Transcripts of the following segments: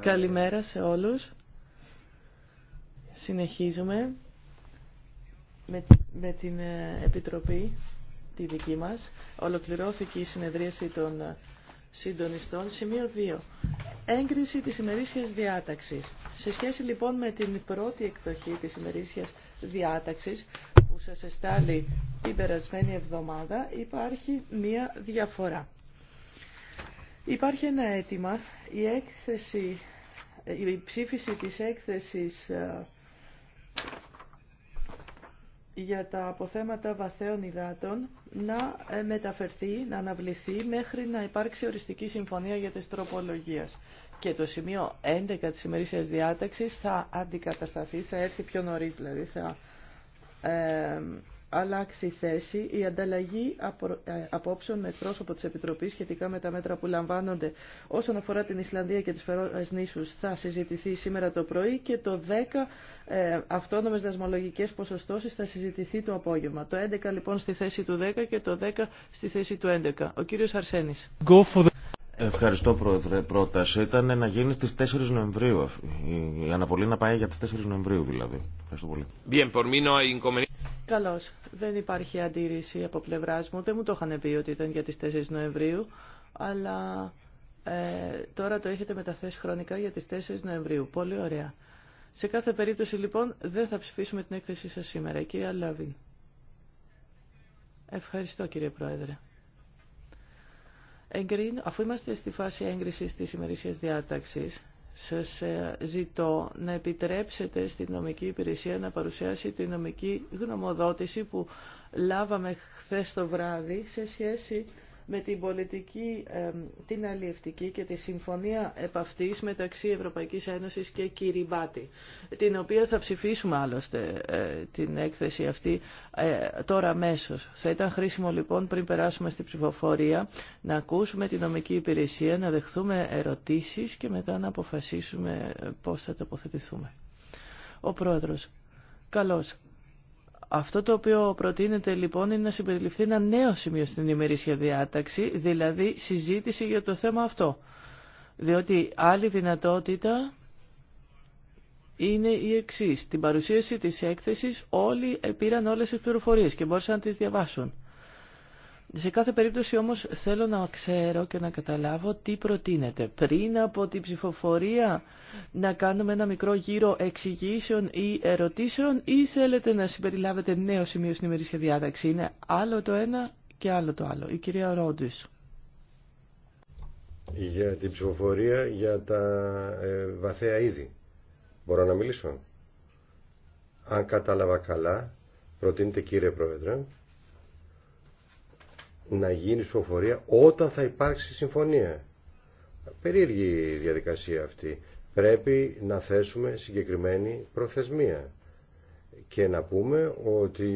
Καλημέρα σε όλους. Συνεχίζουμε με, την ε, Επιτροπή, τη δική μας. Ολοκληρώθηκε η συνεδρίαση των ε, συντονιστών. Σημείο 2. Έγκριση της ημερήσιας διάταξης. Σε σχέση λοιπόν με την πρώτη εκδοχή της ημερήσιας διάταξης που σας εστάλει την περασμένη εβδομάδα υπάρχει μία διαφορά. Υπάρχει ένα αίτημα. Η έκθεση, η ψήφιση της έκθεσης ε, για τα αποθέματα βαθεών υδάτων να ε, μεταφερθεί, να αναβληθεί μέχρι να υπάρξει οριστική συμφωνία για τις τροπολογίες. Και το σημείο 11 της ημερήσιας διάταξης θα αντικατασταθεί, θα έρθει πιο νωρίς δηλαδή, θα ε, αλλάξει θέση. Η ανταλλαγή ε, απόψεων με πρόσωπο της Επιτροπής σχετικά με τα μέτρα που λαμβάνονται όσον αφορά την Ισλανδία και τις Φερόες νήσους θα συζητηθεί σήμερα το πρωί και το 10 ε, αυτόνομες δασμολογικές ποσοστώσεις θα συζητηθεί το απόγευμα. Το 11 λοιπόν στη θέση του 10 και το 10 στη θέση του 11. Ο κύριος Αρσένης. Ευχαριστώ Πρόεδρε. Πρόταση ήταν να γίνει στις 4 Νοεμβρίου. Η αναβολή να πάει για τις 4 Νοεμβρίου δηλαδή. Ευχαριστώ πολύ. Καλώς. Δεν υπάρχει αντίρρηση από πλευρά μου. Δεν μου το είχαν πει ότι ήταν για τις 4 Νοεμβρίου. Αλλά ε, τώρα το έχετε μεταθέσει χρονικά για τις 4 Νοεμβρίου. Πολύ ωραία. Σε κάθε περίπτωση λοιπόν δεν θα ψηφίσουμε την έκθεσή σας σήμερα. Κύριε Λάβιν. Ευχαριστώ κύριε Πρόεδρε. Εγκρίν, αφού είμαστε στη φάση έγκρισης της ημερησίας διάταξης, σας ε, ζητώ να επιτρέψετε στην νομική υπηρεσία να παρουσιάσει τη νομική γνωμοδότηση που λάβαμε χθες το βράδυ σε σχέση με την πολιτική, την αλλιευτική και τη συμφωνία επ' μεταξύ Ευρωπαϊκής Ένωσης και Κυριμπάτη, την οποία θα ψηφίσουμε άλλωστε ε, την έκθεση αυτή ε, τώρα αμέσω. Θα ήταν χρήσιμο λοιπόν πριν περάσουμε στην ψηφοφορία να ακούσουμε τη νομική υπηρεσία, να δεχθούμε ερωτήσεις και μετά να αποφασίσουμε πώς θα τοποθετηθούμε. Ο Πρόεδρος. Καλώς. Αυτό το οποίο προτείνεται λοιπόν είναι να συμπεριληφθεί ένα νέο σημείο στην ημερήσια διάταξη, δηλαδή συζήτηση για το θέμα αυτό. Διότι άλλη δυνατότητα είναι η εξή. την παρουσίαση της έκθεσης όλοι πήραν όλες τις πληροφορίες και μπορούσαν να τις διαβάσουν. Σε κάθε περίπτωση όμως θέλω να ξέρω και να καταλάβω τι προτείνεται. Πριν από την ψηφοφορία να κάνουμε ένα μικρό γύρο εξηγήσεων ή ερωτήσεων ή θέλετε να συμπεριλάβετε νέο σημείο στην ημερήσια διάταξη. Είναι άλλο το ένα και άλλο το άλλο. Η κυρία Ρόντους. Για την ψηφοφορία για τα ε, βαθαία είδη. Μπορώ να μιλήσω. Αν κατάλαβα καλά, προτείνετε κύριε Πρόεδρε, να γίνει ψηφοφορία όταν θα υπάρξει συμφωνία. Περίεργη η διαδικασία αυτή. Πρέπει να θέσουμε συγκεκριμένη προθεσμία και να πούμε ότι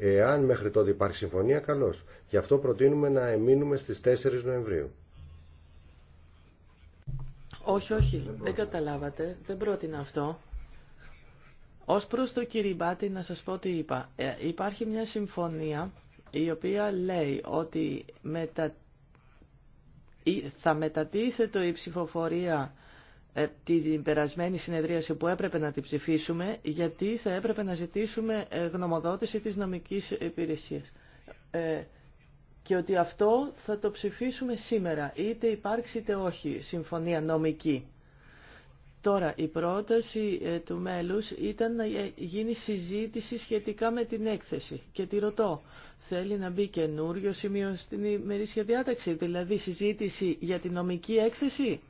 εάν μέχρι τότε υπάρχει συμφωνία, καλώς. Γι' αυτό προτείνουμε να εμείνουμε στις 4 Νοεμβρίου. Όχι, όχι, δεν καταλάβατε, δεν πρότεινα αυτό. Ως προς το κυριμπάτι να σας πω τι είπα. Ε, υπάρχει μια συμφωνία η οποία λέει ότι μετα... θα μετατίθεται η ψηφοφορία ε, την περασμένη συνεδρίαση που έπρεπε να την ψηφίσουμε, γιατί θα έπρεπε να ζητήσουμε ε, γνωμοδότηση της νομικής υπηρεσίας. Ε, και ότι αυτό θα το ψηφίσουμε σήμερα, είτε υπάρξει είτε όχι, συμφωνία νομική. Τώρα, η πρόταση ε, του μέλους ήταν να ε, γίνει συζήτηση σχετικά με την έκθεση. Και τη ρωτώ, θέλει να μπει καινούριο σημείο στην ημερήσια διάταξη, δηλαδή συζήτηση για την νομική έκθεση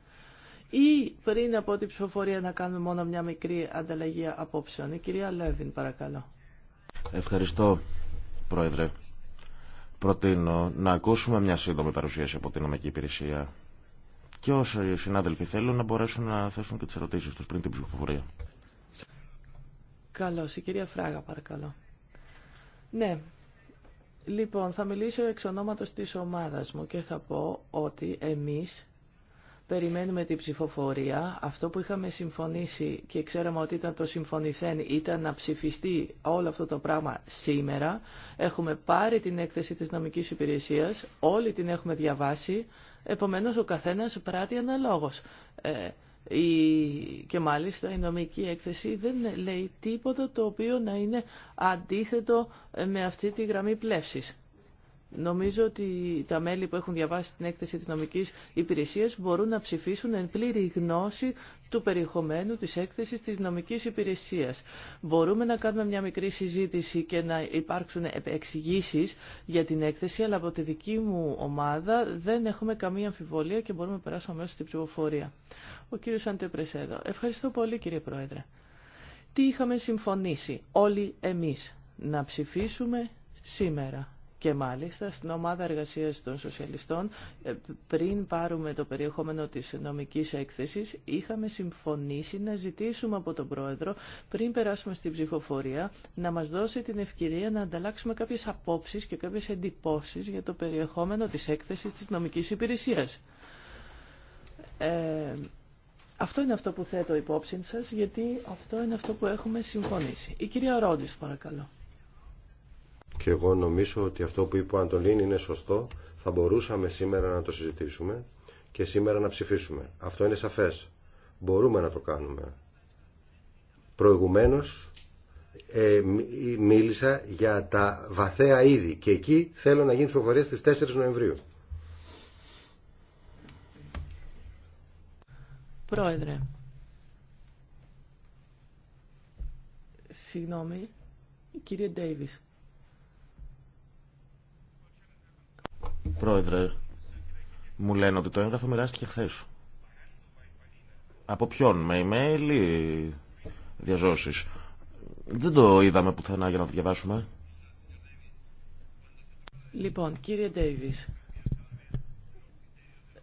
ή πριν από την ψηφοφορία να κάνουμε μόνο μια μικρή ανταλλαγή απόψεων. Η κυρία Λέβιν, παρακαλώ. Ευχαριστώ, Πρόεδρε. Προτείνω να ακούσουμε μια σύντομη παρουσίαση από την νομική υπηρεσία και όσοι συνάδελφοι θέλουν να μπορέσουν να θέσουν και τις ερωτήσεις τους πριν την ψηφοφορία. Καλώ, η κυρία Φράγα παρακαλώ. Ναι, λοιπόν θα μιλήσω εξ ονόματος της ομάδας μου και θα πω ότι εμείς περιμένουμε την ψηφοφορία. Αυτό που είχαμε συμφωνήσει και ξέραμε ότι ήταν το συμφωνηθέν ήταν να ψηφιστεί όλο αυτό το πράγμα σήμερα. Έχουμε πάρει την έκθεση της νομικής υπηρεσίας, όλοι την έχουμε διαβάσει. Επομένως ο καθένας πράττει αναλόγως. Ε, και μάλιστα η νομική έκθεση δεν λέει τίποτα το οποίο να είναι αντίθετο με αυτή τη γραμμή πλεύσης. Νομίζω ότι τα μέλη που έχουν διαβάσει την έκθεση της νομικής υπηρεσίας μπορούν να ψηφίσουν εν πλήρη γνώση του περιεχομένου της έκθεσης της νομικής υπηρεσίας. Μπορούμε να κάνουμε μια μικρή συζήτηση και να υπάρξουν εξηγήσει για την έκθεση, αλλά από τη δική μου ομάδα δεν έχουμε καμία αμφιβολία και μπορούμε να περάσουμε μέσα στην ψηφοφορία. Ο κύριος Αντεπρεσέδο. Ευχαριστώ πολύ κύριε Πρόεδρε. Τι είχαμε συμφωνήσει όλοι εμείς να ψηφίσουμε σήμερα και μάλιστα στην ομάδα εργασίας των σοσιαλιστών ε, πριν πάρουμε το περιεχόμενο της νομικής έκθεσης είχαμε συμφωνήσει να ζητήσουμε από τον Πρόεδρο πριν περάσουμε στην ψηφοφορία να μας δώσει την ευκαιρία να ανταλλάξουμε κάποιες απόψεις και κάποιες εντυπώσεις για το περιεχόμενο της έκθεσης της νομικής υπηρεσίας. Ε, αυτό είναι αυτό που θέτω υπόψη σας γιατί αυτό είναι αυτό που έχουμε συμφωνήσει. Η κυρία Ρόντις παρακαλώ. Και εγώ νομίζω ότι αυτό που είπε ο Αντολίν είναι σωστό. Θα μπορούσαμε σήμερα να το συζητήσουμε και σήμερα να ψηφίσουμε. Αυτό είναι σαφές. Μπορούμε να το κάνουμε. Προηγουμένως ε, ε, μίλησα για τα βαθαία είδη και εκεί θέλω να γίνει ψηφοφορία στις 4 Νοεμβρίου. Πρόεδρε, συγγνώμη, κύριε Ντέιβις, Πρόεδρε, μου λένε ότι το έγγραφο μοιράστηκε χθε. Από ποιον, με email ή διαζώσεις. Δεν το είδαμε πουθενά για να το διαβάσουμε. Λοιπόν, κύριε Ντέιβις,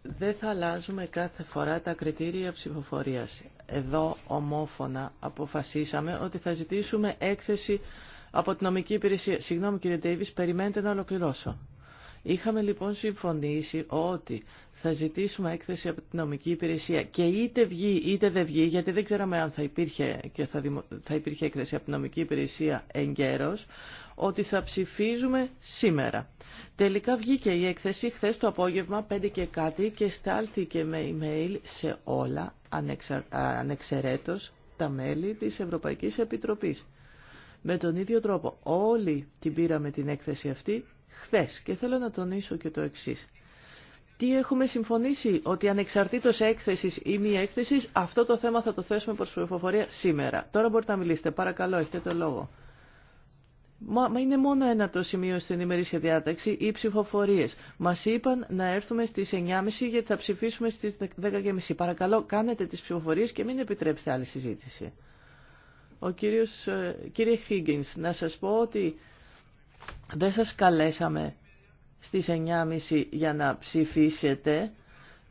δεν θα αλλάζουμε κάθε φορά τα κριτήρια ψηφοφορίας. Εδώ ομόφωνα αποφασίσαμε ότι θα ζητήσουμε έκθεση από την νομική υπηρεσία. Συγγνώμη κύριε Ντέιβις, περιμένετε να ολοκληρώσω. Είχαμε λοιπόν συμφωνήσει ότι θα ζητήσουμε έκθεση από την νομική υπηρεσία και είτε βγει είτε δεν βγει, γιατί δεν ξέραμε αν θα υπήρχε, και θα, θα υπήρχε έκθεση από την νομική υπηρεσία εγκαίρως, ότι θα ψηφίζουμε σήμερα. Τελικά βγήκε η έκθεση χθε το απόγευμα πέντε και κάτι και στάλθηκε με email σε όλα ανεξα... ανεξαιρέτως τα μέλη της Ευρωπαϊκής Επιτροπής. Με τον ίδιο τρόπο όλοι την πήραμε την έκθεση αυτή χθες και θέλω να τονίσω και το εξής. Τι έχουμε συμφωνήσει, ότι ανεξαρτήτως έκθεσης ή μη έκθεσης, αυτό το θέμα θα το θέσουμε προς ψηφοφορία σήμερα. Τώρα μπορείτε να μιλήσετε, παρακαλώ, έχετε το λόγο. Μα είναι μόνο ένα το σημείο στην ημερήσια διάταξη, οι ψηφοφορίε. Μα είπαν να έρθουμε στι 9.30 γιατί θα ψηφίσουμε στι 10.30. Παρακαλώ, κάνετε τι ψηφοφορίε και μην επιτρέψετε άλλη συζήτηση. Ο κύριος, ε, κύριε Higgins, να σα πω ότι δεν σας καλέσαμε στις 9.30 για να ψηφίσετε.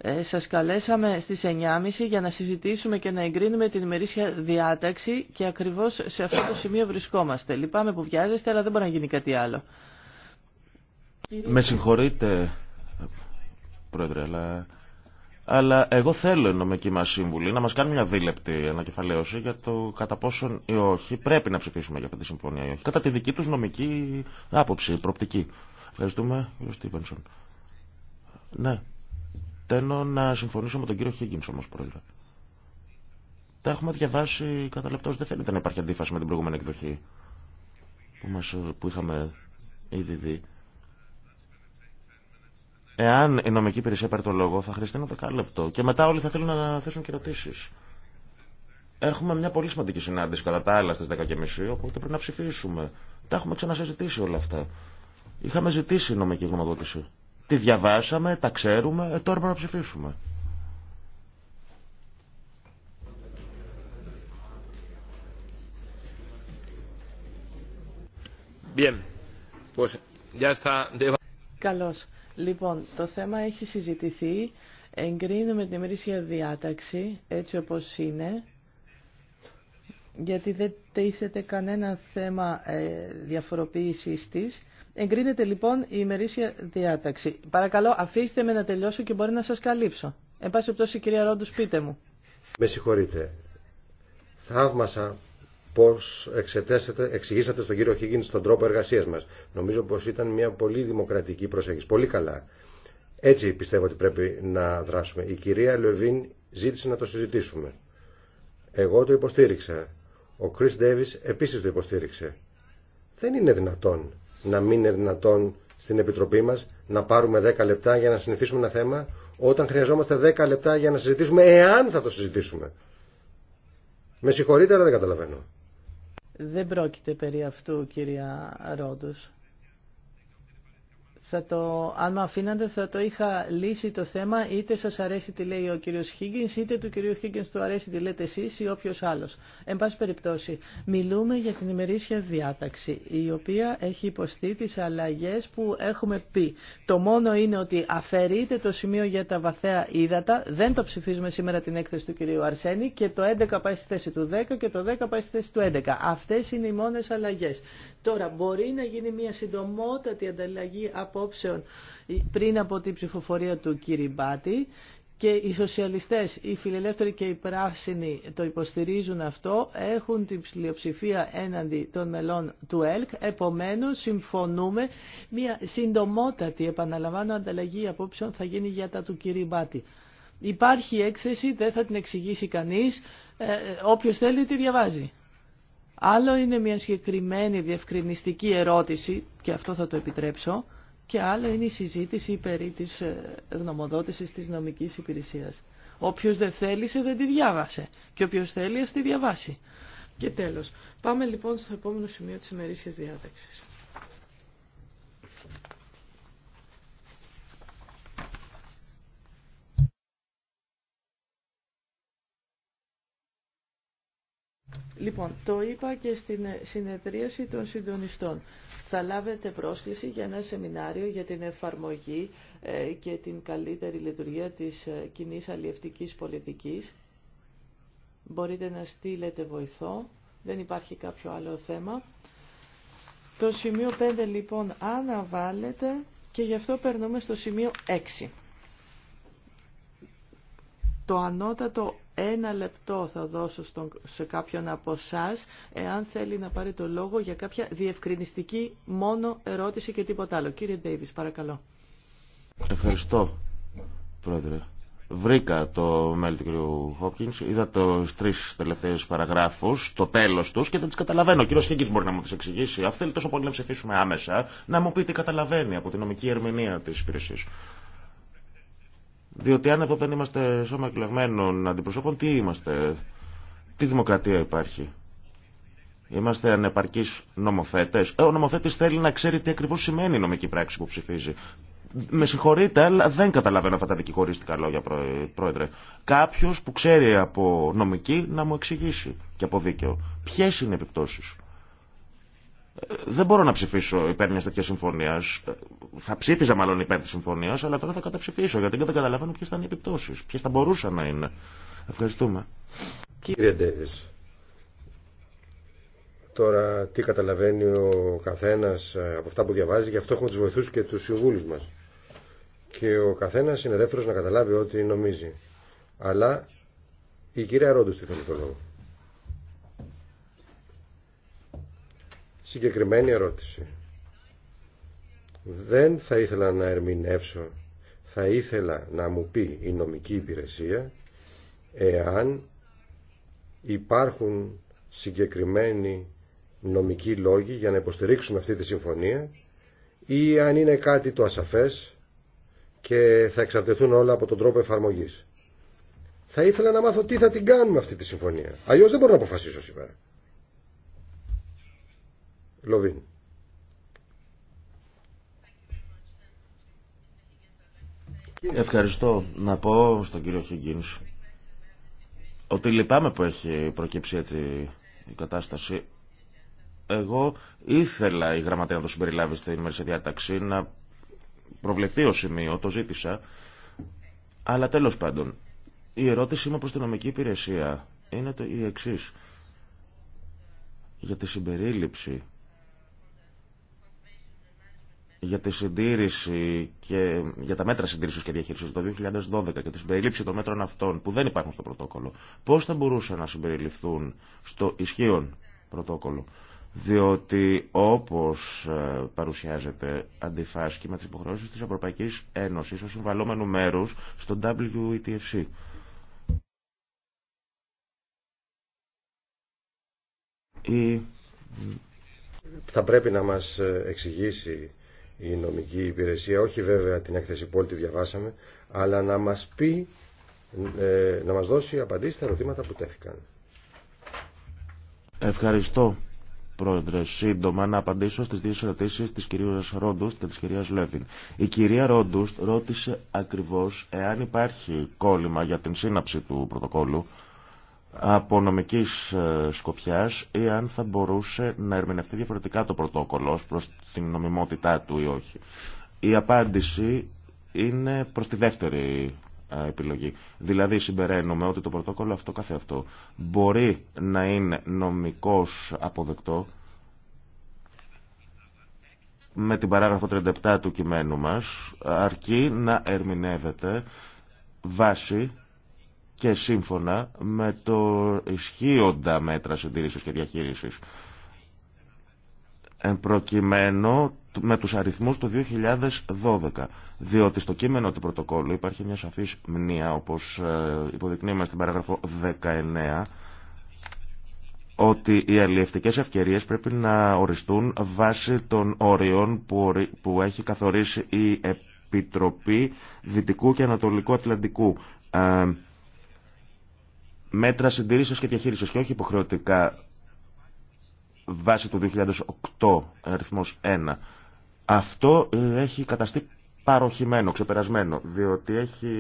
Ε, σας καλέσαμε στις 9.30 για να συζητήσουμε και να εγκρίνουμε την ημερήσια διάταξη και ακριβώς σε αυτό το σημείο βρισκόμαστε. Λυπάμαι που βιάζεστε, αλλά δεν μπορεί να γίνει κάτι άλλο. Με συγχωρείτε, Πρόεδρε, αλλά αλλά εγώ θέλω οι νομικοί μα σύμβουλοι να μα κάνουν μια δίλεπτη ανακεφαλαίωση για το κατά πόσον ή όχι πρέπει να ψηφίσουμε για αυτή τη συμφωνία ή όχι. Κατά τη δική του νομική άποψη, προπτική. Ευχαριστούμε, κύριο Στίβενσον. Ναι. Θέλω να συμφωνήσω με τον κύριο Χίγκιν όμω, πρόεδρε. Τα έχουμε διαβάσει κατά λεπτό. Δεν θέλετε να υπάρχει αντίφαση με την προηγούμενη εκδοχή που, μας, που είχαμε ήδη δει. Εάν η νομική υπηρεσία πάρει το λόγο, θα χρειαστεί ένα δεκάλεπτο και μετά όλοι θα θέλουν να θέσουν και ερωτήσει. Έχουμε μια πολύ σημαντική συνάντηση κατά τα άλλα στι 10.30, οπότε πρέπει να ψηφίσουμε. Τα έχουμε ξανασυζητήσει όλα αυτά. Είχαμε ζητήσει νομική γνωμοδότηση. Τη διαβάσαμε, τα ξέρουμε, ε, τώρα πρέπει να ψηφίσουμε. Bien. Pues ya está... Καλώς. Λοιπόν, το θέμα έχει συζητηθεί. Εγκρίνουμε την ημερήσια διάταξη έτσι όπως είναι γιατί δεν τίθεται κανένα θέμα ε, διαφοροποίησης της. Εγκρίνεται λοιπόν η ημερήσια διάταξη. Παρακαλώ αφήστε με να τελειώσω και μπορεί να σας καλύψω. Εν πάση πτώση κυρία Ρόντους πείτε μου. Με συγχωρείτε. Θαύμασα Πώ εξηγήσατε στον κύριο Χίκη στον τρόπο εργασία μα. Νομίζω πω εξηγησατε στον κυριο χιγκιν τον τροπο εργασια μα νομιζω πω ηταν μια πολύ δημοκρατική προσέγγιση. Πολύ καλά. Έτσι πιστεύω ότι πρέπει να δράσουμε. Η κυρία Λεβίν ζήτησε να το συζητήσουμε. Εγώ το υποστήριξα. Ο Chris Davis επίσης το υποστήριξε. Δεν είναι δυνατόν να μην είναι δυνατόν στην Επιτροπή μας να πάρουμε 10 λεπτά για να συνηθίσουμε ένα θέμα όταν χρειαζόμαστε 10 λεπτά για να συζητήσουμε εάν θα το συζητήσουμε. Με συγχωρείτε αλλά δεν καταλαβαίνω. Δεν πρόκειται περί αυτού, κυρία Ρόντους. Θα το, αν με αφήνατε θα το είχα λύσει το θέμα είτε σας αρέσει τι λέει ο κύριος Χίγγινς είτε του κυρίου Χίγγινς του αρέσει τι λέτε εσείς ή όποιος άλλος. Εν πάση περιπτώσει, μιλούμε για την ημερήσια διάταξη η οποία έχει υποστεί τις αλλαγές που έχουμε πει. Το μόνο είναι ότι αφαιρείται το σημείο για τα βαθαία ύδατα, δεν το ψηφίζουμε σήμερα την έκθεση του κυρίου Αρσένη και το 11 πάει στη θέση του 10 και το 10 πάει στη θέση του 11. Αυτές είναι οι μόνες αλλαγές. Τώρα μπορεί να γίνει μια συντομότατη ανταλλαγή από απόψεων πριν από την ψηφοφορία του Μπάτη και οι σοσιαλιστές, οι φιλελεύθεροι και οι πράσινοι το υποστηρίζουν αυτό, έχουν την πλειοψηφία έναντι των μελών του ΕΛΚ, επομένως συμφωνούμε. Μια συντομότατη, επαναλαμβάνω, ανταλλαγή απόψεων θα γίνει για τα του Κυριμπάτη. Υπάρχει έκθεση, δεν θα την εξηγήσει κανείς, ε, όποιος θέλει τη διαβάζει. Άλλο είναι μια συγκεκριμένη διευκρινιστική ερώτηση, και αυτό θα το επιτρέψω, και άλλο είναι η συζήτηση περί της ε, γνωμοδότησης της νομικής υπηρεσίας. Όποιος δεν θέλησε δεν τη διάβασε και όποιος θέλει ας τη διαβάσει. Και τέλος, πάμε λοιπόν στο επόμενο σημείο της ημερήσιας διάταξης. Λοιπόν, το είπα και στην συνεδρίαση των συντονιστών. Θα λάβετε πρόσκληση για ένα σεμινάριο για την εφαρμογή ε, και την καλύτερη λειτουργία της ε, κοινή αλλιευτικής πολιτικής. Μπορείτε να στείλετε βοηθό. Δεν υπάρχει κάποιο άλλο θέμα. Το σημείο 5 λοιπόν αναβάλλεται και γι' αυτό περνούμε στο σημείο 6. Το ανώτατο ένα λεπτό θα δώσω στον, σε κάποιον από εσά, εάν θέλει να πάρει το λόγο για κάποια διευκρινιστική μόνο ερώτηση και τίποτα άλλο. Κύριε Ντέιβις, παρακαλώ. Ευχαριστώ, Πρόεδρε. Βρήκα το μέλη του κ. Χόπκινς, είδα του τρει τελευταίε παραγράφους, το τέλο του και δεν τις καταλαβαίνω. Ο κ. Χίγκιν μπορεί να μου τι εξηγήσει. Αν θέλει τόσο πολύ να ψηφίσουμε άμεσα, να μου πει τι καταλαβαίνει από την νομική ερμηνεία τη υπηρεσία. Διότι αν εδώ δεν είμαστε σώμα εκλεγμένων αντιπροσώπων, τι είμαστε, τι δημοκρατία υπάρχει. Είμαστε ανεπαρκεί νομοθέτε. Ε, ο νομοθέτη θέλει να ξέρει τι ακριβώ σημαίνει η νομική πράξη που ψηφίζει. Με συγχωρείτε, αλλά δεν καταλαβαίνω αυτά τα δικηγορίστικα λόγια, Πρόεδρε. Κάποιο που ξέρει από νομική να μου εξηγήσει και από δίκαιο. Ποιε είναι οι επιπτώσει δεν μπορώ να ψηφίσω υπέρ μια τέτοια συμφωνία. Θα ψήφιζα μάλλον υπέρ τη συμφωνία, αλλά τώρα θα καταψηφίσω γιατί δεν καταλαβαίνω ποιε θα είναι οι επιπτώσει, ποιε θα μπορούσαν να είναι. Ευχαριστούμε. Κύριε Ντέβι, τώρα τι καταλαβαίνει ο καθένα ε, από αυτά που διαβάζει, γι' αυτό έχουμε του βοηθού και του συμβούλου μα. Και ο καθένα είναι ελεύθερο να καταλάβει ό,τι νομίζει. Αλλά η κυρία Ρόντου τι θέλει το λόγο. Συγκεκριμένη ερώτηση. Δεν θα ήθελα να ερμηνεύσω, θα ήθελα να μου πει η νομική υπηρεσία εάν υπάρχουν συγκεκριμένοι νομικοί λόγοι για να υποστηρίξουμε αυτή τη συμφωνία ή αν είναι κάτι το ασαφές και θα εξαρτηθούν όλα από τον τρόπο εφαρμογής. Θα ήθελα να μάθω τι θα την κάνουμε αυτή τη συμφωνία. Αλλιώς δεν μπορώ να αποφασίσω σήμερα. Ευχαριστώ να πω στον κύριο Χιγκίνς ότι λυπάμαι που έχει προκύψει έτσι η κατάσταση. Εγώ ήθελα η γραμματεία να το συμπεριλάβει στην ημερήσια διάταξη, να προβλεφθεί ως σημείο, το ζήτησα. Αλλά τέλος πάντων, η ερώτησή μου προς την νομική υπηρεσία είναι το, η εξή. Για τη συμπερίληψη για τη συντήρηση και για τα μέτρα συντήρησης και διαχείρισης το 2012 και τη συμπεριλήψη των μέτρων αυτών που δεν υπάρχουν στο πρωτόκολλο, πώς θα μπορούσαν να συμπεριληφθούν στο ισχύον πρωτόκολλο. Διότι όπως ε, παρουσιάζεται αντιφάσκη με τις υποχρεώσεις της Ευρωπαϊκής Ένωσης ως συμβαλόμενου μέρους στο WETFC. Η... Θα πρέπει να μας ε, εξηγήσει η νομική υπηρεσία, όχι βέβαια την έκθεση που όλοι τη διαβάσαμε, αλλά να μας πει, ε, να μας δώσει απαντήσεις στα ερωτήματα που τέθηκαν. Ευχαριστώ, Πρόεδρε. Σύντομα, να απαντήσω στις δύο ερωτήσεις της κυρίας Ρόντουστ και της κυρίας Λέβιν. Η κυρία Ρόντουστ ρώτησε ακριβώς εάν υπάρχει κόλλημα για την σύναψη του πρωτοκόλλου από νομικής ε, σκοπιάς ή αν θα μπορούσε να ερμηνευτεί διαφορετικά το πρωτόκολλο προς την νομιμότητά του ή όχι. Η απάντηση είναι προς τη δεύτερη ε, επιλογή. Δηλαδή συμπεραίνουμε ότι το πρωτόκολλο αυτό καθε αυτό μπορεί να είναι νομικός αποδεκτό με την παράγραφο 37 του κειμένου μας αρκεί να ερμηνεύεται βάσει και σύμφωνα με το ισχύοντα μέτρα συντήρησης και διαχείρισης. Εν προκειμένου με τους αριθμούς του 2012, διότι στο κείμενο του πρωτοκόλλου υπάρχει μια σαφής μνήα, όπως ε, υποδεικνύουμε στην παράγραφο 19, ότι οι αλλιευτικές ευκαιρίες πρέπει να οριστούν βάσει των όριων που έχει καθορίσει η Επιτροπή Δυτικού και Ανατολικού Ατλαντικού ε, μέτρα συντηρήσεω και διαχείριση και όχι υποχρεωτικά βάσει του 2008 αριθμό 1. Αυτό έχει καταστεί παροχημένο, ξεπερασμένο, διότι έχει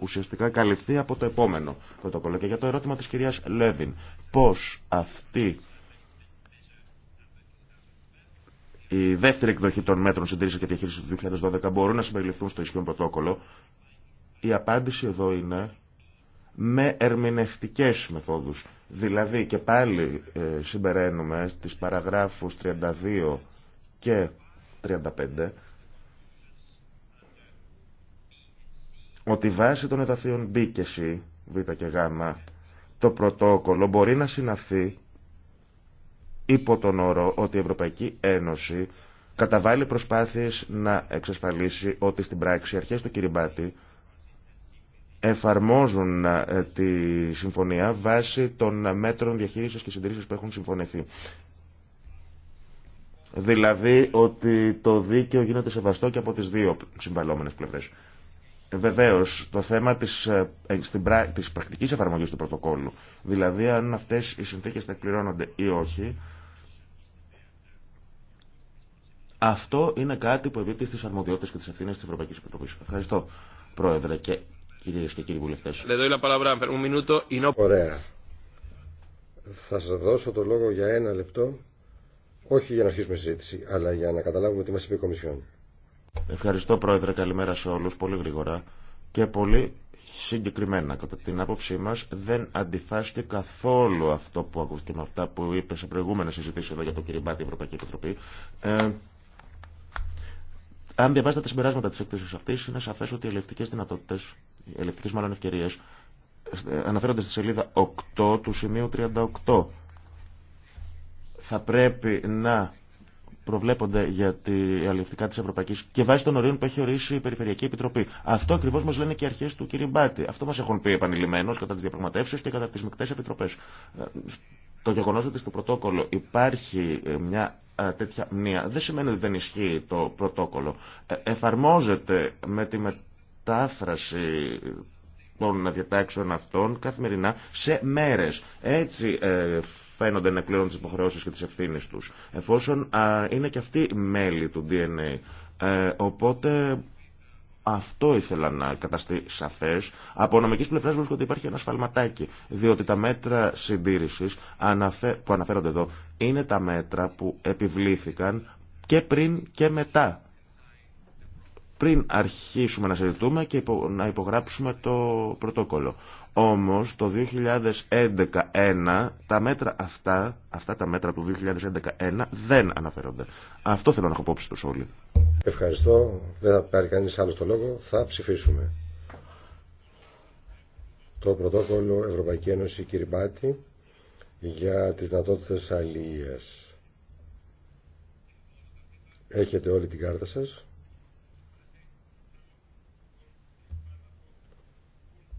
ουσιαστικά καλυφθεί από το επόμενο πρωτοκόλλο. Και για το ερώτημα της κυρίας Λέβιν, πώς αυτή η δεύτερη εκδοχή των μέτρων συντήρηση και διαχείριση του 2012 μπορούν να συμπεριληφθούν στο ισχυρό πρωτόκολλο, η απάντηση εδώ είναι με ερμηνευτικές μεθόδους. Δηλαδή και πάλι ε, συμπεραίνουμε στις παραγράφους 32 και 35 ότι βάσει των εδαφείων B και C, Β και Γ, το πρωτόκολλο μπορεί να συναυθεί υπό τον όρο ότι η Ευρωπαϊκή Ένωση καταβάλει προσπάθειες να εξασφαλίσει ότι στην πράξη αρχές του Κυριμπάτη εφαρμόζουν ε, τη συμφωνία βάσει των μέτρων διαχείρισης και συντηρήσεως που έχουν συμφωνηθεί. Δηλαδή ότι το δίκαιο γίνεται σεβαστό και από τις δύο συμβαλόμενες πλευρές. Βεβαίως, το θέμα της, ε, ε, πρα, της πρακτικής εφαρμογής του πρωτοκόλλου, δηλαδή αν αυτές οι συνθήκες θα εκπληρώνονται ή όχι, αυτό είναι κάτι που επίπτει στις αρμοδιότητες και τις ευθύνες της Ευρωπαϊκής Επιτροπής. Ευχαριστώ, Πρόεδρε. Και Κυρίε και κύριοι βουλευτές. Ωραία. Θα σα δώσω το λόγο για ένα λεπτό, όχι για να αρχίσουμε συζήτηση, αλλά για να καταλάβουμε τι μα είπε η Κομισιόν. Ευχαριστώ Πρόεδρε, καλημέρα σε όλου, πολύ γρήγορα και πολύ συγκεκριμένα. Κατά την άποψή μα δεν αντιφάσκει καθόλου αυτό που ακούστηκε με αυτά που είπε σε προηγούμενε συζητήσει εδώ για το η Ευρωπαϊκή Επιτροπή. Ε, αν διαβάσετε τα συμπεράσματα τη εκθέση αυτή, είναι σαφέ ότι οι ελευθερικέ δυνατότητε ελευθερικέ μάλλον ευκαιρίε, ε, αναφέρονται στη σελίδα 8 του σημείου 38. Θα πρέπει να προβλέπονται για τη αλληλευτικά τη Ευρωπαϊκή και βάσει των ορίων που έχει ορίσει η Περιφερειακή Επιτροπή. Αυτό ακριβώ μα λένε και οι αρχέ του κ. Μπάτη. Αυτό μα έχουν πει επανειλημμένω κατά τι διαπραγματεύσει και κατά τι μεικτέ επιτροπέ. Ε, το γεγονό ότι στο πρωτόκολλο υπάρχει ε, μια τέτοια μνήμα δεν σημαίνει ότι δεν ισχύει το πρωτόκολλο. Ε, εφαρμόζεται με τη, με μετάφραση των διατάξεων αυτών καθημερινά σε μέρες. Έτσι ε, φαίνονται να εκπληρώνουν τις υποχρεώσεις και τις ευθύνες τους. Εφόσον α, είναι και αυτοί μέλη του DNA. Ε, οπότε αυτό ήθελα να καταστεί σαφές. Από νομική πλευρά βρίσκω ότι υπάρχει ένα σφαλματάκι. Διότι τα μέτρα συντήρηση που αναφέρονται εδώ είναι τα μέτρα που επιβλήθηκαν και πριν και μετά πριν αρχίσουμε να συζητούμε και να υπογράψουμε το πρωτόκολλο. Όμως το 2011 τα μέτρα αυτά, αυτά τα μέτρα του 2011 δεν αναφέρονται. Αυτό θέλω να έχω υπόψη τους όλοι. Ευχαριστώ. Δεν θα πάρει κανείς άλλο το λόγο. Θα ψηφίσουμε. Το πρωτόκολλο Ευρωπαϊκή Ένωση Κυριμπάτη για τις δυνατότητες αλληλείας. Έχετε όλη την κάρτα σας.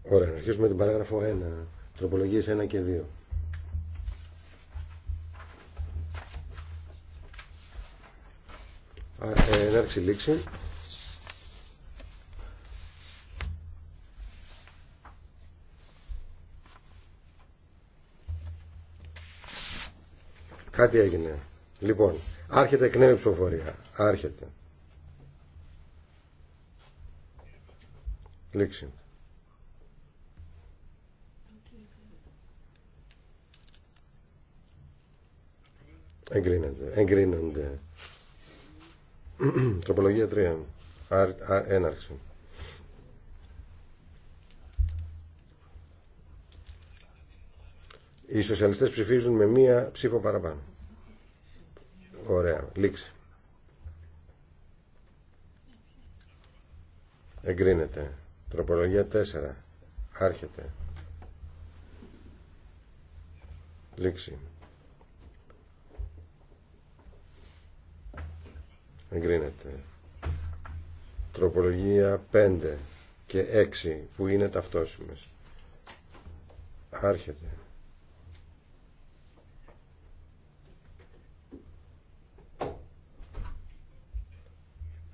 Ωραία, να αρχίσουμε την παράγραφο 1. Τροπολογίες 1 και 2. Ενάρξη λήξη. Κάτι έγινε. Λοιπόν, άρχεται εκ νέου ψηφοφορία. Άρχεται. Λήξη. Εγκρίνεται. Εγκρίνονται. Τροπολογία 3. έναρξη. Οι σοσιαλιστές ψηφίζουν με μία ψήφο παραπάνω. Ωραία. Λήξη. Εγκρίνεται. Τροπολογία 4. Άρχεται. Λήξη. εγκρίνεται. Τροπολογία 5 και 6 που είναι ταυτόσιμες. Άρχεται.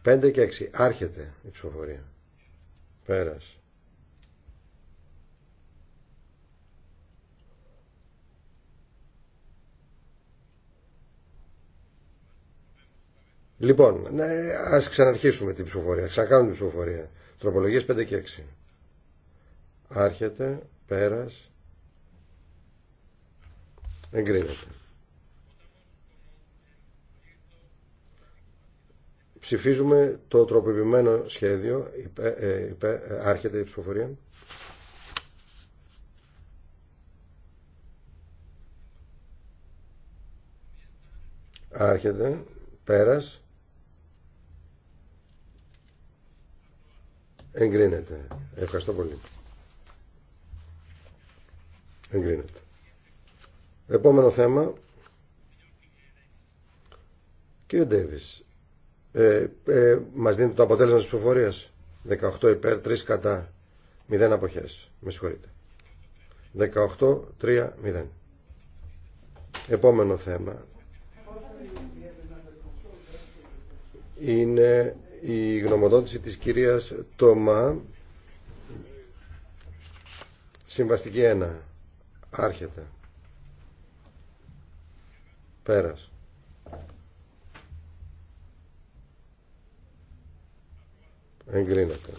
Πέντε και έξι. Άρχεται η ψηφοφορία. Πέρασε. Λοιπόν, ναι, ας ξαναρχίσουμε την ψηφοφορία, ξανακάνουμε την ψηφοφορία. Τροπολογίες 5 και 6. Άρχεται, πέρας, εγκρίνεται. Ψηφίζουμε το τροποποιημένο σχέδιο, ε, ε, άρχεται η ψηφοφορία. Άρχεται, πέρας, Εγκρίνεται. Ευχαριστώ πολύ. Εγκρίνεται. Επόμενο θέμα. Κύριε Ντέβις, ε, ε, μας δίνετε το αποτέλεσμα της ψηφοφορίας. 18 υπέρ, 3 κατά, 0 αποχές. Με συγχωρείτε. 18, 3, 0. Επόμενο θέμα. Είναι η γνωμοδότηση της κυρίας Τόμα συμβαστική 1 άρχεται πέρας εγκρίνεται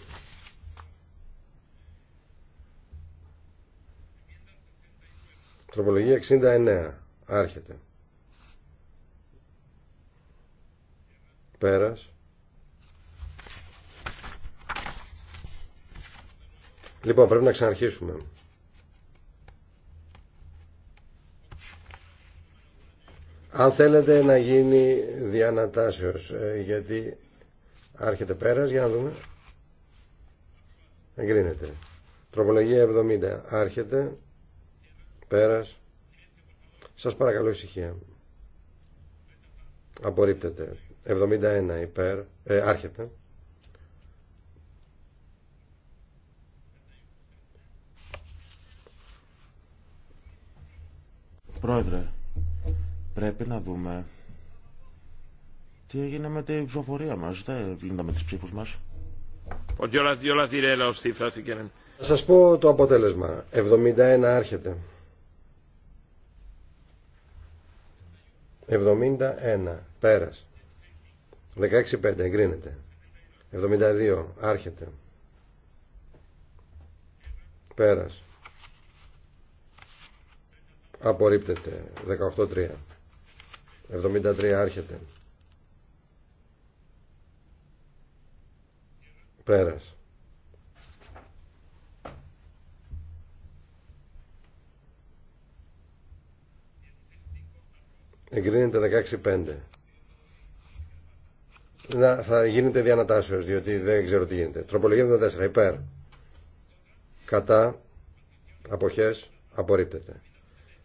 τροπολογία 69 άρχεται πέρας Λοιπόν, πρέπει να ξαναρχίσουμε. Αν θέλετε να γίνει διανατάσεως, ε, γιατί άρχεται πέρας, για να δούμε. Εγκρίνεται. Τροπολογία 70. Άρχεται. Πέρας. Σας παρακαλώ ησυχία. Απορρίπτεται. 71 υπέρ. Ε, άρχεται. Πρόεδρε, πρέπει να δούμε τι έγινε με την ψηφοφορία μα Δεν βλύναμε τις ψήφου μας. Θα σα πω το αποτέλεσμα. 71 άρχεται. 71. Πέρας. 16-5. Εγκρίνεται. 72. Άρχεται. Πέρας. Απορρίπτεται. 18-3. 73 άρχεται. Πέρας. Εγκρίνεται 16-5. Να, θα γίνεται διανατάσεως διότι δεν ξέρω τι γίνεται. Τροπολογία 74. Υπέρ. Κατά. Αποχές. Απορρίπτεται.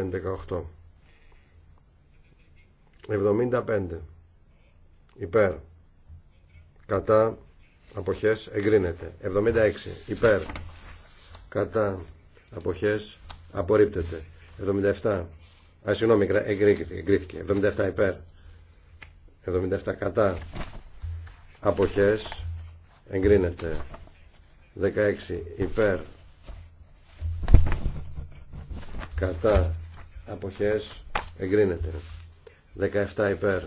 18 75 υπέρ κατά αποχές εγκρίνεται 76 υπέρ κατά αποχές απορρίπτεται 77 α, εγκρίθηκε 77 υπέρ 77 κατά αποχές εγκρίνεται 16 υπέρ κατά αποχές εγκρίνεται 17 υπέρ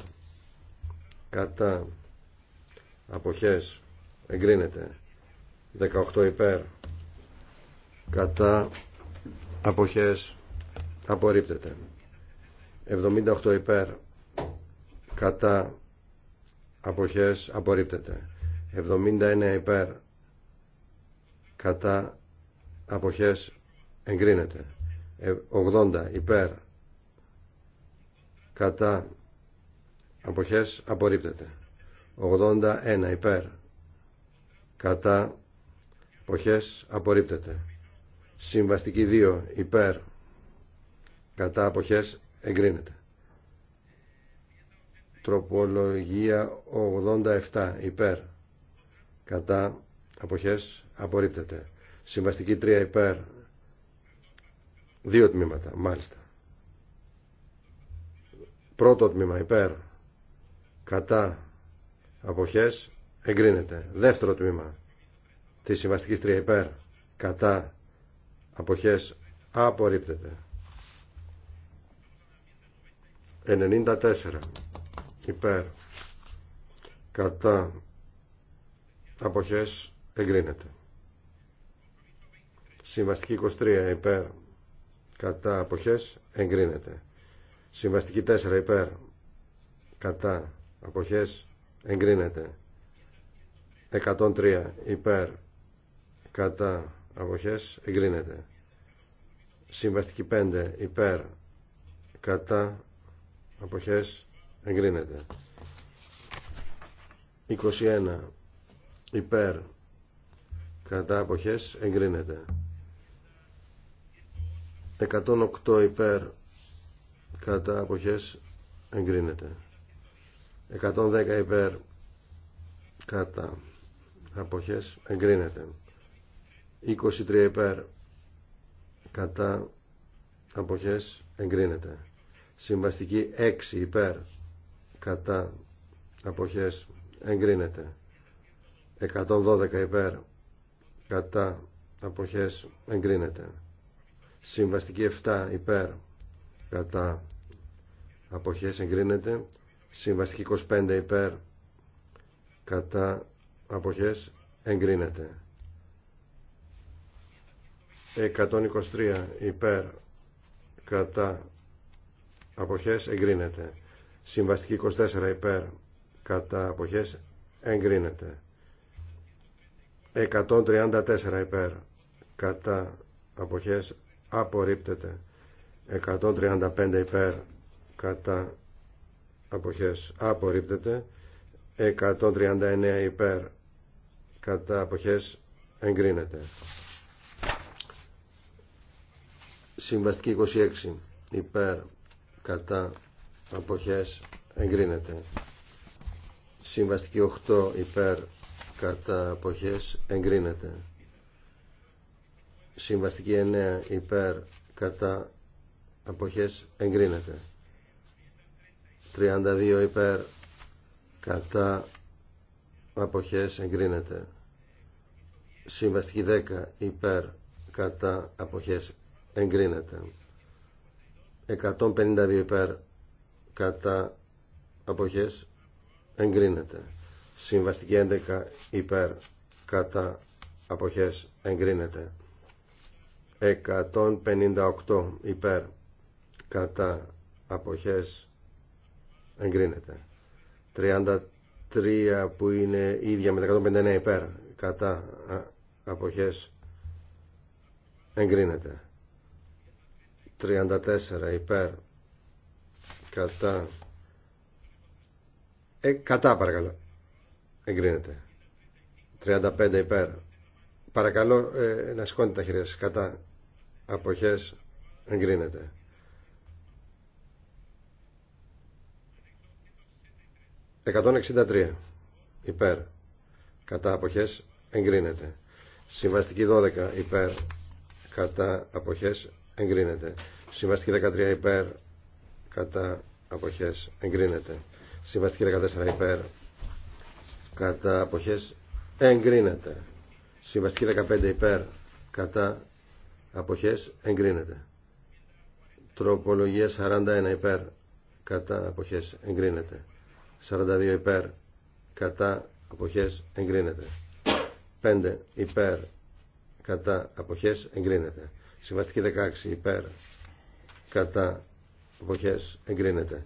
κατά αποχές εγκρίνεται 18 υπέρ κατά αποχές απορρίπτεται 78 υπέρ κατά αποχές απορρίπτεται 79 υπέρ κατά αποχές εγκρίνεται 80 ε, υπέρ κατά αποχές απορρίπτεται 81 υπέρ κατά αποχές απορρίπτεται συμβαστική 2 υπέρ κατά αποχές εγκρίνεται τροπολογία 87 υπέρ κατά αποχές απορρίπτεται συμβαστική 3 υπέρ Δύο τμήματα, μάλιστα. Πρώτο τμήμα υπέρ, κατά, αποχές, εγκρίνεται. Δεύτερο τμήμα τη συμβαστική τρία υπέρ, κατά, αποχές, απορρίπτεται. 94 υπέρ, κατά, αποχές, εγκρίνεται. Συμβαστική 23 υπέρ, κατά αποχές εγκρίνεται. Συμβαστική 4 υπέρ κατά αποχές εγκρίνεται. 103 υπέρ κατά αποχές εγκρίνεται. Συμβαστική 5 υπέρ κατά αποχές εγκρίνεται. 21 υπέρ κατά αποχές εγκρίνεται. 108 υπέρ κατά αποχές εγκρίνεται 110 υπέρ κατά αποχές εγκρίνεται 23 υπέρ κατά αποχές εγκρίνεται συμβαστική 6 υπέρ κατά αποχές εγκρίνεται 112 υπέρ κατά αποχές εγκρίνεται Συμβαστική 7 υπέρ κατά αποχές εγκρίνεται. Συμβαστική 25 υπέρ κατά αποχές εγκρίνεται. 123 υπέρ κατά αποχές εγκρίνεται. Συμβαστική 24 υπέρ κατά αποχές εγκρίνεται. 134 υπέρ κατά αποχές απορρίπτεται 135 υπέρ κατά αποχές απορρίπτεται 139 υπέρ κατά αποχές εγκρίνεται συμβαστική 26 υπέρ κατά αποχές εγκρίνεται συμβαστική 8 υπέρ κατά αποχές εγκρίνεται Συμβαστική 9 υπέρ κατά αποχές εγκρίνεται. 32 υπέρ κατά αποχές εγκρίνεται. Συμβαστική 10 υπέρ κατά αποχές εγκρίνεται. 152 υπέρ κατά αποχές εγκρίνεται. Συμβαστική 11 υπέρ κατά αποχές εγκρίνεται. 158 υπέρ κατά αποχές εγκρίνεται 33 που είναι ίδια με 159 υπέρ κατά αποχές εγκρίνεται 34 υπέρ κατά ε, κατά παρακαλώ εγκρίνεται 35 υπέρ Παρακαλώ ε, να σηκώνετε τα χέρια σας. Κατά αποχές εγκρίνεται. «163 υπέρ κατά αποχές εγκρίνεται». Συμβαστική 12 υπέρ κατά αποχές εγκρίνεται. Συμβαστική 13 υπέρ κατά αποχές εγκρίνεται. Συμβαστική 14 υπέρ κατά αποχές εγκρίνεται. Συμβαστική 15 υπέρ κατά αποχές εγκρίνεται. Τροπολογία 41 υπέρ κατά αποχές εγκρίνεται. 42 υπέρ κατά αποχές εγκρίνεται. 5 υπέρ κατά αποχές εγκρίνεται. Συμβαστική 16 υπέρ κατά αποχές εγκρίνεται.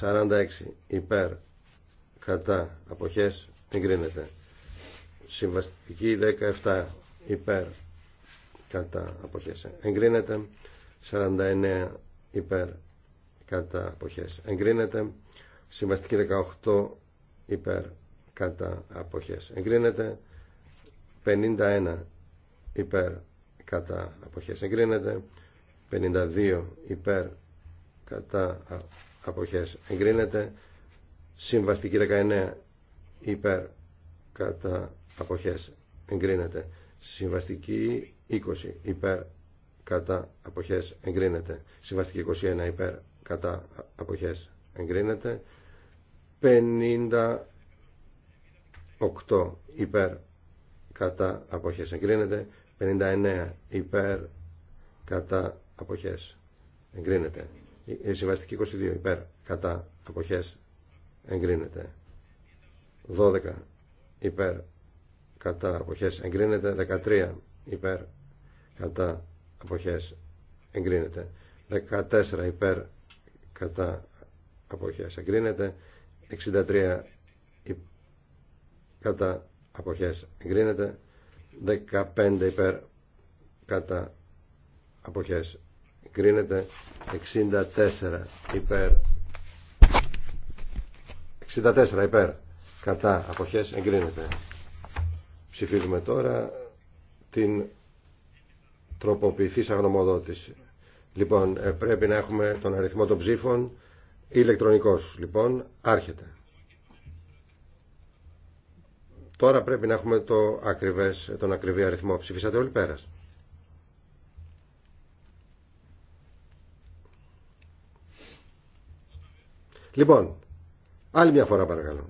46 υπέρ κατά αποχές εγκρίνεται. Συμβαστική 17 υπέρ κατά αποχές. Εγκρίνεται 49 υπέρ κατά αποχές. Εγκρίνεται συμβαστική 18 υπέρ κατά αποχές. Εγκρίνεται 51 υπέρ κατά αποχές. Εγκρίνεται 52 υπέρ κατά αποχές. Εγκρίνεται συμβαστική 19 υπέρ κατά αποχές εγκρίνεται. Συμβαστική 20 υπέρ κατά αποχές εγκρίνεται. Συμβαστική 21 υπέρ κατά αποχές εγκρίνεται. 58 υπέρ κατά αποχές εγκρίνεται. 59 υπέρ κατά αποχές εγκρίνεται. Η ε, συμβαστική 22 υπέρ κατά αποχές εγκρίνεται. 12 υπέρ κατά αποχές εγκρίνεται 13 υπέρ κατά αποχές εγκρίνεται 14 υπέρ κατά αποχές εγκρίνεται 63 υπέρ, κατά αποχές εγκρίνεται 15 υπέρ κατά αποχές εγκρίνεται 64 υπέρ 64 υπέρ κατά αποχές εγκρίνεται Ψηφίζουμε τώρα την τροποποιηθής γνωμοδότηση. Λοιπόν, ε, πρέπει να έχουμε τον αριθμό των ψήφων ηλεκτρονικός. Λοιπόν, άρχεται. Τώρα πρέπει να έχουμε το ακριβές, τον ακριβή αριθμό. Ψηφίσατε όλοι πέρας. Λοιπόν, άλλη μια φορά παρακαλώ.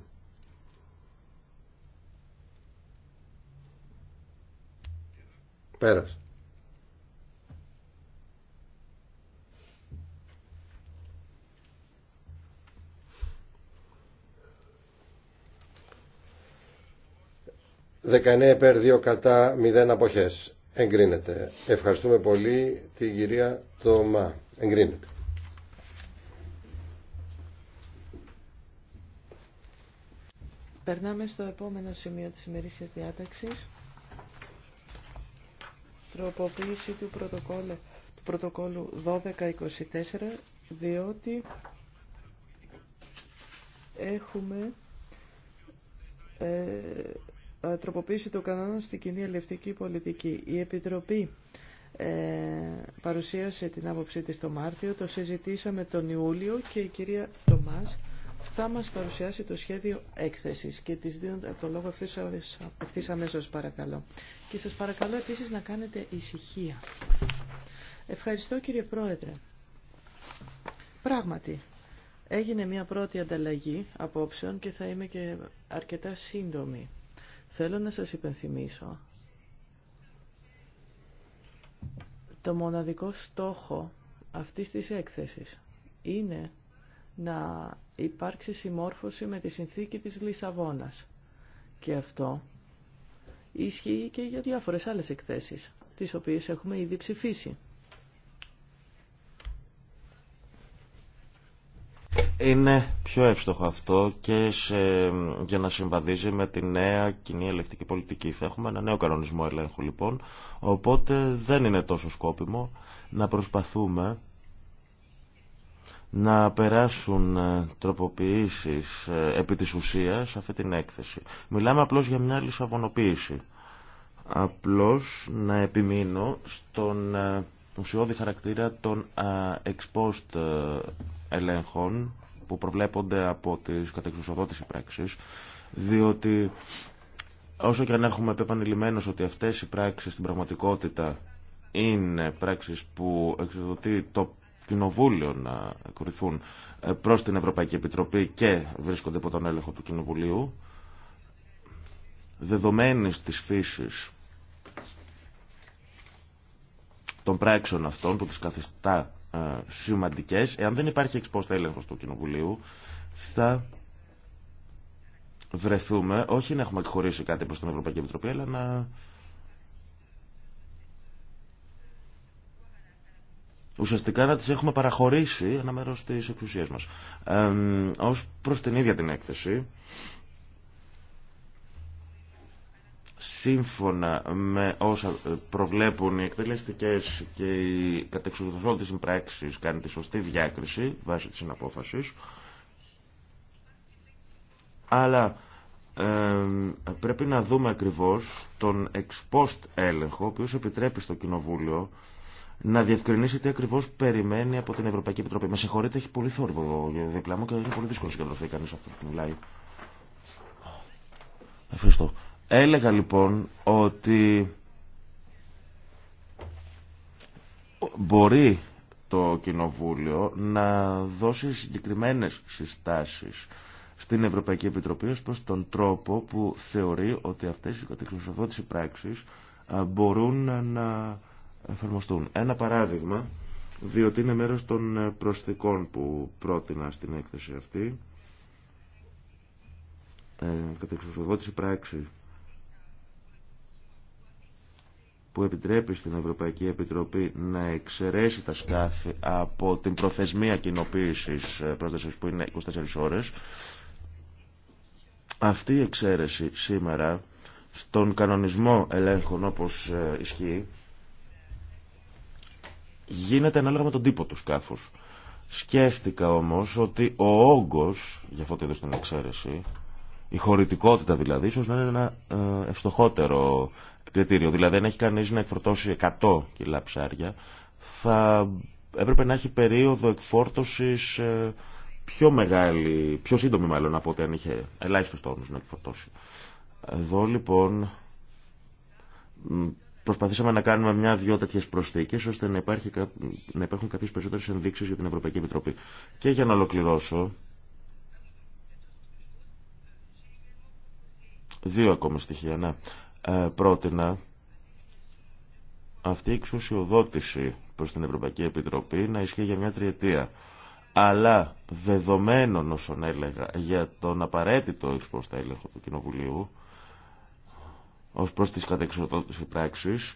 Πέρας. Δεκανέα υπέρ, δύο κατά, μηδέν αποχές. Εγκρίνεται. Ευχαριστούμε πολύ την κυρία Τωμά. Εγκρίνεται. Περνάμε στο επόμενο σημείο της ημερήσιας διάταξης τροποποίηση του Πρωτοκόλου του 1224 διότι έχουμε ε, ε τροποποίηση του κανόνα στην κοινή ελευτική πολιτική. Η Επιτροπή ε, παρουσίασε την άποψή της το Μάρτιο, το συζητήσαμε τον Ιούλιο και η κυρία Τομάς θα μας παρουσιάσει το σχέδιο έκθεσης και τη δίνω το λόγο ευθύ αμέσως παρακαλώ. Και σας παρακαλώ επίσης να κάνετε ησυχία. Ευχαριστώ κύριε Πρόεδρε. Πράγματι, έγινε μια πρώτη ανταλλαγή απόψεων και θα είμαι και αρκετά σύντομη. Θέλω να σας υπενθυμίσω το μοναδικό στόχο αυτής της έκθεσης είναι να υπάρξει συμμόρφωση με τη συνθήκη της Λισαβόνας. Και αυτό ισχύει και για διάφορες άλλες εκθέσεις, τις οποίες έχουμε ήδη ψηφίσει. Είναι πιο εύστοχο αυτό και για να συμβαδίζει με τη νέα κοινή ελεκτική πολιτική. Θα έχουμε ένα νέο κανονισμό ελέγχου λοιπόν, οπότε δεν είναι τόσο σκόπιμο να προσπαθούμε να περάσουν ε, τροποποιήσεις ε, επί της ουσίας αυτή την έκθεση. Μιλάμε απλώς για μια λισαβονοποίηση. Απλώς να επιμείνω στον ε, ουσιώδη χαρακτήρα των exposed ελέγχων που προβλέπονται από τις κατεξουσοδότηση πράξεις, διότι όσο και αν έχουμε επανειλημμένω ότι αυτές οι πράξεις στην πραγματικότητα είναι πράξεις που εξοδοτεί το Κοινοβούλιο να κορυφούν ε, προς την Ευρωπαϊκή Επιτροπή και βρίσκονται υπό τον έλεγχο του Κοινοβουλίου, δεδομένης της φύσης των πράξεων αυτών που τις καθιστά ε, σημαντικές, εάν δεν υπάρχει εξπόστα έλεγχος του Κοινοβουλίου, θα βρεθούμε όχι να έχουμε εκχωρήσει κάτι προς την Ευρωπαϊκή Επιτροπή, αλλά να ουσιαστικά να τις έχουμε παραχωρήσει ένα μέρος της εξουσίας μας. Ε, ως προς την ίδια την έκθεση, σύμφωνα με όσα προβλέπουν οι εκτελεστικές και οι κατεξοδοσόντες συμπράξεις κάνει τη σωστή διάκριση βάσει της συναπόφασης, αλλά πρέπει να δούμε ακριβώς τον ex έλεγχο ο οποίος επιτρέπει στο Κοινοβούλιο να διευκρινίσει τι ακριβώ περιμένει από την Ευρωπαϊκή Επιτροπή. Με συγχωρείτε, έχει πολύ θόρυβο δίπλα μου και είναι πολύ δύσκολο να συγκεντρωθεί κανεί αυτό που μιλάει. Ευχαριστώ. Έλεγα λοιπόν ότι μπορεί το Κοινοβούλιο να δώσει συγκεκριμένες συστάσεις στην Ευρωπαϊκή Επιτροπή ως προς τον τρόπο που θεωρεί ότι αυτές οι κατεξοδότηση πράξεις μπορούν να εφαρμοστούν. Ένα παράδειγμα, διότι είναι μέρος των ε, προσθήκων που πρότεινα στην έκθεση αυτή, ε, κατά πράξη που επιτρέπει στην Ευρωπαϊκή Επιτροπή να εξαιρέσει τα σκάφη από την προθεσμία κοινοποίηση ε, πρόσθεσης που είναι 24 ώρες. Αυτή η εξαίρεση σήμερα στον κανονισμό ελέγχων όπως ε, ισχύει γίνεται ανάλογα με τον τύπο του σκάφους. Σκέφτηκα όμως ότι ο όγκος, για αυτό το είδος την εξαίρεση, η χωρητικότητα δηλαδή, ίσως να είναι ένα ε, ευστοχότερο κριτήριο. Δηλαδή, αν έχει κανείς να εκφορτώσει 100 κιλά ψάρια, θα έπρεπε να έχει περίοδο εκφόρτωσης ε, πιο μεγάλη, πιο σύντομη μάλλον από ότι αν είχε ελάχιστος τόνους να εκφορτώσει. Εδώ λοιπόν Προσπαθήσαμε να κάνουμε μια-δυο τέτοιε προσθήκε ώστε να, υπάρχει, να υπάρχουν κάποιε περισσότερε ενδείξει για την Ευρωπαϊκή Επιτροπή. Και για να ολοκληρώσω. Δύο ακόμα στοιχεία, να Ε, πρότεινα αυτή η εξουσιοδότηση προς την Ευρωπαϊκή Επιτροπή να ισχύει για μια τριετία. Αλλά δεδομένων όσων έλεγα για τον απαραίτητο εξπρόστα έλεγχο του Κοινοβουλίου, ως προς τις κατεξοδότηση πράξεις.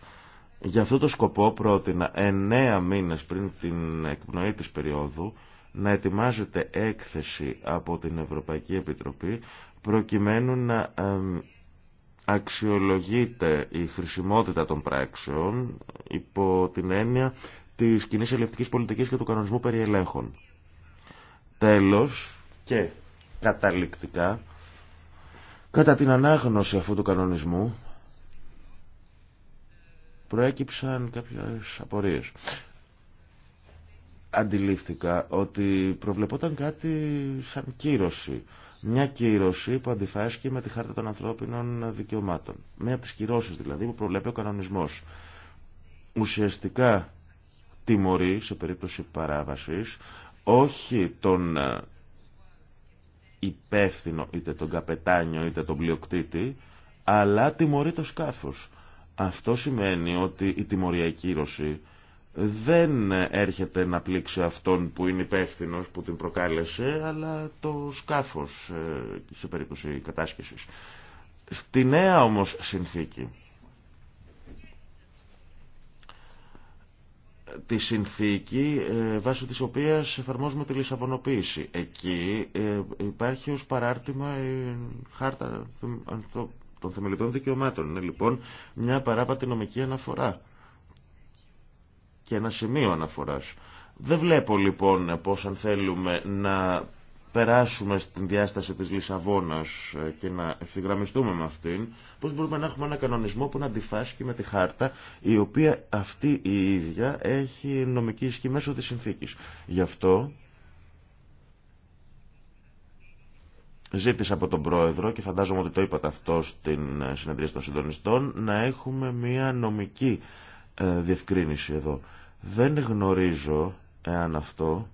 Για αυτό το σκοπό πρότεινα εννέα μήνες πριν την εκπνοή της περίοδου να ετοιμάζεται έκθεση από την Ευρωπαϊκή Επιτροπή προκειμένου να αξιολογείται η χρησιμότητα των πράξεων υπό την έννοια της κοινή ελευτικής πολιτικής και του κανονισμού περί Τέλος και καταληκτικά, κατά την ανάγνωση αυτού του κανονισμού, προέκυψαν κάποιες απορίες. Αντιλήφθηκα ότι προβλεπόταν κάτι σαν κύρωση. Μια κύρωση που αντιφάσκει με τη Χάρτα των Ανθρώπινων Δικαιωμάτων. Μία από τις κυρώσεις δηλαδή που προβλέπει ο κανονισμός. Ουσιαστικά τιμωρεί σε περίπτωση παράβασης όχι τον ε, υπεύθυνο είτε τον καπετάνιο είτε τον πλειοκτήτη αλλά τιμωρεί το σκάφος. Αυτό σημαίνει ότι η τιμωριακή ρωσή δεν έρχεται να πλήξει αυτόν που είναι υπεύθυνο που την προκάλεσε, αλλά το σκάφος ε, σε περίπτωση κατάσκησης. Στη νέα όμως συνθήκη, τη συνθήκη ε, βάσει της οποίας εφαρμόζουμε τη λισαβονοποίηση. Εκεί ε, υπάρχει ως παράρτημα η χάρτα των θεμελιωδών δικαιωμάτων. Είναι λοιπόν μια παράπατη νομική αναφορά και ένα σημείο αναφοράς. Δεν βλέπω λοιπόν πώς αν θέλουμε να περάσουμε στην διάσταση της Λισαβόνας ε, και να ευθυγραμμιστούμε με αυτήν, πώς μπορούμε να έχουμε ένα κανονισμό που να αντιφάσκει με τη χάρτα, η οποία αυτή η ίδια έχει νομική ισχύ μέσω της συνθήκης. Γι' αυτό Ζήτησα από τον Πρόεδρο και φαντάζομαι ότι το είπατε αυτό στην ε, συνεδρία των συντονιστών να έχουμε μια νομική ε, διευκρίνηση εδώ. Δεν γνωρίζω εάν αυτό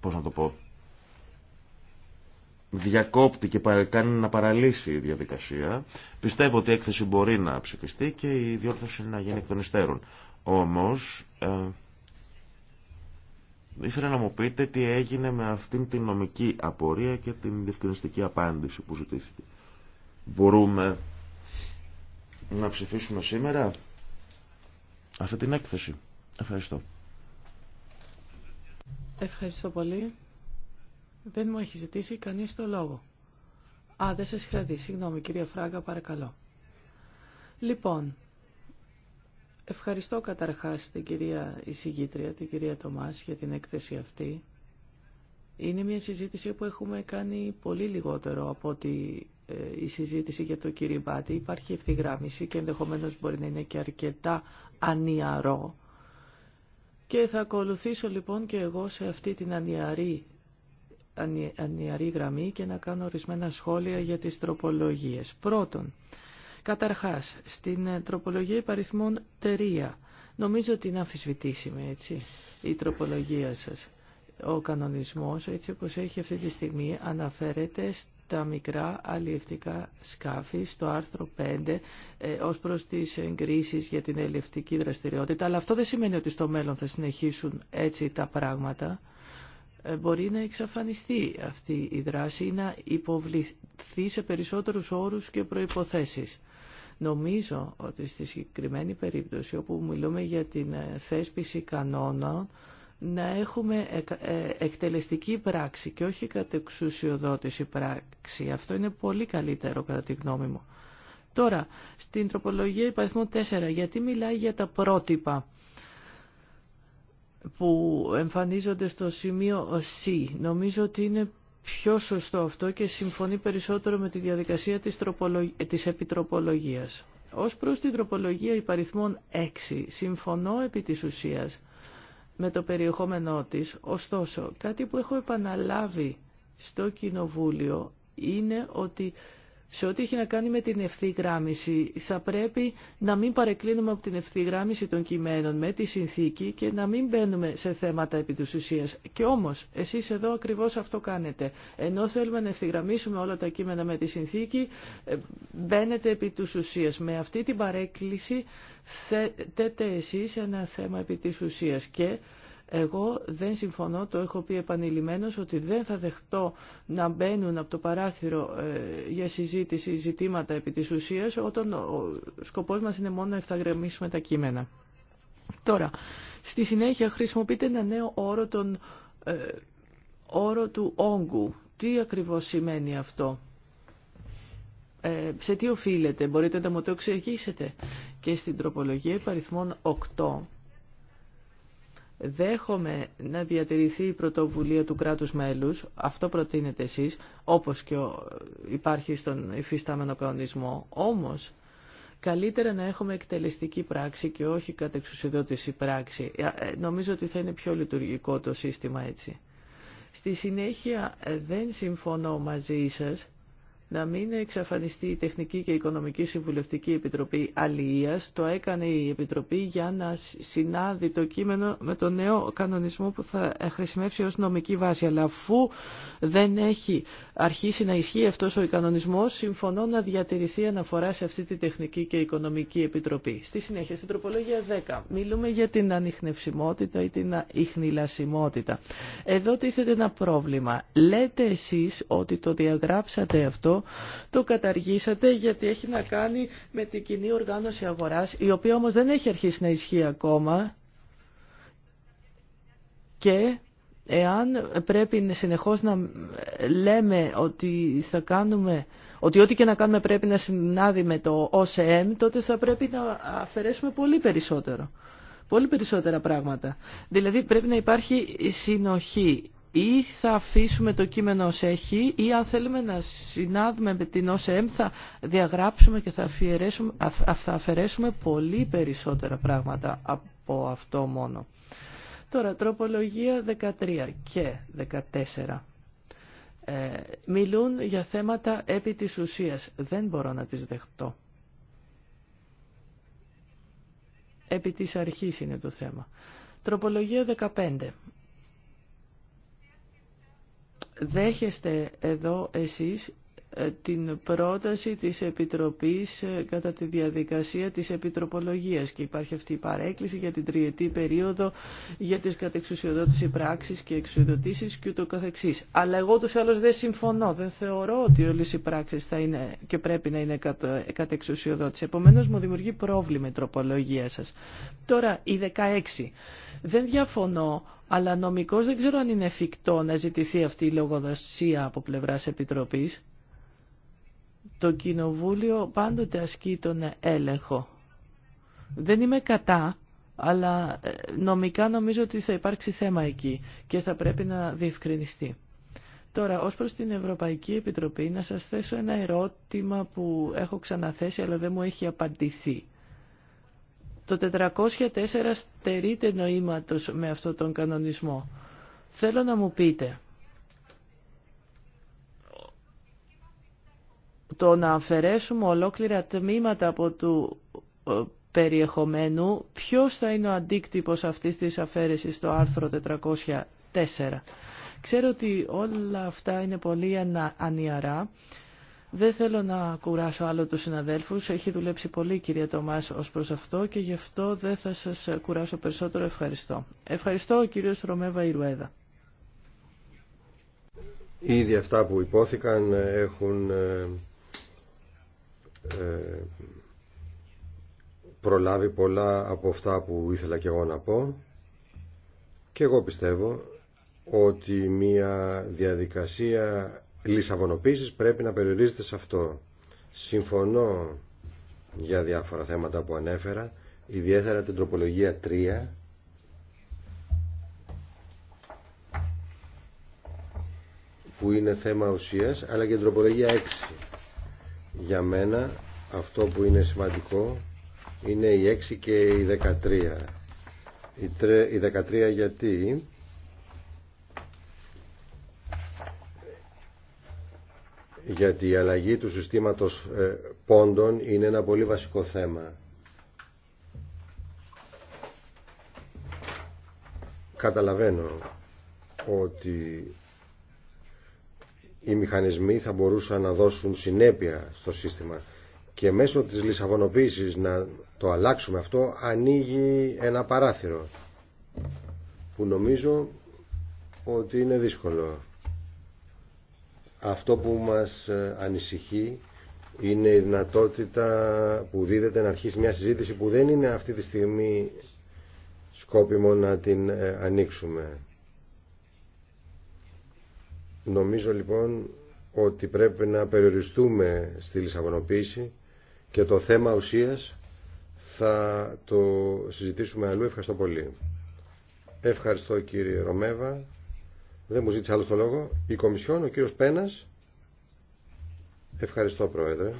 πώς να το πω διακόπτει και κάνει να παραλύσει η διαδικασία. Πιστεύω ότι η έκθεση μπορεί να ψηφιστεί και η διόρθωση να γίνει εκ των υστέρων. Όμως ε, Ήθελα να μου πείτε τι έγινε με αυτήν την νομική απορία και την διευκρινιστική απάντηση που ζητήθηκε. Μπορούμε να ψηφίσουμε σήμερα αυτή την έκθεση. Ευχαριστώ. Ευχαριστώ πολύ. Δεν μου έχει ζητήσει κανείς το λόγο. Α, δεν σας είχα Συγγνώμη, κυρία Φράγκα, παρακαλώ. Λοιπόν, Ευχαριστώ καταρχάς την κυρία εισηγήτρια, την κυρία Τομάς για την έκθεση αυτή. Είναι μια συζήτηση που έχουμε κάνει πολύ λιγότερο από ότι ε, η συζήτηση για το κυριμπάτι. Υπάρχει ευθυγράμμιση και ενδεχομένως μπορεί να είναι και αρκετά ανιαρό. Και θα ακολουθήσω λοιπόν και εγώ σε αυτή την ανιαρή, ανιαρή γραμμή και να κάνω ορισμένα σχόλια για τις τροπολογίες. Πρώτον, Καταρχάς, στην ε, τροπολογία υπαριθμών τερία Νομίζω ότι είναι αμφισβητήσιμη η τροπολογία σας. Ο κανονισμός, έτσι όπως έχει αυτή τη στιγμή, αναφέρεται στα μικρά αλλιευτικά σκάφη στο άρθρο 5 ε, ως προς τις εγκρίσεις για την αλλιευτική δραστηριότητα. Αλλά αυτό δεν σημαίνει ότι στο μέλλον θα συνεχίσουν έτσι τα πράγματα. Ε, μπορεί να εξαφανιστεί αυτή η δράση ή να υποβληθεί σε περισσότερους όρους και προϋποθέσεις. Νομίζω ότι στη συγκεκριμένη περίπτωση όπου μιλούμε για την ε, θέσπιση κανόνων να έχουμε ε, εκτελεστική πράξη και όχι κατεξουσιοδότηση πράξη. Αυτό είναι πολύ καλύτερο κατά τη γνώμη μου. Τώρα, στην τροπολογία υπαριθμού 4, γιατί μιλάει για τα πρότυπα που εμφανίζονται στο σημείο C. Νομίζω ότι είναι πιο σωστό αυτό και συμφωνεί περισσότερο με τη διαδικασία της, τροπολογ... της επιτροπολογίας. Ως προς την τροπολογία υπαριθμών 6, συμφωνώ επί της ουσίας με το περιεχόμενό της, ωστόσο κάτι που έχω επαναλάβει στο Κοινοβούλιο είναι ότι σε ό,τι έχει να κάνει με την ευθυγράμμιση, θα πρέπει να μην παρεκκλίνουμε από την ευθυγράμμιση των κειμένων με τη συνθήκη και να μην μπαίνουμε σε θέματα επί της ουσίας. Και όμως, εσείς εδώ ακριβώς αυτό κάνετε. Ενώ θέλουμε να ευθυγραμμίσουμε όλα τα κείμενα με τη συνθήκη, ε, μπαίνετε επί της ουσίας. Με αυτή την παρέκκληση θέτετε εσείς ένα θέμα επί της ουσίας και εγώ δεν συμφωνώ, το έχω πει επανειλημμένως, ότι δεν θα δεχτώ να μπαίνουν από το παράθυρο ε, για συζήτηση ζητήματα επί της ουσίας, όταν ο σκοπός μας είναι μόνο να ευθαγραμμίσουμε τα κείμενα. Τώρα, στη συνέχεια χρησιμοποιείται ένα νέο όρο, ε, όρο του όγκου. Τι ακριβώς σημαίνει αυτό. Ε, σε τι οφείλεται, μπορείτε να μου το εξηγήσετε. Και στην τροπολογία υπαριθμών 8 δέχομαι να διατηρηθεί η πρωτοβουλία του κράτους μέλους, αυτό προτείνετε εσείς, όπως και υπάρχει στον υφιστάμενο κανονισμό, όμως καλύτερα να έχουμε εκτελεστική πράξη και όχι κατεξουσιοδότηση πράξη. Ε, ε, νομίζω ότι θα είναι πιο λειτουργικό το σύστημα έτσι. Στη συνέχεια ε, δεν συμφωνώ μαζί σας να μην εξαφανιστεί η Τεχνική και Οικονομική Συμβουλευτική Επιτροπή Αλίας. Το έκανε η Επιτροπή για να συνάδει το κείμενο με το νέο κανονισμό που θα χρησιμεύσει ως νομική βάση. Αλλά αφού δεν έχει αρχίσει να ισχύει αυτός ο κανονισμός, συμφωνώ να διατηρηθεί αναφορά σε αυτή τη Τεχνική και Οικονομική Επιτροπή. Στη συνέχεια, στην τροπολογία 10, μιλούμε για την ανιχνευσιμότητα ή την ιχνηλασιμότητα. Εδώ τίθεται ένα πρόβλημα. Λέτε εσείς ότι το διαγράψατε αυτό το καταργήσατε γιατί έχει να κάνει με την κοινή οργάνωση αγοράς η οποία όμως δεν έχει αρχίσει να ισχύει ακόμα και εάν πρέπει συνεχώς να λέμε ότι θα κάνουμε ότι ό,τι και να κάνουμε πρέπει να συνάδει με το OCM, τότε θα πρέπει να αφαιρέσουμε πολύ περισσότερο. Πολύ περισσότερα πράγματα. Δηλαδή πρέπει να υπάρχει συνοχή ή θα αφήσουμε το κείμενο ως έχει ή αν θέλουμε να συνάδουμε με την ΩΣΕΜ θα διαγράψουμε και θα, θα αφαιρέσουμε πολύ περισσότερα πράγματα από αυτό μόνο. Τώρα, τροπολογία 13 και 14. Ε, μιλούν για θέματα επί της ουσίας. Δεν μπορώ να τις δεχτώ. Επί της αρχής είναι το θέμα. Τροπολογία 15 δέχεστε εδώ εσείς ε, την πρόταση της Επιτροπής ε, κατά τη διαδικασία της Επιτροπολογίας και υπάρχει αυτή η παρέκκληση για την τριετή περίοδο για τις κατεξουσιοδότηση πράξεις και εξουσιοδοτήσεις και ούτω καθεξής. Αλλά εγώ τους άλλους δεν συμφωνώ, δεν θεωρώ ότι όλες οι πράξεις θα είναι και πρέπει να είναι ε, κατεξουσιοδότηση. Επομένως μου δημιουργεί πρόβλημα η τροπολογία σας. Τώρα η 16. Δεν διαφωνώ αλλά νομικώς δεν ξέρω αν είναι εφικτό να ζητηθεί αυτή η λογοδοσία από πλευράς Επιτροπής. Το Κοινοβούλιο πάντοτε ασκεί τον έλεγχο. Δεν είμαι κατά, αλλά ε, νομικά νομίζω ότι θα υπάρξει θέμα εκεί και θα πρέπει να διευκρινιστεί. Τώρα, ως προς την Ευρωπαϊκή Επιτροπή, να σας θέσω ένα ερώτημα που έχω ξαναθέσει αλλά δεν μου έχει απαντηθεί. Το 404 στερείται νοήματος με αυτόν τον κανονισμό. Θέλω να μου πείτε, το να αφαιρέσουμε ολόκληρα τμήματα από του ε, περιεχομένου, ποιος θα είναι ο αντίκτυπος αυτής της αφαίρεσης στο άρθρο 404. Ξέρω ότι όλα αυτά είναι πολύ ανιαρά. Δεν θέλω να κουράσω άλλο τους συναδέλφους. Έχει δουλέψει πολύ η κυρία Τομάς ως προς αυτό και γι' αυτό δεν θα σας κουράσω περισσότερο. Ευχαριστώ. Ευχαριστώ ο κύριος Ρωμέβα Ιρουέδα. Ήδη αυτά που υπόθηκαν έχουν ε, ε, προλάβει πολλά από αυτά που ήθελα και εγώ να πω και εγώ πιστεύω ότι μια διαδικασία λισαβονοποίησης πρέπει να περιορίζεται σε αυτό. Συμφωνώ για διάφορα θέματα που ανέφερα, ιδιαίτερα την τροπολογία 3 που είναι θέμα ουσίας, αλλά και την τροπολογία 6 για μένα αυτό που είναι σημαντικό είναι η 6 και η 13. Η 13 γιατί γιατί η αλλαγή του συστήματος ε, πόντων είναι ένα πολύ βασικό θέμα. Καταλαβαίνω ότι οι μηχανισμοί θα μπορούσαν να δώσουν συνέπεια στο σύστημα και μέσω της λισαβονοποίησης να το αλλάξουμε αυτό ανοίγει ένα παράθυρο που νομίζω ότι είναι δύσκολο. Αυτό που μας ε, ανησυχεί είναι η δυνατότητα που δίδεται να αρχίσει μια συζήτηση που δεν είναι αυτή τη στιγμή σκόπιμο να την ε, ανοίξουμε. Νομίζω λοιπόν ότι πρέπει να περιοριστούμε στη λισαβονοποίηση και το θέμα ουσίας θα το συζητήσουμε αλλού. Ευχαριστώ πολύ. Ευχαριστώ κύριε Ρωμέβα. Δεν μου ζήτησε άλλο το λόγο. Η Κομισιόν, ο κύριος Πένας. Ευχαριστώ Πρόεδρε.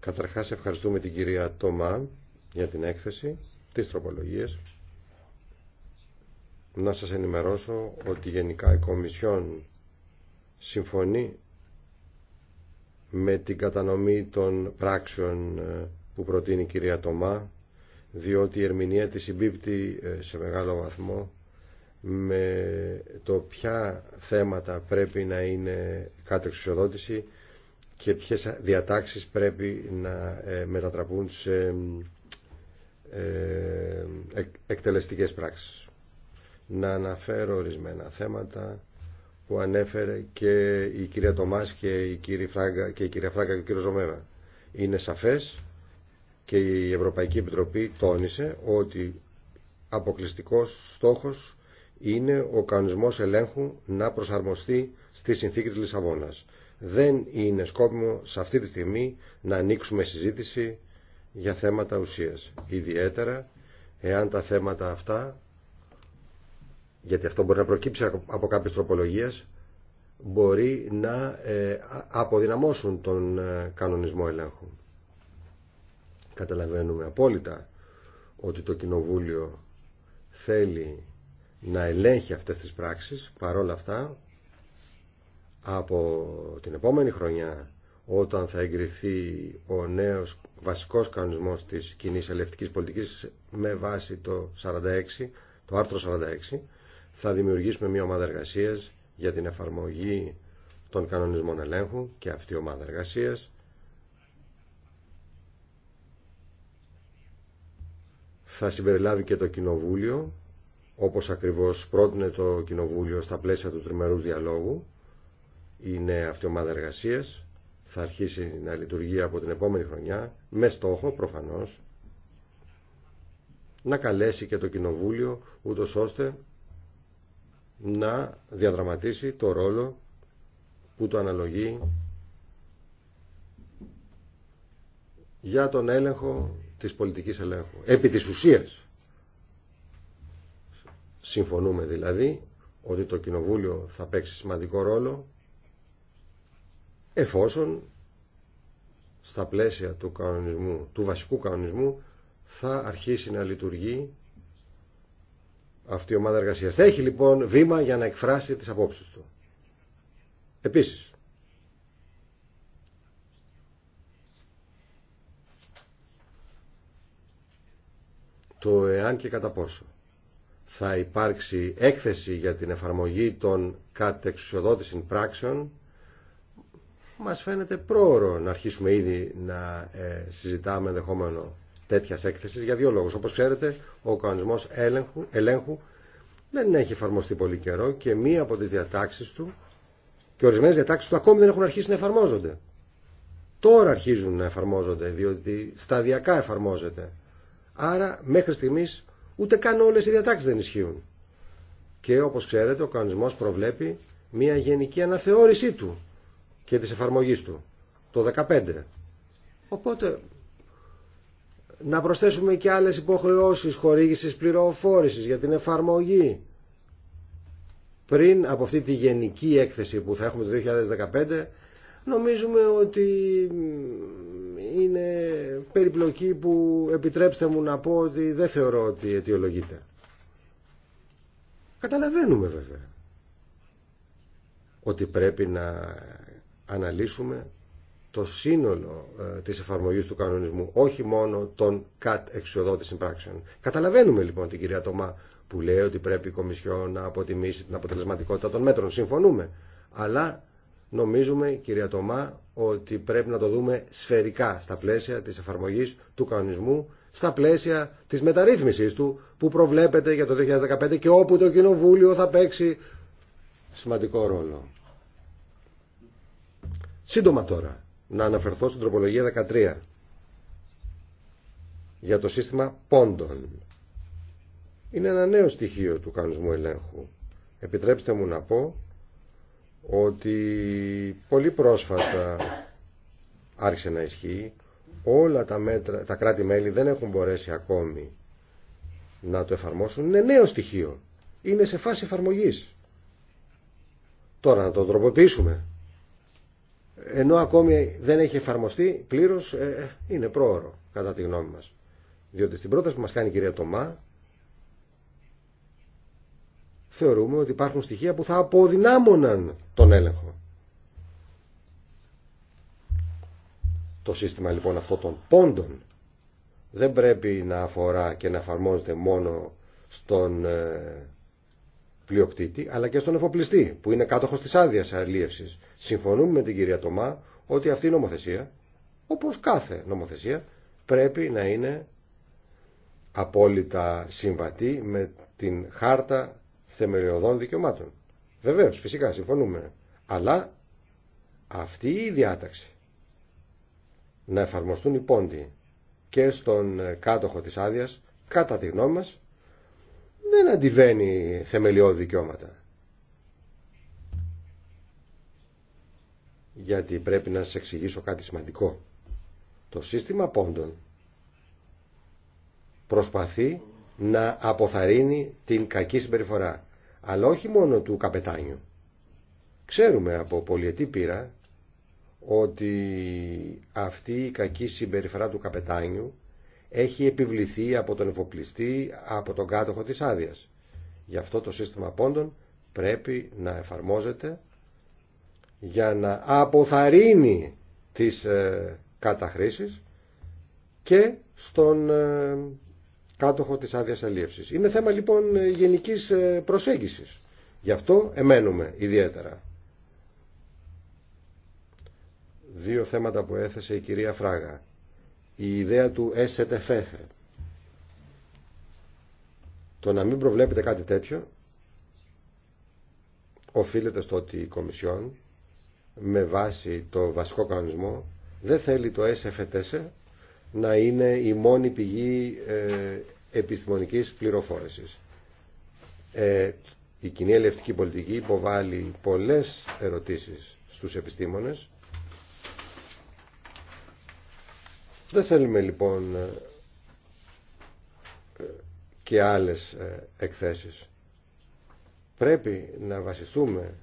Καταρχάς ευχαριστούμε την κυρία Τομά για την έκθεση, της τροπολογίας να σας ενημερώσω ότι γενικά η Κομισιόν συμφωνεί με την κατανομή των πράξεων ε, που προτείνει η κυρία Τομά διότι η ερμηνεία της συμπίπτει ε, σε μεγάλο βαθμό με το ποια θέματα πρέπει να είναι κάτω εξουσιοδότηση και ποιες διατάξεις πρέπει να ε, μετατραπούν σε εκτελεστικές πράξεις να αναφέρω ορισμένα θέματα που ανέφερε και η κυρία Τομάς και η, κυρία Φράγκα και η κυρία Φράγκα και ο κύριος Ζωμέβα. Είναι σαφές και η Ευρωπαϊκή Επιτροπή τόνισε ότι αποκλειστικός στόχος είναι ο κανονισμός ελέγχου να προσαρμοστεί στη συνθήκη της Λισαβόνας. Δεν είναι σκόπιμο σε αυτή τη στιγμή να ανοίξουμε συζήτηση για θέματα ουσίας. Ιδιαίτερα εάν τα θέματα αυτά γιατί αυτό μπορεί να προκύψει από κάποιες τροπολογίες, μπορεί να ε, αποδυναμώσουν τον ε, κανονισμό ελέγχου. Καταλαβαίνουμε απόλυτα ότι το Κοινοβούλιο θέλει να ελέγχει αυτές τις πράξεις, παρόλα αυτά, από την επόμενη χρονιά, όταν θα εγκριθεί ο νέος βασικός κανονισμός της κοινή ελευτικής πολιτικής με βάση το 46, το άρθρο 46, θα δημιουργήσουμε μια ομάδα εργασία για την εφαρμογή των κανονισμών ελέγχου και αυτή η ομάδα εργασία θα συμπεριλάβει και το Κοινοβούλιο όπως ακριβώς πρότεινε το Κοινοβούλιο στα πλαίσια του τριμερούς διαλόγου είναι αυτή η ομάδα εργασία. θα αρχίσει να λειτουργεί από την επόμενη χρονιά με στόχο προφανώς να καλέσει και το Κοινοβούλιο ούτω ώστε να διαδραματίσει το ρόλο που το αναλογεί για τον έλεγχο της πολιτικής ελέγχου. Επί της ουσίας συμφωνούμε δηλαδή ότι το Κοινοβούλιο θα παίξει σημαντικό ρόλο εφόσον στα πλαίσια του, κανονισμού, του βασικού κανονισμού θα αρχίσει να λειτουργεί αυτή η ομάδα εργασία. Θα έχει λοιπόν βήμα για να εκφράσει τις απόψει του. Επίσης, το εάν και κατά πόσο θα υπάρξει έκθεση για την εφαρμογή των κατεξουσιοδότησης πράξεων μας φαίνεται πρόωρο να αρχίσουμε ήδη να ε, συζητάμε ενδεχόμενο τέτοια έκθεση για δύο λόγου. Όπω ξέρετε, ο κανονισμό ελέγχου, ελέγχου δεν έχει εφαρμοστεί πολύ καιρό και μία από τι διατάξει του και ορισμένε διατάξει του ακόμη δεν έχουν αρχίσει να εφαρμόζονται. Τώρα αρχίζουν να εφαρμόζονται, διότι σταδιακά εφαρμόζεται. Άρα μέχρι στιγμή ούτε καν όλε οι διατάξει δεν ισχύουν. Και όπω ξέρετε, ο κανονισμό προβλέπει μία γενική αναθεώρησή του και τη εφαρμογή του το 2015. Οπότε να προσθέσουμε και άλλες υποχρεώσεις χορήγησης πληροφόρησης για την εφαρμογή πριν από αυτή τη γενική έκθεση που θα έχουμε το 2015 νομίζουμε ότι είναι περιπλοκή που επιτρέψτε μου να πω ότι δεν θεωρώ ότι αιτιολογείται. Καταλαβαίνουμε βέβαια ότι πρέπει να αναλύσουμε το σύνολο ε, της εφαρμογής του κανονισμού, όχι μόνο τον κατ εξοδότης συμπράξεων. Καταλαβαίνουμε λοιπόν την κυρία Τωμά που λέει ότι πρέπει η Κομισιό να αποτιμήσει την αποτελεσματικότητα των μέτρων. Συμφωνούμε. Αλλά νομίζουμε, κυρία Τωμά, ότι πρέπει να το δούμε σφαιρικά στα πλαίσια της εφαρμογής του κανονισμού, στα πλαίσια της μεταρρύθμισης του που προβλέπεται για το 2015 και όπου το Κοινοβούλιο θα παίξει σημαντικό ρόλο. Σύντομα τώρα, να αναφερθώ στην τροπολογία 13 για το σύστημα πόντων. Είναι ένα νέο στοιχείο του κανονισμού ελέγχου. Επιτρέψτε μου να πω ότι πολύ πρόσφατα άρχισε να ισχύει όλα τα, μέτρα, τα κράτη-μέλη δεν έχουν μπορέσει ακόμη να το εφαρμόσουν. Είναι νέο στοιχείο. Είναι σε φάση εφαρμογής. Τώρα να το τροποποιήσουμε ενώ ακόμη δεν έχει εφαρμοστεί πλήρω ε, ε, είναι πρόωρο κατά τη γνώμη μας διότι στην πρόταση που μας κάνει η κυρία Τομά θεωρούμε ότι υπάρχουν στοιχεία που θα αποδυνάμωναν τον έλεγχο το σύστημα λοιπόν αυτό των πόντων δεν πρέπει να αφορά και να εφαρμόζεται μόνο στον ε, πλειοκτήτη αλλά και στον εφοπλιστή που είναι κάτοχος της άδειας αλίευσης. Συμφωνούμε με την κυρία Τομά ότι αυτή η νομοθεσία, όπως κάθε νομοθεσία, πρέπει να είναι απόλυτα συμβατή με την χάρτα θεμελιωδών δικαιωμάτων. Βεβαίως, φυσικά, συμφωνούμε. Αλλά αυτή η διάταξη να εφαρμοστούν οι πόντοι και στον κάτοχο της άδειας, κατά τη γνώμη μας, δεν αντιβαίνει θεμελιώδη δικαιώματα. Γιατί πρέπει να σας εξηγήσω κάτι σημαντικό. Το σύστημα πόντων προσπαθεί να αποθαρρύνει την κακή συμπεριφορά. Αλλά όχι μόνο του καπετάνιου. Ξέρουμε από πολιετή πείρα ότι αυτή η κακή συμπεριφορά του καπετάνιου έχει επιβληθεί από τον εφοπλιστή, από τον κάτοχο της άδεια. Γι' αυτό το σύστημα πόντων πρέπει να εφαρμόζεται για να αποθαρρύνει τις ε, καταχρήσεις και στον ε, κάτοχο της άδεια αλίευσης. Είναι θέμα λοιπόν ε, γενικής προσέγγισης. Γι' αυτό εμένουμε ιδιαίτερα. Δύο θέματα που έθεσε η κυρία Φράγα η ιδέα του φέθε. Το να μην προβλέπετε κάτι τέτοιο οφείλεται στο ότι η Κομισιόν με βάση το βασικό κανονισμό δεν θέλει το SFTS να είναι η μόνη πηγή ε, επιστημονικής πληροφόρησης. Ε, η κοινή ελευτική πολιτική υποβάλλει πολλές ερωτήσεις στους επιστήμονες Δεν θέλουμε λοιπόν ε, ε, και άλλες ε, εκθέσεις. Πρέπει να βασιστούμε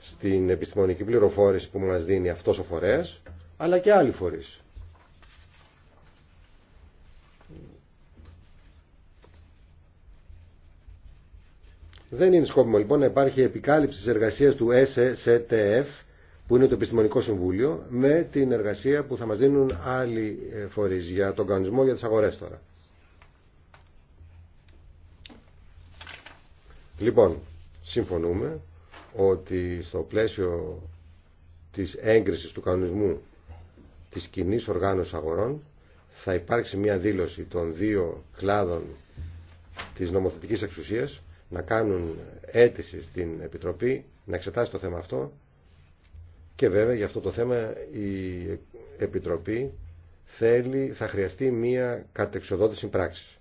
στην επιστημονική πληροφόρηση που μας δίνει αυτός ο φορέας, αλλά και άλλοι φορείς. Δεν είναι σκόπιμο λοιπόν να υπάρχει επικάλυψη της εργασίας του SSTF που είναι το Επιστημονικό Συμβούλιο, με την εργασία που θα μας δίνουν άλλοι ε, φορείς για τον κανονισμό για τις αγορές τώρα. Λοιπόν, συμφωνούμε ότι στο πλαίσιο της έγκρισης του κανονισμού της κοινή οργάνωσης αγορών θα υπάρξει μια δήλωση των δύο κλάδων της νομοθετικής εξουσίας να κάνουν αίτηση στην Επιτροπή να εξετάσει το θέμα αυτό και βέβαια για αυτό το θέμα η Επιτροπή θέλει, θα χρειαστεί μία κατεξοδότηση πράξης.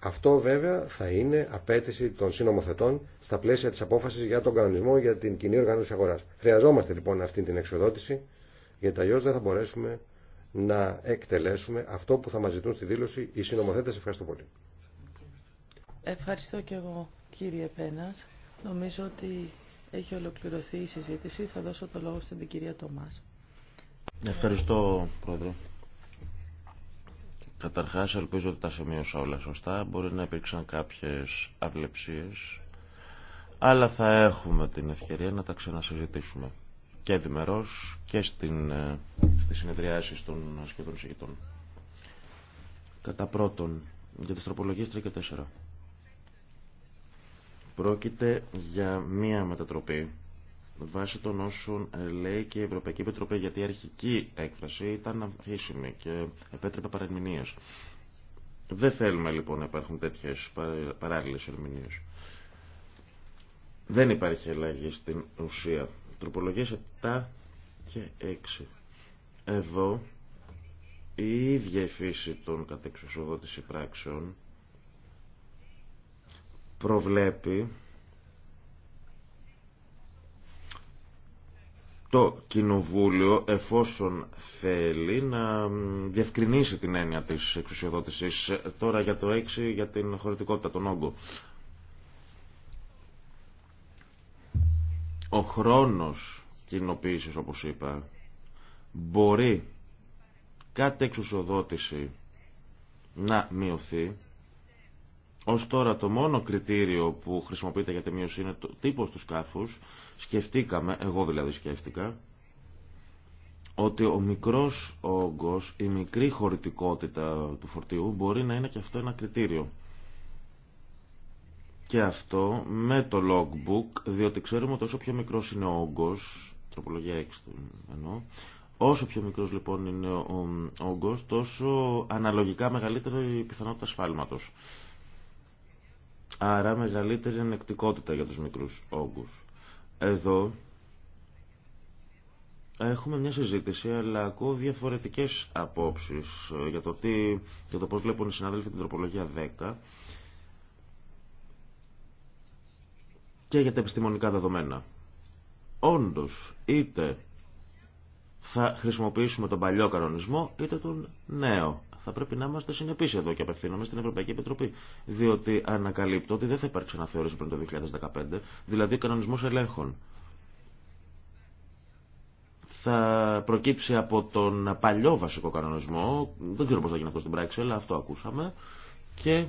Αυτό βέβαια θα είναι απέτηση των συνομοθετών στα πλαίσια της απόφασης για τον κανονισμό για την κοινή οργάνωση αγοράς. Χρειαζόμαστε λοιπόν αυτή την εξοδότηση γιατί αλλιώ δεν θα μπορέσουμε να εκτελέσουμε αυτό που θα μας ζητούν στη δήλωση οι συνομοθέτες. Ευχαριστώ πολύ. Ευχαριστώ και εγώ κύριε Πένας. Νομίζω ότι έχει ολοκληρωθεί η συζήτηση. Θα δώσω το λόγο στην κυρία Τομάς. Ευχαριστώ, Πρόεδρε. Καταρχάς, ελπίζω ότι τα σημείωσα όλα σωστά. Μπορεί να υπήρξαν κάποιες αυλεψίες, αλλά θα έχουμε την ευκαιρία να τα ξανασυζητήσουμε και διμερώς και στην, ε, στις συνεδριάσεις των σχεδόν συγκητών. Κατά πρώτον, για τις τροπολογίες 3 και 4. Πρόκειται για μία μετατροπή βάσει των όσων ε, λέει και η Ευρωπαϊκή Επιτροπή γιατί η αρχική έκφραση ήταν αμφίσιμη και επέτρεπε παρερμηνίες. Δεν θέλουμε λοιπόν να υπάρχουν τέτοιες παράλληλες ερμηνείες. Δεν υπάρχει αλλαγή στην ουσία. Τροπολογίες 7 και 6. Εδώ η ίδια η φύση των κατεξουσοδότηση πράξεων προβλέπει το Κοινοβούλιο εφόσον θέλει να διευκρινίσει την έννοια της εξουσιοδότησης τώρα για το 6 για την χωρητικότητα, των όγκων. Ο χρόνος κοινοποίησης όπως είπα μπορεί κάτι εξουσιοδότηση να μειωθεί Ω τώρα το μόνο κριτήριο που χρησιμοποιείται για τη μείωση είναι το τύπο του σκάφους. Σκεφτήκαμε, εγώ δηλαδή σκέφτηκα, ότι ο μικρός όγκος, η μικρή χωρητικότητα του φορτίου μπορεί να είναι και αυτό ένα κριτήριο. Και αυτό με το logbook, διότι ξέρουμε ότι όσο πιο μικρός είναι ο όγκο, τροπολογία 6 εννοώ, όσο πιο μικρό, λοιπόν είναι ο όγκο, τόσο αναλογικά μεγαλύτερη η πιθανότητα σφάλματος. Άρα μεγαλύτερη ανεκτικότητα για τους μικρούς όγκους. Εδώ έχουμε μια συζήτηση, αλλά ακούω διαφορετικές απόψεις ε, για το, τι, για το πώς βλέπουν οι συνάδελφοι την τροπολογία 10 και για τα επιστημονικά δεδομένα. Όντως, είτε θα χρησιμοποιήσουμε τον παλιό κανονισμό, είτε τον νέο θα πρέπει να είμαστε συνεπεί εδώ και απευθύνομαι στην Ευρωπαϊκή Επιτροπή. Διότι ανακαλύπτω ότι δεν θα υπάρξει αναθεώρηση πριν το 2015, δηλαδή κανονισμό ελέγχων. Θα προκύψει από τον παλιό βασικό κανονισμό, δεν ξέρω πώ θα γίνει αυτό στην πράξη, αλλά αυτό ακούσαμε. Και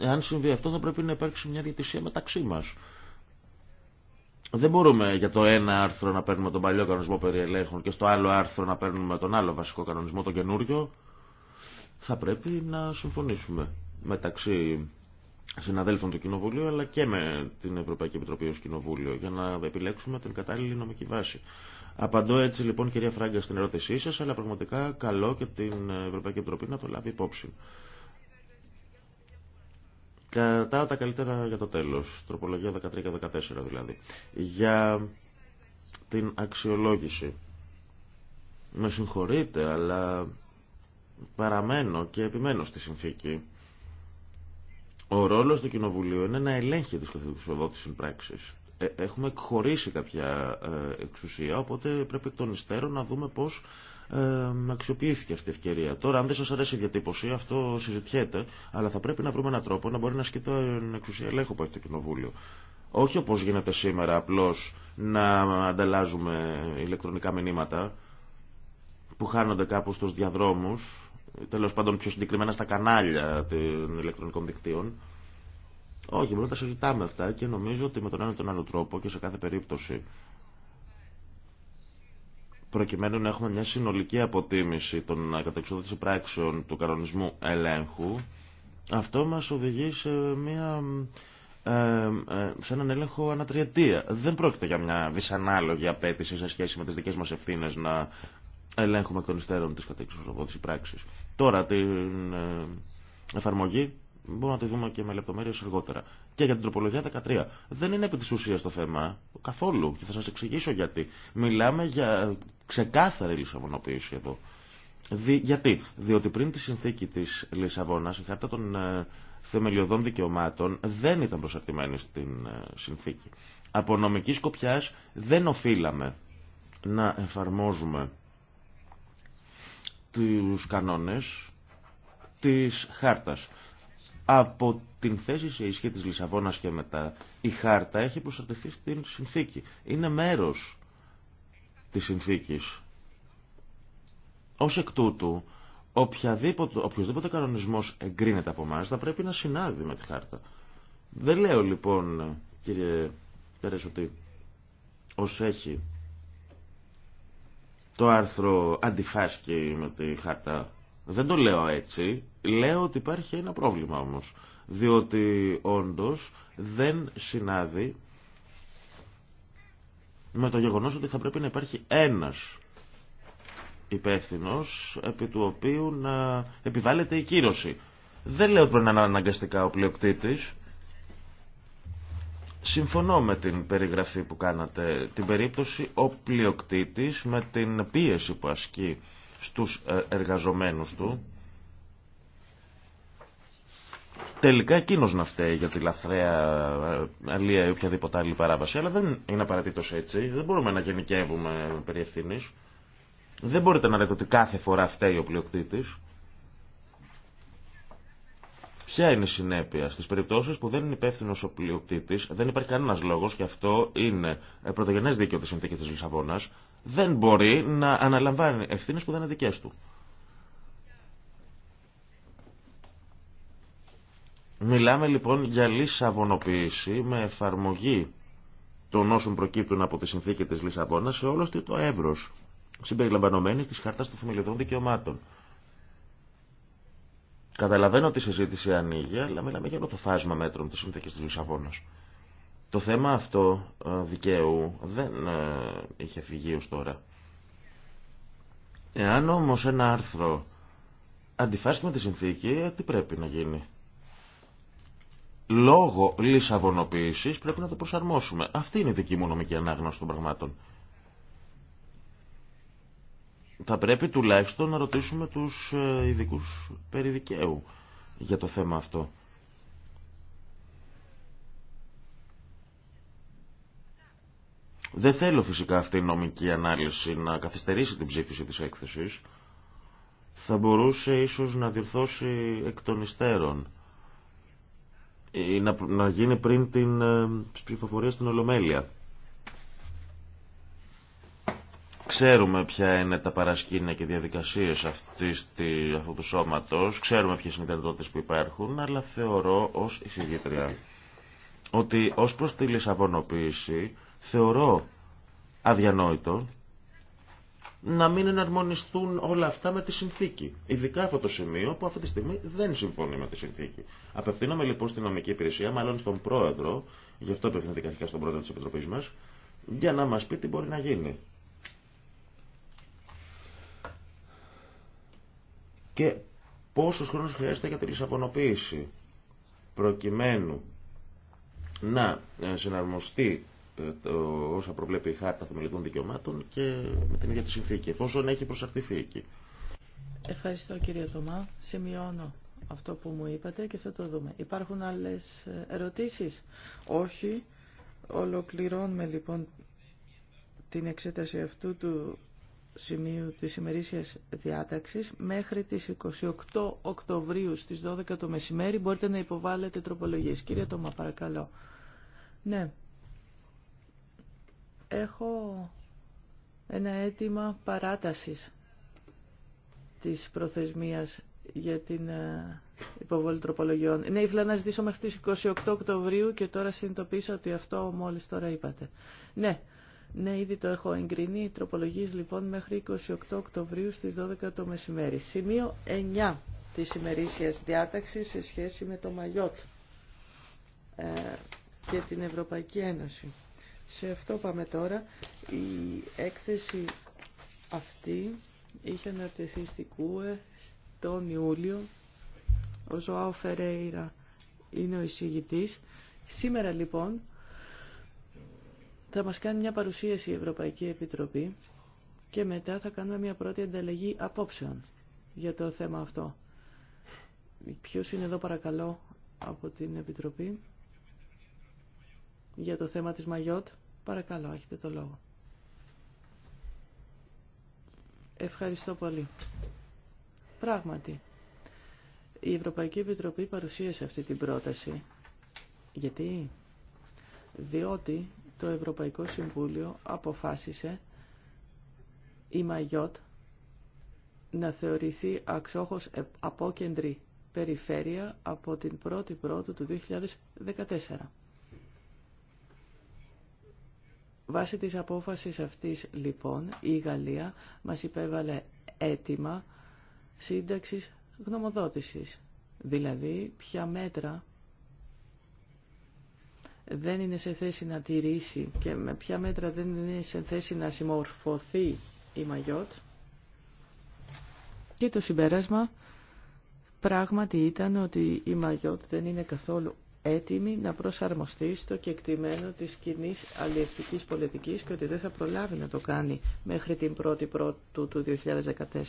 αν συμβεί αυτό, θα πρέπει να υπάρξει μια διατησία μεταξύ μα. Δεν μπορούμε για το ένα άρθρο να παίρνουμε τον παλιό κανονισμό περί ελέγχων και στο άλλο άρθρο να παίρνουμε τον άλλο βασικό κανονισμό, τον καινούριο θα πρέπει να συμφωνήσουμε μεταξύ συναδέλφων του Κοινοβουλίου αλλά και με την Ευρωπαϊκή Επιτροπή ως Κοινοβούλιο για να επιλέξουμε την κατάλληλη νομική βάση. Απαντώ έτσι λοιπόν κυρία Φράγκα στην ερώτησή σας αλλά πραγματικά καλό και την Ευρωπαϊκή Επιτροπή να το λάβει υπόψη. Κατά τα καλύτερα για το τέλος, τροπολογία 13 14 δηλαδή. Για την αξιολόγηση. Με συγχωρείτε αλλά παραμένω και επιμένω στη συνθήκη. Ο ρόλος του Κοινοβουλίου είναι να ελέγχει τις καθοδότησης πράξεις. Ε, έχουμε εκχωρήσει κάποια ε, εξουσία, οπότε πρέπει εκ των υστέρων να δούμε πώς ε, αξιοποιήθηκε αυτή η ευκαιρία. Τώρα, αν δεν σας αρέσει η διατύπωση, αυτό συζητιέται, αλλά θα πρέπει να βρούμε έναν τρόπο να μπορεί να ασκεί την εξουσία ελέγχου που έχει το Κοινοβούλιο. Όχι όπως γίνεται σήμερα, απλώς να ανταλλάζουμε ηλεκτρονικά μηνύματα που χάνονται κάπου στους διαδρόμους τέλο πάντων πιο συγκεκριμένα στα κανάλια των ηλεκτρονικών δικτύων. Όχι, μόνο να τα συζητάμε αυτά και νομίζω ότι με τον ένα ή τον άλλο τρόπο και σε κάθε περίπτωση προκειμένου να έχουμε μια συνολική αποτίμηση των κατεξοδότηση πράξεων του κανονισμού ελέγχου, αυτό μας οδηγεί σε, μια, ε, ε, σε έναν έλεγχο ανατριετία. Δεν πρόκειται για μια δυσανάλογη απέτηση σε σχέση με τις δικές μας ευθύνες να ελέγχουμε εκ των υστέρων τις οι πράξεις. Τώρα την ε, εφαρμογή μπορούμε να τη δούμε και με λεπτομέρειες αργότερα. Και για την τροπολογία 13. Δεν είναι επί της ουσίας το θέμα καθόλου και θα σας εξηγήσω γιατί. Μιλάμε για ξεκάθαρη λισαβονοποίηση εδώ. Δι, γιατί, διότι πριν τη συνθήκη της Λισαβόνας η χάρτα των ε, θεμελιωδών δικαιωμάτων δεν ήταν προσαρτημένη στην ε, συνθήκη. Από νομική σκοπιά δεν οφείλαμε να εφαρμόζουμε τους κανόνες της χάρτας. Από την θέση σε ισχύ της Λισαβόνας και μετά, η χάρτα έχει προστατευτεί στην συνθήκη. Είναι μέρος της συνθήκης. Ως εκ τούτου, οποιοδήποτε κανονισμός εγκρίνεται από εμά θα πρέπει να συνάδει με τη χάρτα. Δεν λέω λοιπόν, κύριε Πέρες, ότι ως έχει το άρθρο αντιφάσκει με τη χάρτα. Δεν το λέω έτσι. Λέω ότι υπάρχει ένα πρόβλημα όμως. Διότι όντως δεν συνάδει με το γεγονός ότι θα πρέπει να υπάρχει ένας υπεύθυνο επί του οποίου να επιβάλλεται η κύρωση. Δεν λέω ότι πρέπει να είναι αναγκαστικά ο πλειοκτήτης, Συμφωνώ με την περιγραφή που κάνατε. Την περίπτωση ο πλειοκτήτης με την πίεση που ασκεί στους ε, εργαζομένους του τελικά εκείνο να φταίει για τη λαθρέα ε, αλία ή οποιαδήποτε άλλη παράβαση. Αλλά δεν είναι απαραίτητο έτσι. Δεν μπορούμε να γενικεύουμε περί ευθύνης. Δεν μπορείτε να λέτε ότι κάθε φορά φταίει ο πλειοκτήτης. Ποια είναι η συνέπεια στις περιπτώσεις που δεν είναι υπεύθυνο ο πλειοκτήτης, δεν υπάρχει κανένας λόγος και αυτό είναι ε, πρωτογενές δίκαιο της συνθήκης της Λισαβόνας, δεν μπορεί να αναλαμβάνει ευθύνες που δεν είναι δικές του. Μιλάμε λοιπόν για λισαβονοποίηση με εφαρμογή των όσων προκύπτουν από τη συνθήκη της Λισαβόνας σε όλο το εύρος συμπεριλαμβανόμενη της Χάρτας των Θεμελιωδών Δικαιωμάτων. Καταλαβαίνω ότι η συζήτηση ανοίγει, αλλά μιλάμε για το φάσμα μέτρων τη συνθήκη τη Λισαβόνα. Το θέμα αυτό ε, δικαίου δεν ε, είχε φυγεί ω τώρα. Εάν όμω ένα άρθρο αντιφάσκει με τη συνθήκη, ε, τι πρέπει να γίνει. Λόγω λισαβονοποίηση πρέπει να το προσαρμόσουμε. Αυτή είναι η δική μου νομική ανάγνωση των πραγμάτων θα πρέπει τουλάχιστον να ρωτήσουμε τους ε, ειδικού περί δικαίου για το θέμα αυτό. Δεν θέλω φυσικά αυτή η νομική ανάλυση να καθυστερήσει την ψήφιση της έκθεσης. Θα μπορούσε ίσως να διορθώσει εκ των υστέρων ή να, να γίνει πριν την ε, ψηφοφορία στην Ολομέλεια. Ξέρουμε ποια είναι τα παρασκήνια και διαδικασίε αυτού του σώματο, ξέρουμε ποιε είναι οι δυνατότητε που υπάρχουν, αλλά θεωρώ ω εισηγήτρια ότι ω προ τη λισαβονοποίηση θεωρώ αδιανόητο να μην εναρμονιστούν όλα αυτά με τη συνθήκη. Ειδικά αυτό το σημείο που αυτή τη στιγμή δεν συμφωνεί με τη συνθήκη. Απευθύνομαι λοιπόν στην νομική υπηρεσία, μάλλον στον πρόεδρο, γι' αυτό απευθύνεται αρχικά στον πρόεδρο τη Επιτροπή μα, για να μα πει τι μπορεί να γίνει. και πόσος χρόνος χρειάζεται για τη λισαβονοποίηση προκειμένου να ε, συναρμοστεί ε, το, όσα προβλέπει η Χάρτα Θεμελιδών Δικαιωμάτων και με την ίδια τη συνθήκη, εφόσον έχει προσαρτηθεί εκεί. Ευχαριστώ κύριε Θωμά. Σημειώνω αυτό που μου είπατε και θα το δούμε. Υπάρχουν άλλες ε, ερωτήσεις. Όχι. Ολοκληρώνουμε λοιπόν την εξέταση αυτού του σημείου της ημερήσιας διάταξης μέχρι τις 28 Οκτωβρίου στις 12 το μεσημέρι μπορείτε να υποβάλλετε τροπολογίες. Κύριε Τόμα, παρακαλώ. Ναι. Έχω ένα αίτημα παράτασης της προθεσμίας για την ε, υποβολή τροπολογιών. Ναι, ήθελα να ζητήσω μέχρι τις 28 Οκτωβρίου και τώρα συνειδητοποίησα ότι αυτό μόλις τώρα είπατε. Ναι, ναι, ήδη το έχω εγκρινεί. Τροπολογή λοιπόν μέχρι 28 Οκτωβρίου στις 12 το μεσημέρι. Σημείο 9 της ημερήσιας διάταξης σε σχέση με το Μαγιότ ε, και την Ευρωπαϊκή Ένωση. Σε αυτό πάμε τώρα. Η έκθεση αυτή είχε ανατεθεί στην ΚΟΕ τον Ιούλιο. Ο Ζωάο Φερέιρα είναι ο εισηγητής. Σήμερα λοιπόν θα μας κάνει μια παρουσίαση η Ευρωπαϊκή Επιτροπή και μετά θα κάνουμε μια πρώτη ανταλλαγή απόψεων για το θέμα αυτό. Ποιος είναι εδώ παρακαλώ από την Επιτροπή για το θέμα της Μαγιότ. Παρακαλώ, έχετε το λόγο. Ευχαριστώ πολύ. Πράγματι, η Ευρωπαϊκή Επιτροπή παρουσίασε αυτή την πρόταση. Γιατί? Διότι το Ευρωπαϊκό Συμβούλιο αποφάσισε η Μαγιότ να θεωρηθεί αξόχως ε, απόκεντρη περιφέρεια από την 1η Πρώτου του 2014. Βάσει της απόφασης αυτής, λοιπόν, η Γαλλία μας υπέβαλε αίτημα σύνταξης γνωμοδότησης, δηλαδή ποια μέτρα δεν είναι σε θέση να τηρήσει και με ποια μέτρα δεν είναι σε θέση να συμμορφωθεί η Μαγιότ. Και το συμπέρασμα πράγματι ήταν ότι η Μαγιότ δεν είναι καθόλου έτοιμη να προσαρμοστεί στο κεκτημένο της κοινή αλληλευτικής πολιτικής και ότι δεν θα προλάβει να το κάνει μέχρι την 1η Πρώτου του 2014.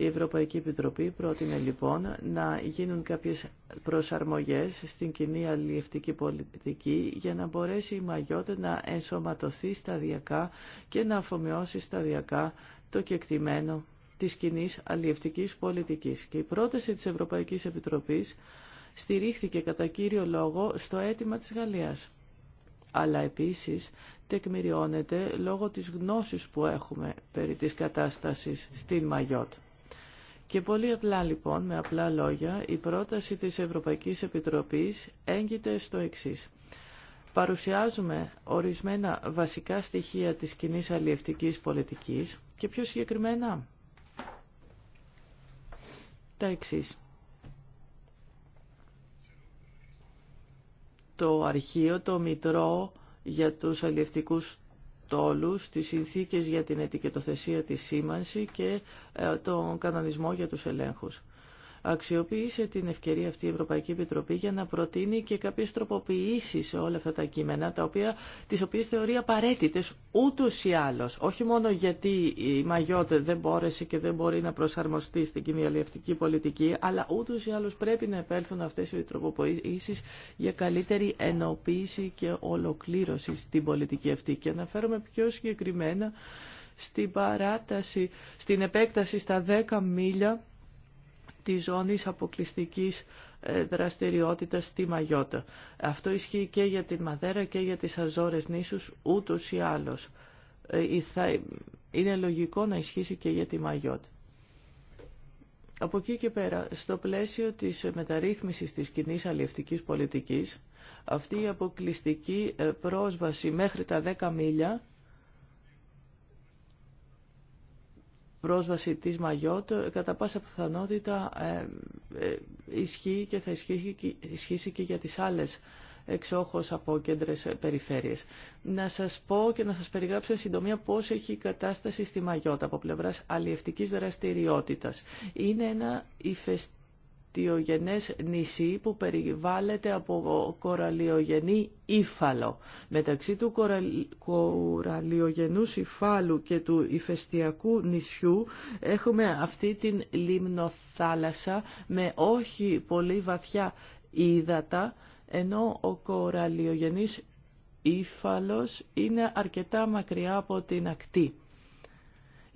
Η Ευρωπαϊκή Επιτροπή πρότεινε λοιπόν να γίνουν κάποιες προσαρμογές στην κοινή αλληλευτική πολιτική για να μπορέσει η Μαγιώτα να ενσωματωθεί σταδιακά και να αφομοιώσει σταδιακά το κεκτημένο της κοινή αλληλευτικής πολιτικής. Και η πρόταση της Ευρωπαϊκής Επιτροπής στηρίχθηκε κατά κύριο λόγο στο αίτημα της Γαλλίας αλλά επίσης τεκμηριώνεται λόγω της γνώσης που έχουμε περί της κατάστασης στην Μαγιώτα. Και πολύ απλά λοιπόν, με απλά λόγια, η πρόταση της Ευρωπαϊκής Επιτροπής έγκυται στο εξής. Παρουσιάζουμε ορισμένα βασικά στοιχεία της κοινή αλλιευτικής πολιτικής και πιο συγκεκριμένα τα εξής. Το αρχείο, το μητρό για τους αλλιευτικούς τόλους, τις συνθήκες για την ετικετοθεσία της σήμανση και ε, τον κανονισμό για τους ελέγχους. Αξιοποίησε την ευκαιρία αυτή η Ευρωπαϊκή Επιτροπή για να προτείνει και κάποιε τροποποιήσει σε όλα αυτά τα κείμενα, τα οποία, τις οποίες θεωρεί απαραίτητε ούτως ή άλλως. Όχι μόνο γιατί η αλλω οχι μονο γιατι η μαγιωτε δεν μπόρεσε και δεν μπορεί να προσαρμοστεί στην κοινιαλιευτική πολιτική, αλλά ούτω ή άλλω πρέπει να επέλθουν αυτέ οι τροποποίησει για καλύτερη ενοποίηση και ολοκλήρωση στην πολιτική αυτή. Και αναφέρομαι πιο συγκεκριμένα στην παράταση, στην επέκταση στα 10 μίλια της ζώνης αποκλειστικής ε, δραστηριότητας στη Μαγιώτα. Αυτό ισχύει και για τη Μαδέρα και για τις Αζόρες νήσους ούτως ή άλλως. Ε, είναι λογικό να ισχύσει και για τη Μαγιώτα. Από εκεί και πέρα, στο πλαίσιο της μεταρρύθμισης της κοινή αλληλευτικής πολιτικής, αυτή η αποκλειστική ε, πρόσβαση μέχρι τα 10 μίλια πρόσβαση της Μαγιότ κατά πάσα πιθανότητα ε, ε, ισχύει και θα ισχύσει και για τις άλλες εξόχως από κέντρες περιφέρειες. Να σας πω και να σας περιγράψω συντομία πώς έχει η κατάσταση στη Μαγιώτα από πλευράς αλλιευτικής δραστηριότητας. Είναι ένα ηφαιστικό νησί που περιβάλλεται από κοραλιογενή ύφαλο. Μεταξύ του κοραλιογενούς υφάλου και του ηφαιστιακού νησιού έχουμε αυτή την λιμνοθάλασσα με όχι πολύ βαθιά ύδατα, ενώ ο κοραλιογενής ύφαλος είναι αρκετά μακριά από την ακτή.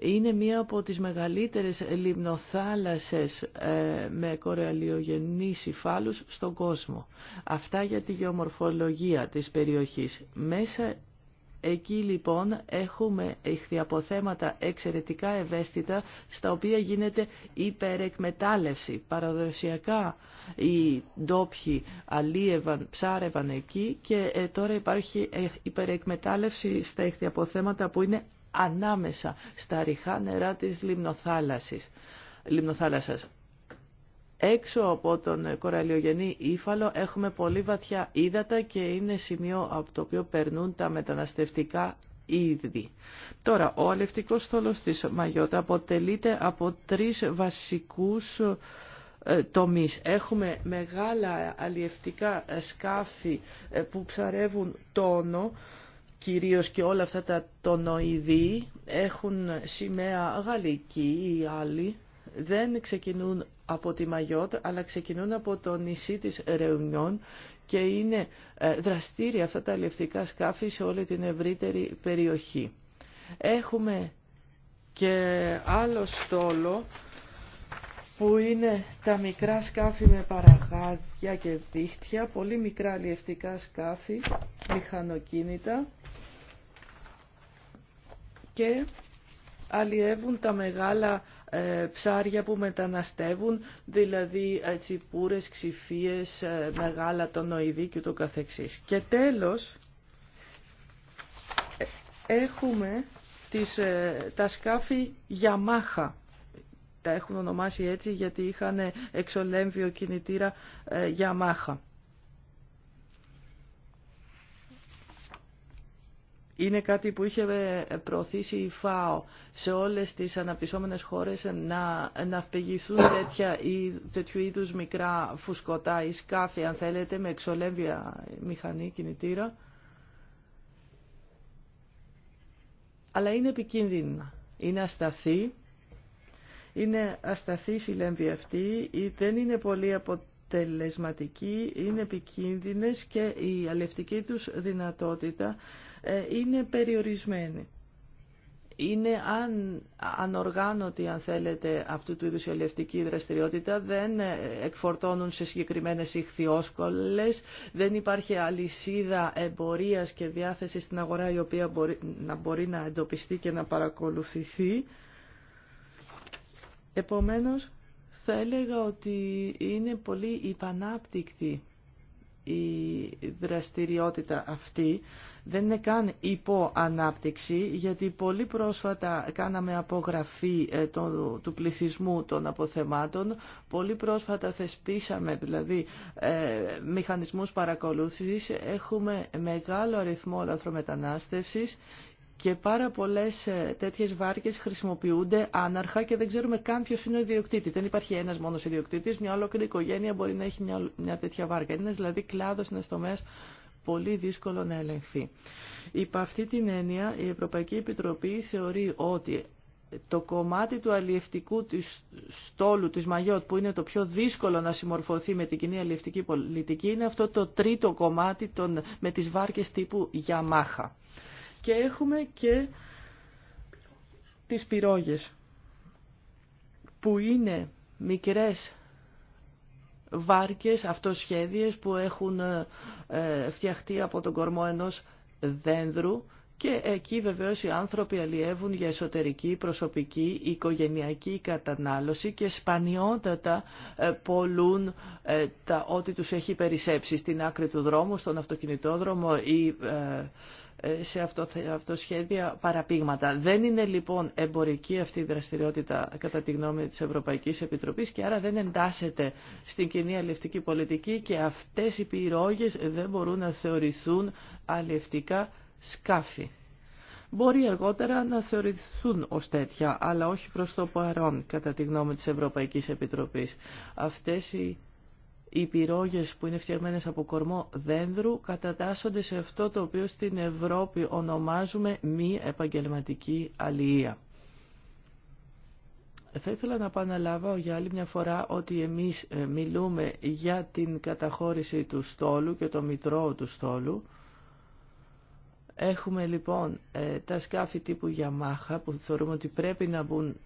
Είναι μία από τις μεγαλύτερες λιμνοθάλασσες ε, με κορεαλιογενείς υφάλους στον κόσμο. Αυτά για τη γεωμορφολογία της περιοχής. Μέσα Εκεί λοιπόν έχουμε ηχθιαποθέματα εξαιρετικά ευαίσθητα στα οποία γίνεται υπερεκμετάλλευση. Παραδοσιακά οι ντόπιοι αλίευαν, ψάρευαν εκεί και ε, τώρα υπάρχει ε, υπερεκμετάλλευση στα ηχθιαποθέματα που είναι ανάμεσα στα ρηχά νερά της λιμνοθάλασσης, λιμνοθάλασσας. Έξω από τον κοραλιογενή ύφαλο έχουμε πολύ βαθιά ύδατα και είναι σημείο από το οποίο περνούν τα μεταναστευτικά είδη. Τώρα, ο αλευτικός θόλος της Μαγιώτα αποτελείται από τρεις βασικούς ε, τομείς. Έχουμε μεγάλα αλλιευτικά σκάφη ε, που ψαρεύουν τόνο, κυρίως και όλα αυτά τα τονοειδή έχουν σημαία γαλλική ή άλλη. Δεν ξεκινούν από τη Μαγιότ, αλλά ξεκινούν από το νησί της Ρεουνιών και είναι ε, δραστήρια αυτά τα λευτικά σκάφη σε όλη την ευρύτερη περιοχή. Έχουμε και άλλο στόλο που είναι τα μικρά σκάφη με παραγάδια και δίχτυα, πολύ μικρά λιευτικά σκάφη, μηχανοκίνητα και αλλιεύουν τα μεγάλα ε, ψάρια που μεταναστεύουν, δηλαδή τσιπούρες, ξυφίες, ε, μεγάλα τονοειδή και το καθεξής. Και τέλος, ε, έχουμε τις, τα σκάφη Yamaha. Τα έχουν ονομάσει έτσι γιατί είχαν εξολέμβιο κινητήρα Yamaha. Είναι κάτι που είχε ε, προωθήσει η ΦΑΟ σε όλες τις αναπτυσσόμενες χώρες ε, να, να τέτοια, τέτοιου είδους μικρά φουσκωτά ή σκάφη, αν θέλετε, με εξολέμβια μηχανή κινητήρα. Αλλά είναι επικίνδυνα. Είναι ασταθή. Είναι ασταθή η λέμβη αυτή. Δεν είναι πολύ αποτελεσματική. Είναι επικίνδυνες και η αλευτική τους δυνατότητα ε, είναι περιορισμένη. Είναι αν, ανοργάνωτη, αν θέλετε, αυτού του είδους η ελευτική δραστηριότητα. Δεν ε, εκφορτώνουν σε συγκεκριμένες ηχθιόσκολες. Δεν υπάρχει αλυσίδα εμπορίας και διάθεση στην αγορά η οποία μπορεί, να μπορεί να εντοπιστεί και να παρακολουθηθεί. Επομένως, θα έλεγα ότι είναι πολύ υπανάπτυκτη η δραστηριότητα αυτή δεν είναι καν υπό ανάπτυξη γιατί πολύ πρόσφατα κάναμε απογραφή ε, του πληθυσμού των αποθεμάτων πολύ πρόσφατα θεσπίσαμε δηλαδή ε, μηχανισμούς παρακολούθησης έχουμε μεγάλο αριθμό λαθρομετανάστευσης και πάρα πολλές ε, τέτοιες βάρκες χρησιμοποιούνται άναρχα και δεν ξέρουμε καν ποιος είναι ο ιδιοκτήτης. Δεν υπάρχει ένας μόνος ιδιοκτήτης, μια ολόκληρη οικογένεια μπορεί να έχει μια, μια τέτοια βάρκα. Είναι δηλαδή κλάδος, είναι μέσο πολύ δύσκολο να ελεγχθεί. Υπ' αυτή την έννοια η Ευρωπαϊκή Επιτροπή θεωρεί ότι το κομμάτι του αλλιευτικού της στόλου, της Μαγιότ, που είναι το πιο δύσκολο να συμμορφωθεί με την κοινή αλλιευτική πολιτική, είναι αυτό το τρίτο κομμάτι των, με τις βάρκες τύπου Γιαμάχα και έχουμε και τις πυρόγες που είναι μικρές βάρκες, αυτοσχέδιες που έχουν ε, ε, φτιαχτεί από τον κορμό ενός δένδρου και εκεί βεβαίως οι άνθρωποι αλλιεύουν για εσωτερική, προσωπική, οικογενειακή κατανάλωση και σπανιότατα ε, πολλούν τα, ό,τι τους έχει περισσέψει στην άκρη του δρόμου, στον αυτοκινητόδρομο ή σε αυτοσχέδια παραπήγματα. Δεν είναι λοιπόν εμπορική αυτή η δραστηριότητα κατά τη γνώμη της Ευρωπαϊκής Επιτροπής και άρα δεν εντάσσεται στην κοινή αλληλευτική πολιτική και αυτές οι πυρόγες δεν μπορούν να θεωρηθούν αλληλευτικά σκάφη. Μπορεί αργότερα να θεωρηθούν ως τέτοια, αλλά όχι προς το παρόν, κατά τη γνώμη της Ευρωπαϊκής Επιτροπής. Αυτές οι οι πυρόγες που είναι φτιαγμένες από κορμό δένδρου κατατάσσονται σε αυτό το οποίο στην Ευρώπη ονομάζουμε μη επαγγελματική αλληλεία. Θα ήθελα να επαναλάβω για άλλη μια φορά ότι εμείς ε, μιλούμε για την καταχώρηση του στόλου και το μητρό του στόλου. Έχουμε λοιπόν ε, τα σκάφη τύπου Yamaha που θεωρούμε ότι πρέπει να μπουν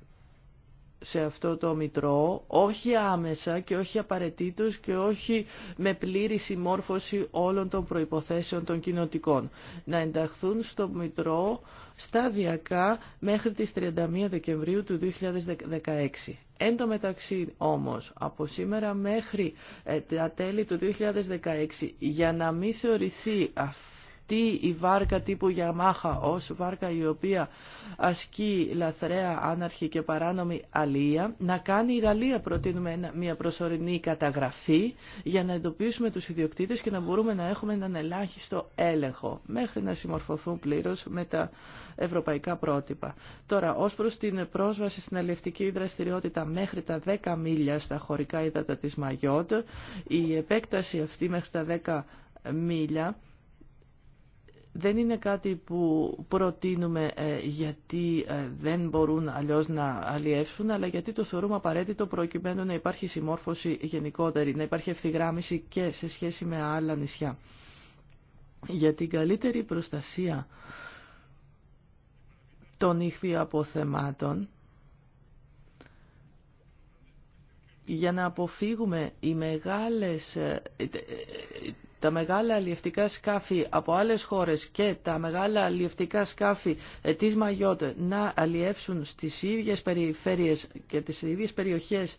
σε αυτό το μητρό, όχι άμεσα και όχι απαραίτητος και όχι με πλήρη συμμόρφωση όλων των προϋποθέσεων των κοινοτικών. Να ενταχθούν στο μητρό σταδιακά μέχρι τις 31 Δεκεμβρίου του 2016. Εν τω μεταξύ όμως, από σήμερα μέχρι ε, τα τέλη του 2016, για να μην θεωρηθεί αυτό αυτή η βάρκα τύπου Yamaha ως βάρκα η οποία ασκεί λαθρέα, άναρχη και παράνομη αλία. Να κάνει η Γαλλία προτείνουμε μια προσωρινή καταγραφή για να εντοπίσουμε τους ιδιοκτήτες και να μπορούμε να έχουμε έναν ελάχιστο έλεγχο μέχρι να συμμορφωθούν πλήρως με τα ευρωπαϊκά πρότυπα. Τώρα, ως προς την πρόσβαση στην αλληλευτική δραστηριότητα μέχρι τα 10 μίλια στα χωρικά ύδατα της Μαγιόντ η επέκταση αυτή μέχρι τα 10 μίλια δεν είναι κάτι που προτείνουμε ε, γιατί ε, δεν μπορούν αλλιώς να αλλιεύσουν, αλλά γιατί το θεωρούμε απαραίτητο προκειμένου να υπάρχει συμμόρφωση γενικότερη, να υπάρχει ευθυγράμμιση και σε σχέση με άλλα νησιά. Για την καλύτερη προστασία των αποθεμάτων, για να αποφύγουμε οι μεγάλες ε, τα μεγάλα αλλιευτικά σκάφη από άλλες χώρες και τα μεγάλα αλλιευτικά σκάφη ε, της Μαγιώτε να αλλιεύσουν στις ίδιες περιφέρειες και τις ίδιες περιοχές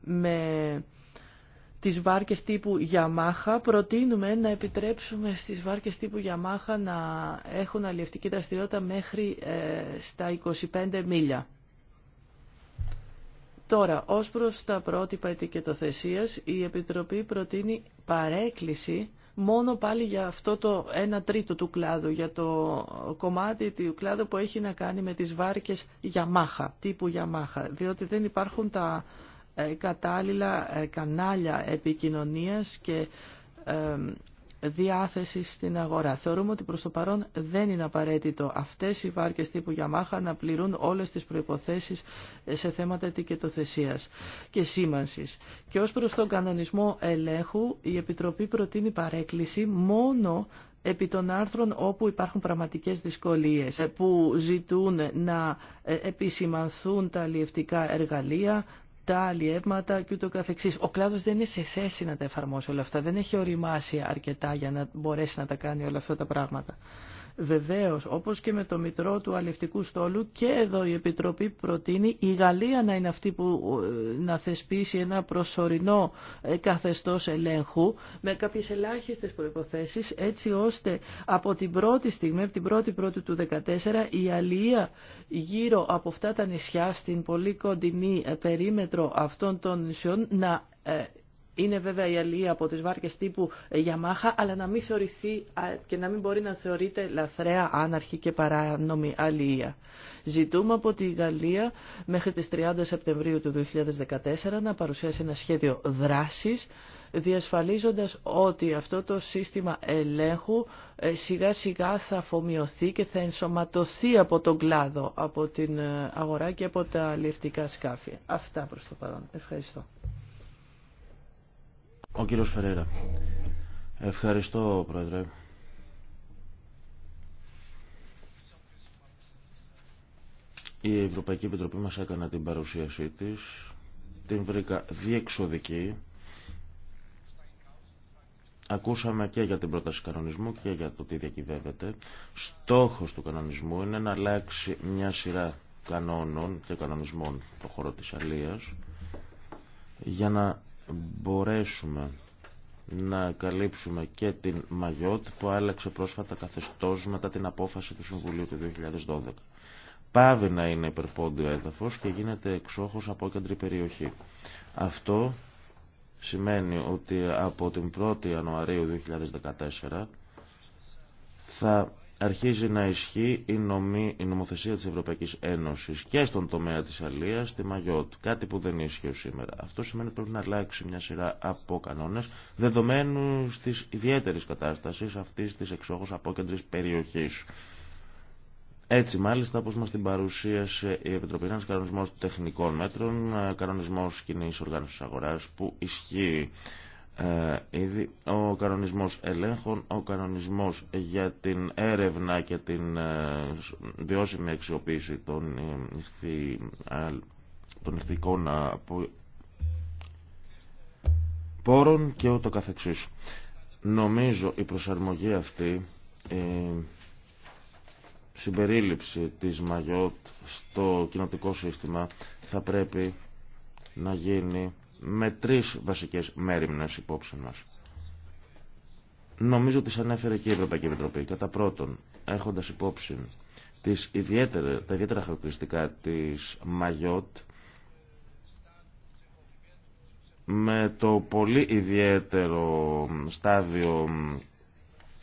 με τις βάρκες τύπου Yamaha προτείνουμε να επιτρέψουμε στις βάρκες τύπου Yamaha να έχουν αλλιευτική δραστηριότητα μέχρι ε, στα 25 μίλια. Τώρα, ως προς τα πρότυπα ετικετοθεσίας, η Επιτροπή προτείνει παρέκκληση μόνο πάλι για αυτό το 1 τρίτο του κλάδου, για το κομμάτι του κλάδου που έχει να κάνει με τις βάρκες Yamaha, τύπου Yamaha, διότι δεν υπάρχουν τα ε, κατάλληλα ε, κανάλια επικοινωνίας και ε, Διάθεση στην αγορά. Θεωρούμε ότι προς το παρόν δεν είναι απαραίτητο αυτές οι βάρκες τύπου Yamaha να πληρούν όλες τις προϋποθέσεις σε θέματα ετικετοθεσίας και σήμανσης. Και ως προς τον κανονισμό ελέγχου η Επιτροπή προτείνει παρέκκληση μόνο επί των άρθρων όπου υπάρχουν πραγματικές δυσκολίες που ζητούν να ε, επισημανθούν τα αλλιευτικά εργαλεία, τα αλλιεύματα και καθεξής. Ο κλάδος δεν είναι σε θέση να τα εφαρμόσει όλα αυτά, δεν έχει οριμάσει αρκετά για να μπορέσει να τα κάνει όλα αυτά τα πράγματα. Βεβαίω, όπως και με το Μητρό του Αλευτικού Στόλου, και εδώ η Επιτροπή προτείνει η Γαλλία να είναι αυτή που ε, να θεσπίσει ένα προσωρινό ε, καθεστώ ελέγχου με κάποιες ελάχιστες προϋποθέσεις, έτσι ώστε από την πρώτη στιγμή, από την πρώτη πρώτη του 2014, η αλία γύρω από αυτά τα νησιά στην πολύ κοντινή ε, περίμετρο αυτών των νησιών να είναι βέβαια η αλληλεία από τις βάρκες τύπου Yamaha, αλλά να μην θεωρηθεί και να μην μπορεί να θεωρείται λαθρέα, άναρχη και παράνομη αλληλεία. Ζητούμε από τη Γαλλία μέχρι τις 30 Σεπτεμβρίου του 2014 να παρουσιάσει ένα σχέδιο δράσης, διασφαλίζοντας ότι αυτό το σύστημα ελέγχου ε, σιγά σιγά θα αφομοιωθεί και θα ενσωματωθεί από τον κλάδο, από την ε, αγορά και από τα αλληλευτικά σκάφη. Αυτά προς το παρόν. Ευχαριστώ. Ο κύριος Φερέρα. Ευχαριστώ, Πρόεδρε. Η Ευρωπαϊκή Επιτροπή μας έκανε την παρουσίασή της. Την βρήκα διεξοδική. Ακούσαμε και για την πρόταση κανονισμού και για το τι διακυβεύεται. Στόχος του κανονισμού είναι να αλλάξει μια σειρά κανόνων και κανονισμών το χώρο της αλίας για να μπορέσουμε να καλύψουμε και την Μαγιότ που άλλαξε πρόσφατα καθεστώς μετά την απόφαση του Συμβουλίου του 2012. Πάβει να είναι υπερπόντιο έδαφος και γίνεται εξόχως από κεντρή περιοχή. Αυτό σημαίνει ότι από την 1η Ιανουαρίου 2014 θα αρχίζει να ισχύει η, η νομοθεσία της Ευρωπαϊκής Ένωσης και στον τομέα της αλίας, στη Μαγιότ, κάτι που δεν ισχύει σήμερα. Αυτό σημαίνει ότι πρέπει να αλλάξει μια σειρά από κανόνες δεδομένου της ιδιαίτερης κατάστασης αυτής της εξόχως απόκεντρης περιοχής. Έτσι μάλιστα όπως μας την παρουσίασε η Επιτροπή ένα κανονισμός τεχνικών μέτρων, κανονισμός κοινή οργάνωση αγοράς που ισχύει ε, ήδη ο κανονισμός ελέγχων, ο κανονισμός για την έρευνα και την ε, βιώσιμη αξιοποίηση των, ε, των πόρων και ούτω καθεξής. Νομίζω η προσαρμογή αυτή, η συμπερίληψη της Μαγιότ στο κοινοτικό σύστημα θα πρέπει να γίνει με τρεις βασικές μέρημνες υπόψη μας. Νομίζω τις ανέφερε και η Ευρωπαϊκή Επιτροπή. Κατά πρώτον, έχοντας υπόψη τις ιδιαίτερα, τα ιδιαίτερα χαρακτηριστικά της Μαγιότ, με το πολύ ιδιαίτερο στάδιο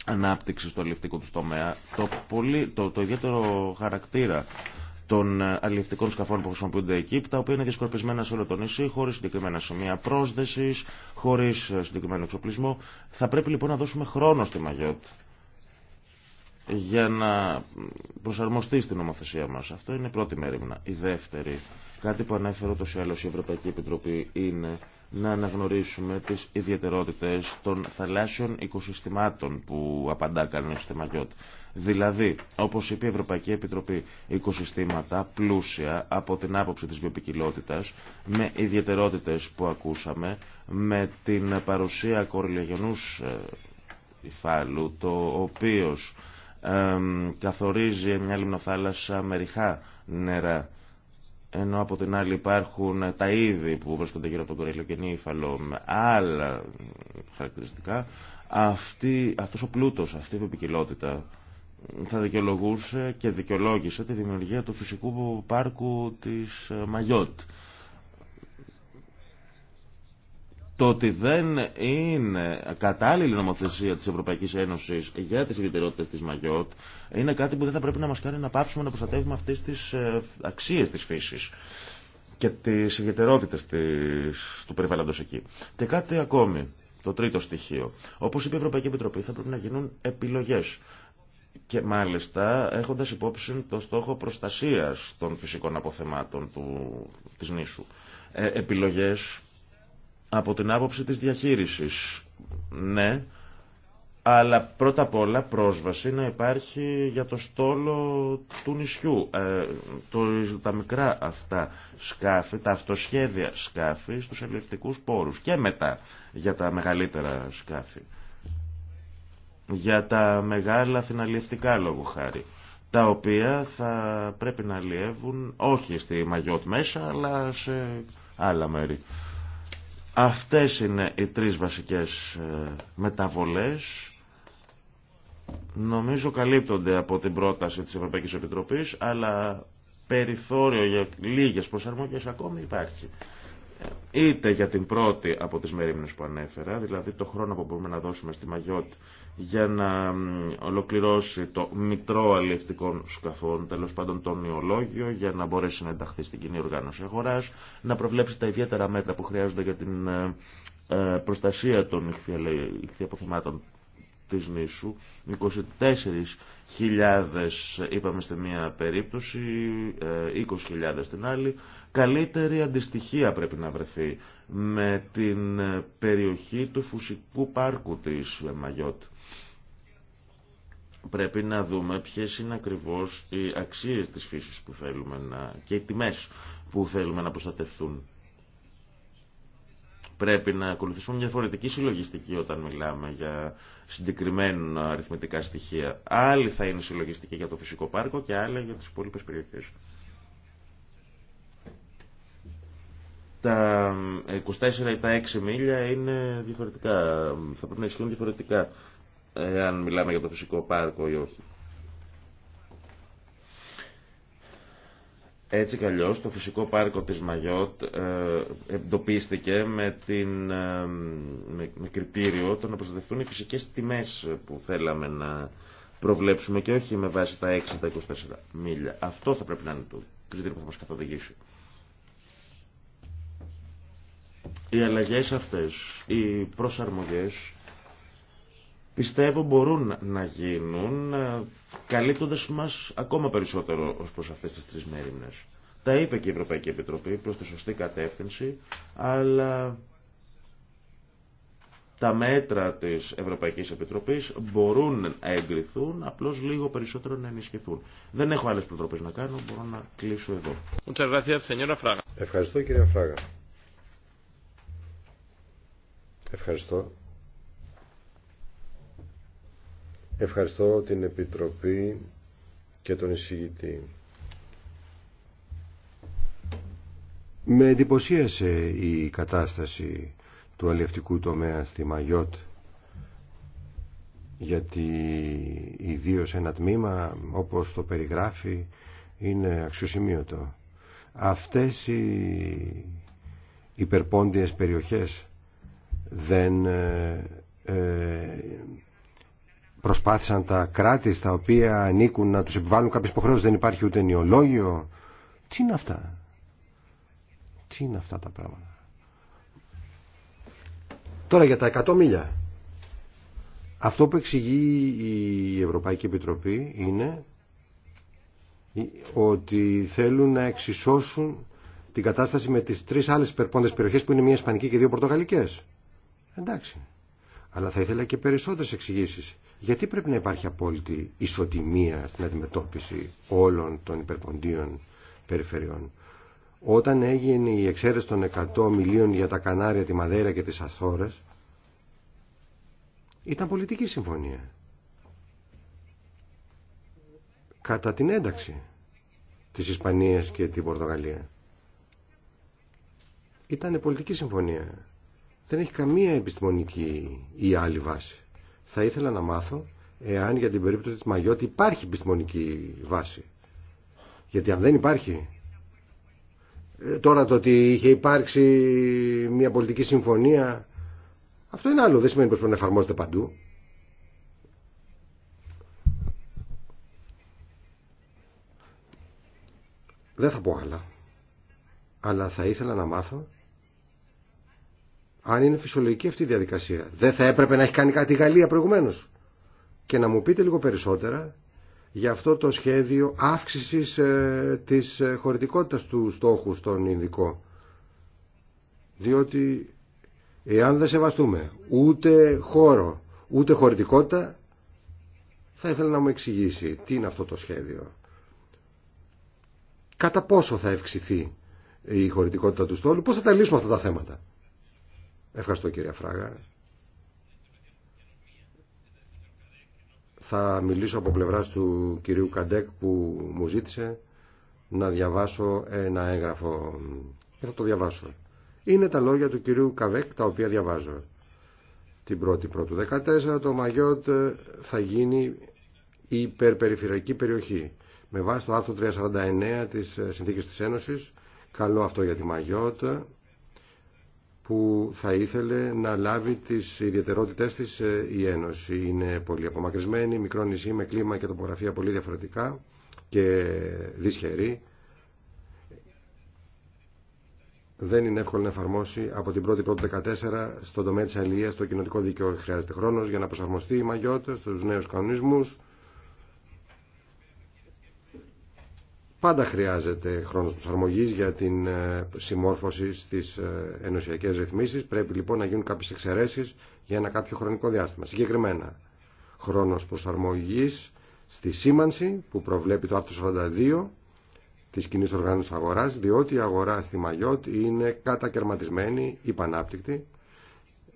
ανάπτυξης του αλληλευτικού του τομέα, το, πολύ, το, το ιδιαίτερο χαρακτήρα των ε, αλληλευτικών σκαφών που χρησιμοποιούνται εκεί, τα οποία είναι διασκορπισμένα σε όλο το νησί, χωρί συγκεκριμένα σημεία πρόσδεση, χωρί ε, συγκεκριμένο εξοπλισμό. Θα πρέπει λοιπόν να δώσουμε χρόνο στη Μαγιότ για να προσαρμοστεί στην νομοθεσία μα. Αυτό είναι η πρώτη μέρημνα. Η δεύτερη, κάτι που ανέφερε ούτω ή άλλω η Ευρωπαϊκή Επιτροπή, είναι να αναγνωρίσουμε τις ιδιαιτερότητες των θαλάσσιων οικοσυστημάτων που απαντά κανένας στη Δηλαδή, όπως είπε η Ευρωπαϊκή Επιτροπή, οικοσυστήματα πλούσια από την άποψη της βιοπικιλότητας, με ιδιαιτερότητες που ακούσαμε, με την παρουσία κορυλιαγενούς ε, υφάλου, το οποίος καθορίζει μια λιμνοθάλασσα με νερά ενώ από την άλλη υπάρχουν τα είδη που βρίσκονται γύρω από τον και ύφαλο με άλλα χαρακτηριστικά, αυτή, αυτός ο πλούτος, αυτή η επικοινότητα θα δικαιολογούσε και δικαιολόγησε τη δημιουργία του φυσικού πάρκου της ε, Μαγιότ. Το ότι δεν είναι κατάλληλη νομοθεσία της Ευρωπαϊκής Ένωσης για τις ιδιαιτερότητες της Μαγιότ είναι κάτι που δεν θα πρέπει να μας κάνει να πάψουμε να προστατεύουμε αυτές τις ε, αξίες της φύσης και τις ιδιαιτερότητες του περιβάλλοντος εκεί. Και κάτι ακόμη, το τρίτο στοιχείο. Όπως είπε η Ευρωπαϊκή Επιτροπή θα πρέπει να γίνουν επιλογές και μάλιστα έχοντας υπόψη το στόχο προστασίας των φυσικών αποθεμάτων του, της νήσου. Ε, επιλογές από την άποψη της διαχείρισης. Ναι, αλλά πρώτα απ' όλα πρόσβαση να υπάρχει για το στόλο του νησιού. Ε, το, τα μικρά αυτά σκάφη, τα αυτοσχέδια σκάφη στους ελευτικούς πόρους και μετά για τα μεγαλύτερα σκάφη. Για τα μεγάλα αθηναλιευτικά λόγου χάρη τα οποία θα πρέπει να αλλιεύουν όχι στη Μαγιότ μέσα αλλά σε άλλα μέρη. Αυτές είναι οι τρεις βασικές ε, μεταβολές. Νομίζω καλύπτονται από την πρόταση της Ευρωπαϊκής Επιτροπής, αλλά περιθώριο για λίγες προσαρμογές ακόμη υπάρχει. Ε, είτε για την πρώτη από τις μερίμνες που ανέφερα, δηλαδή το χρόνο που μπορούμε να δώσουμε στη Μαγιότ για να ολοκληρώσει το μητρό αλληλευτικών σκαφών, τέλος πάντων το νεολόγιο, για να μπορέσει να ενταχθεί στην κοινή οργάνωση αγοράς, να προβλέψει τα ιδιαίτερα μέτρα που χρειάζονται για την ε, ε, προστασία των ηχθιαποθυμάτων της νήσου. 24.000 είπαμε στη μία περίπτωση, 20.000 ε, στην άλλη. Καλύτερη αντιστοιχία πρέπει να βρεθεί με την περιοχή του φουσικού πάρκου της Μαγιώτη πρέπει να δούμε ποιες είναι ακριβώς οι αξίες της φύσης που θέλουμε να... και οι τιμές που θέλουμε να προστατευτούν. Πρέπει να ακολουθήσουμε μια διαφορετική συλλογιστική όταν μιλάμε για συγκεκριμένα αριθμητικά στοιχεία. Άλλη θα είναι συλλογιστικοί για το φυσικό πάρκο και άλλη για τις υπόλοιπες περιοχές. Τα 24 ή τα 6 μίλια είναι διαφορετικά, θα πρέπει να ισχύουν διαφορετικά εάν μιλάμε για το φυσικό πάρκο ή όχι. Έτσι κι το φυσικό πάρκο της Μαγιότ ε, εντοπίστηκε με, την, ε, με, κριτήριο το να προστατευτούν οι φυσικές τιμές που θέλαμε να προβλέψουμε και όχι με βάση τα 6 τα 24 μίλια. Αυτό θα πρέπει να είναι το κριτήριο που θα μας καθοδηγήσει. Οι αλλαγές αυτές, οι προσαρμογές πιστεύω μπορούν να γίνουν ε, καλύπτοντας μας ακόμα περισσότερο ως προς αυτές τις τρεις μέρημνες. Τα είπε και η Ευρωπαϊκή Επιτροπή προς τη σωστή κατεύθυνση, αλλά τα μέτρα της Ευρωπαϊκής Επιτροπής μπορούν να εγκριθούν, απλώς λίγο περισσότερο να ενισχυθούν. Δεν έχω άλλες προτροπές να κάνω, μπορώ να κλείσω εδώ. Ευχαριστώ κύριε Φράγα. Ευχαριστώ. Ευχαριστώ την Επιτροπή και τον εισηγητή. Με εντυπωσίασε η κατάσταση του αλληλευτικού τομέα στη Μαγιότ γιατί ιδίω ένα τμήμα όπως το περιγράφει είναι αξιοσημείωτο. Αυτές οι υπερπόντιες περιοχές δεν ε, ε, προσπάθησαν τα κράτη στα οποία ανήκουν να του επιβάλλουν κάποιε υποχρεώσει. Δεν υπάρχει ούτε νεολόγιο. Τι είναι αυτά. Τι είναι αυτά τα πράγματα. Τώρα για τα 100 μίλια. Αυτό που εξηγεί η Ευρωπαϊκή Επιτροπή είναι ότι θέλουν να εξισώσουν την κατάσταση με τις τρεις άλλες υπερπόντες περιοχές που είναι μία Ισπανική και δύο Πορτογαλικές. Εντάξει. Αλλά θα ήθελα και περισσότερες εξηγήσει γιατί πρέπει να υπάρχει απόλυτη ισοτιμία στην αντιμετώπιση όλων των υπερποντίων περιφερειών. Όταν έγινε η εξαίρεση των 100 μιλίων για τα Κανάρια, τη Μαδέρα και τις Αθόρες, ήταν πολιτική συμφωνία. Κατά την ένταξη της Ισπανίας και την Πορτογαλία. Ήταν πολιτική συμφωνία. Δεν έχει καμία επιστημονική ή άλλη βάση. Θα ήθελα να μάθω εάν για την περίπτωση της Μαγιώτη υπάρχει επιστημονική βάση. Γιατί αν δεν υπάρχει, ε, τώρα το ότι είχε υπάρξει μια πολιτική συμφωνία, αυτό είναι άλλο, δεν σημαίνει πως πρέπει να εφαρμόζεται παντού. Δεν θα πω άλλα, αλλά θα ήθελα να μάθω αν είναι φυσιολογική αυτή η διαδικασία. Δεν θα έπρεπε να έχει κάνει κάτι η Γαλλία προηγουμένω. Και να μου πείτε λίγο περισσότερα για αυτό το σχέδιο αύξησης ε, της ε, χωρητικότητας του στόχου στον Ινδικό. Διότι εάν δεν σεβαστούμε ούτε χώρο, ούτε χωρητικότητα, θα ήθελα να μου εξηγήσει τι είναι αυτό το σχέδιο. Κατά πόσο θα ευξηθεί η χωρητικότητα του στόλου, πώς θα τα λύσουμε αυτά τα θέματα. Ευχαριστώ κύριε Φράγα. Θα μιλήσω από πλευράς του κυρίου Καντέκ που μου ζήτησε να διαβάσω ένα έγγραφο και θα το διαβάσω. Είναι τα λόγια του κυρίου Καβέκ τα οποία διαβάζω. Την 1η Πρώτου 14 το Μαγιότ ε, θα γίνει υπερπεριφερειακή περιοχή. Με βάση το άρθρο 349 της ε, Συνθήκης της Ένωσης, καλό αυτό για τη Μαγιότ, που θα ήθελε να λάβει τις ιδιαιτερότητές της ε, η Ένωση. Είναι πολύ απομακρυσμένη, μικρό νησί με κλίμα και τοπογραφία πολύ διαφορετικά και δυσχερή. Δεν είναι εύκολο να εφαρμόσει από την 1η 1η 14 στον τομέα της αλληλείας το κοινωνικό δίκαιο. Χρειάζεται χρόνος για να προσαρμοστεί η Μαγιώτα στους νέους κανονισμούς Πάντα χρειάζεται χρόνος προσαρμογής για την ε, συμμόρφωση στις ε, ενωσιακές ρυθμίσεις. Πρέπει λοιπόν να γίνουν κάποιες εξαιρέσεις για ένα κάποιο χρονικό διάστημα. Συγκεκριμένα, χρόνος προσαρμογής στη σήμανση που προβλέπει το άρθρο 42 της κοινή οργάνωσης αγοράς, διότι η αγορά στη Μαγιότ είναι κατακαιρματισμένη, υπανάπτυκτη.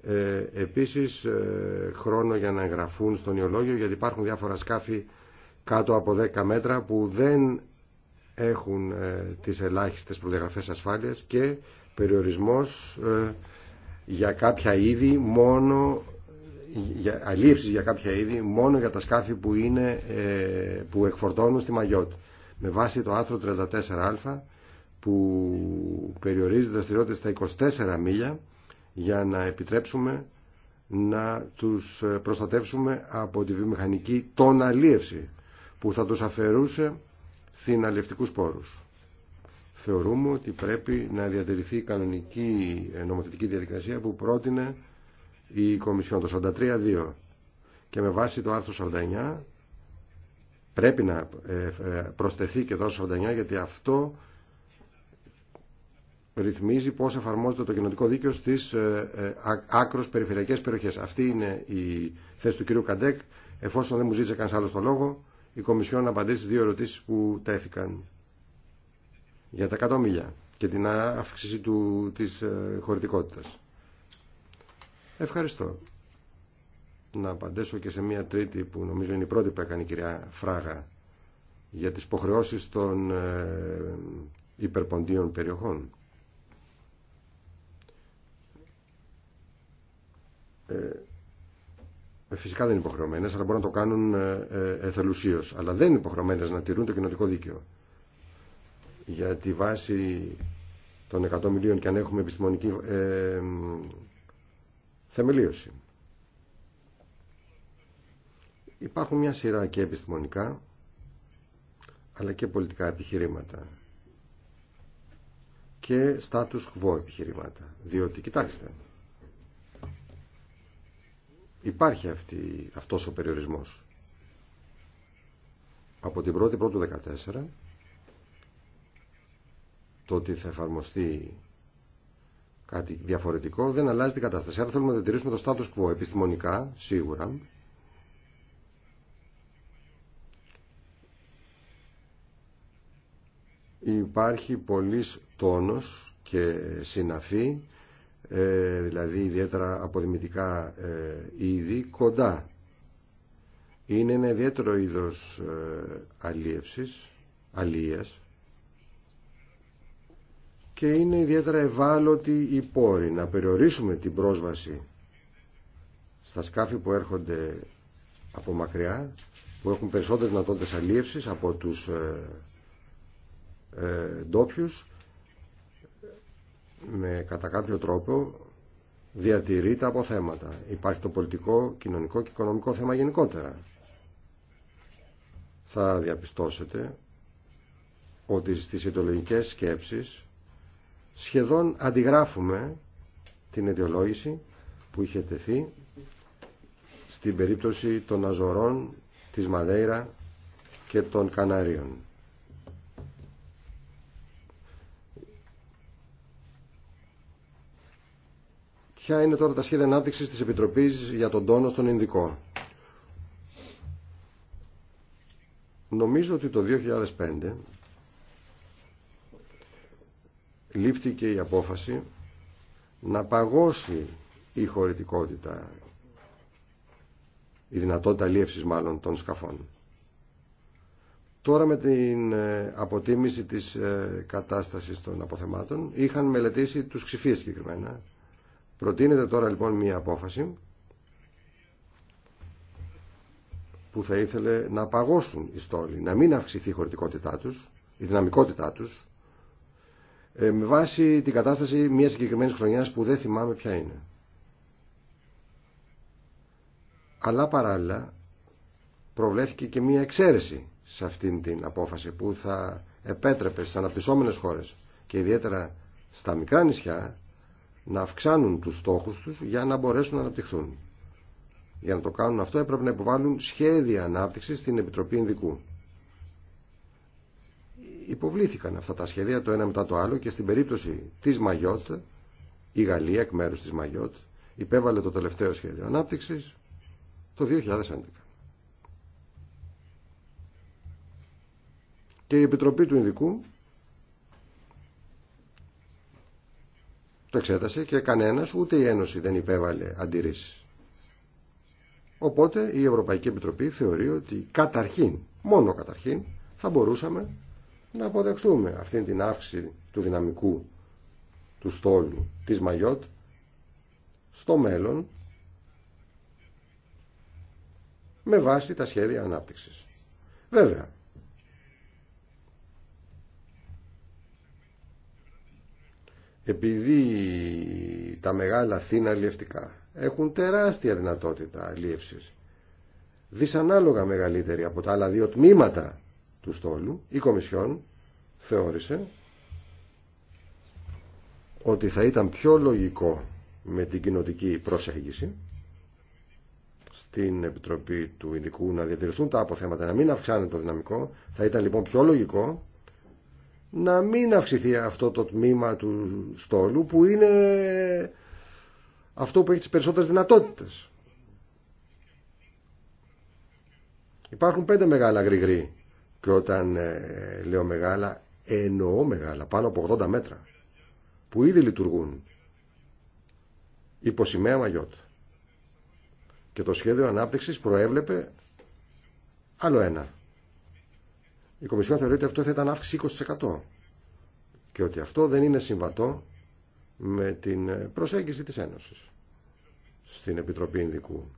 Ε, επίσης, ε, χρόνο για να εγγραφούν στον ιολόγιο, γιατί υπάρχουν διάφορα σκάφη κάτω από 10 μέτρα που δεν έχουν ε, τις ελάχιστες προδιαγραφές ασφάλειας και περιορισμός ε, για κάποια είδη μόνο για, αλήψεις για κάποια είδη μόνο για τα σκάφη που, είναι, ε, που εκφορτώνουν στη Μαγιότ με βάση το άρθρο 34α που περιορίζει δραστηριότητες στα 24 μίλια για να επιτρέψουμε να τους προστατεύσουμε από τη βιομηχανική τον αλίευση που θα τους αφαιρούσε θηναλευτικού πόρους. Θεωρούμε ότι πρέπει να διατηρηθεί η κανονική ε, νομοθετική διαδικασία που πρότεινε η Κομισιόν το 43-2. και με βάση το άρθρο 49 πρέπει να ε, ε, προσθεθεί και το άρθρο 49 γιατί αυτό ρυθμίζει πώς εφαρμόζεται το κοινωνικό δίκαιο στις άκρος περιφερειακές περιοχές. Αυτή είναι η θέση του κυρίου Καντέκ. Εφόσον δεν μου ζήτησε άλλο το λόγο, η Κομισιόν απαντήσει δύο ερωτήσεις που τέθηκαν για τα 100 μίλια και την αύξηση του, της ε, χωρητικότητας. Ευχαριστώ. Να απαντήσω και σε μια τρίτη που νομίζω είναι η πρώτη που έκανε η κυρία Φράγα για τις υποχρεώσεις των ε, υπερποντίων περιοχών. Ε, ε, φυσικά δεν είναι υποχρεωμένε, αλλά μπορούν να το κάνουν ε, ε, εθελουσίω. Αλλά δεν είναι υποχρεωμένε να τηρούν το κοινοτικό δίκαιο. γιατί τη βάση των 100 μιλίων και αν έχουμε επιστημονική ε, θεμελίωση. Υπάρχουν μια σειρά και επιστημονικά αλλά και πολιτικά επιχειρήματα και status quo επιχειρήματα. Διότι, κοιτάξτε, υπάρχει αυτή, αυτός ο περιορισμός. Από την 1η πρώτου 14 το ότι θα εφαρμοστεί κάτι διαφορετικό δεν αλλάζει την κατάσταση. Άρα θέλουμε να διατηρήσουμε το status quo επιστημονικά, σίγουρα. Υπάρχει πολλής τόνος και συναφή ε, δηλαδή ιδιαίτερα αποδημητικά ε, είδη, κοντά. Είναι ένα ιδιαίτερο είδος ε, αλίευσης, αλίας, και είναι ιδιαίτερα ευάλωτη η πόρη. Να περιορίσουμε την πρόσβαση στα σκάφη που έρχονται από μακριά, που έχουν περισσότερες δυνατότητες αλίευσης από τους ε, ντόπιου με κατά κάποιο τρόπο διατηρεί τα αποθέματα. Υπάρχει το πολιτικό, κοινωνικό και οικονομικό θέμα γενικότερα. Θα διαπιστώσετε ότι στις ιδεολογικές σκέψεις σχεδόν αντιγράφουμε την ιδεολόγηση που είχε τεθεί στην περίπτωση των Αζωρών, της Μαδέιρα και των Καναρίων. Ποια είναι τώρα τα σχέδια ανάπτυξη τη επιτροπή για τον τόνο στον Ινδικό. Νομίζω ότι το 2005 λήφθηκε η απόφαση να παγώσει η χωρητικότητα, η δυνατότητα λίευσης μάλλον των σκαφών. Τώρα με την ε, αποτίμηση της ε, κατάστασης των αποθεμάτων είχαν μελετήσει τους ξηφίες συγκεκριμένα Προτείνεται τώρα λοιπόν μια απόφαση που θα ήθελε να παγώσουν οι στόλοι, να μην αυξηθεί η χωρητικότητά τους, η δυναμικότητά τους, ε, με βάση την κατάσταση μιας συγκεκριμένης χρονιάς που δεν θυμάμαι ποια είναι. Αλλά παράλληλα προβλέθηκε και μια εξαίρεση σε αυτήν την απόφαση που θα επέτρεπε στις αναπτυσσόμενες χώρες και ιδιαίτερα στα μικρά νησιά να αυξάνουν τους στόχους τους για να μπορέσουν να αναπτυχθούν. Για να το κάνουν αυτό έπρεπε να υποβάλουν σχέδια ανάπτυξης στην Επιτροπή Ινδικού. Υποβλήθηκαν αυτά τα σχέδια το ένα μετά το άλλο και στην περίπτωση της Μαγιώτ η Γαλλία εκ μέρους της Μαγιώτ υπέβαλε το τελευταίο σχέδιο ανάπτυξης το 2011. Και η Επιτροπή του Ινδικού το εξέτασε και κανένας ούτε η Ένωση δεν υπέβαλε αντιρρήσεις. Οπότε η Ευρωπαϊκή Επιτροπή θεωρεί ότι καταρχήν, μόνο καταρχήν, θα μπορούσαμε να αποδεχτούμε αυτή την αύξηση του δυναμικού του στόλου της Μαγιότ στο μέλλον με βάση τα σχέδια ανάπτυξης. Βέβαια, επειδή τα μεγάλα Αθήνα αλλιευτικά έχουν τεράστια δυνατότητα αλλιεύσης δυσανάλογα μεγαλύτερη από τα άλλα δύο τμήματα του στόλου η Κομισιόν θεώρησε ότι θα ήταν πιο λογικό με την κοινοτική προσέγγιση στην Επιτροπή του Ειδικού να διατηρηθούν τα αποθέματα, να μην αυξάνεται το δυναμικό. Θα ήταν λοιπόν πιο λογικό να μην αυξηθεί αυτό το τμήμα του στόλου που είναι αυτό που έχει τις περισσότερες δυνατότητες. Υπάρχουν πέντε μεγάλα γρηγροί και όταν ε, λέω μεγάλα εννοώ μεγάλα, πάνω από 80 μέτρα που ήδη λειτουργούν υπό σημαία Και το σχέδιο ανάπτυξης προέβλεπε άλλο ένα η Κομισιόν θεωρεί ότι αυτό θα ήταν αύξηση 20% και ότι αυτό δεν είναι συμβατό με την προσέγγιση της Ένωσης στην Επιτροπή Ινδικού.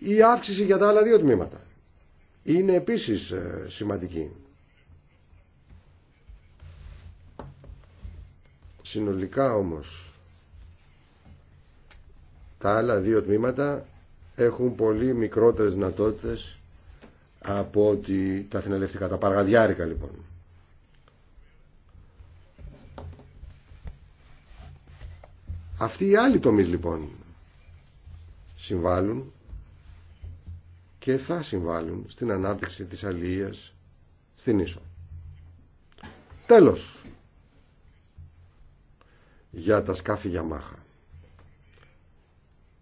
Η αύξηση για τα άλλα δύο τμήματα είναι επίσης ε, σημαντική. Συνολικά όμως τα άλλα δύο τμήματα έχουν πολύ μικρότερες δυνατότητες από ότι τα θυναλευτικά, τα παραγαδιάρικα λοιπόν. Αυτοί οι άλλοι τομείς λοιπόν συμβάλλουν και θα συμβάλλουν στην ανάπτυξη της αλληλείας στην Ίσο. Τέλος, για τα σκάφη μάχα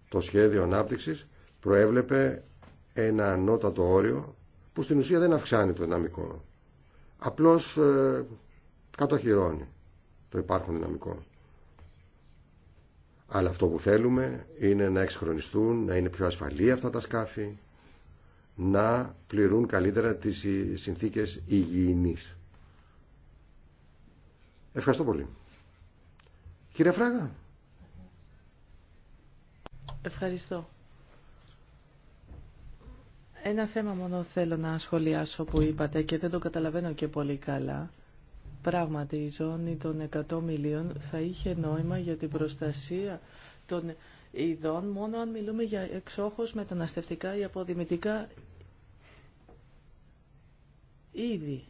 Το σχέδιο ανάπτυξης προέβλεπε ένα ανώτατο όριο που στην ουσία δεν αυξάνει το δυναμικό. Απλώς ε, κατοχυρώνει το υπάρχον δυναμικό. Αλλά αυτό που θέλουμε είναι να εξχρονιστούν, να είναι πιο ασφαλή αυτά τα σκάφη, να πληρούν καλύτερα τις συνθήκες υγιεινής. Ευχαριστώ πολύ. Κύριε Φράγα. Ευχαριστώ. Ένα θέμα μόνο θέλω να σχολιάσω που είπατε και δεν το καταλαβαίνω και πολύ καλά. Πράγματι, η ζώνη των 100 μιλίων θα είχε νόημα για την προστασία των ειδών μόνο αν μιλούμε για εξόχως μεταναστευτικά ή αποδημητικά είδη.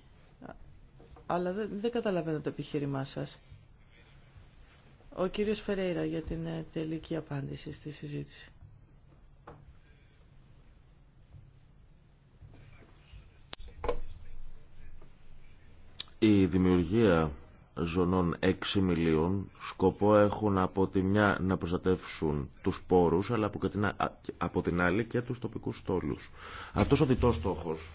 Αλλά δεν, δεν καταλαβαίνω το επιχείρημά σας. Ο κύριος Φερέιρα για την ε, τελική απάντηση στη συζήτηση. Η δημιουργία ζωνών 6 μιλίων σκοπό έχουν από τη μια να προστατεύσουν τους πόρους αλλά από την άλλη και τους τοπικούς στόλους. Αυτός ο διτός στόχος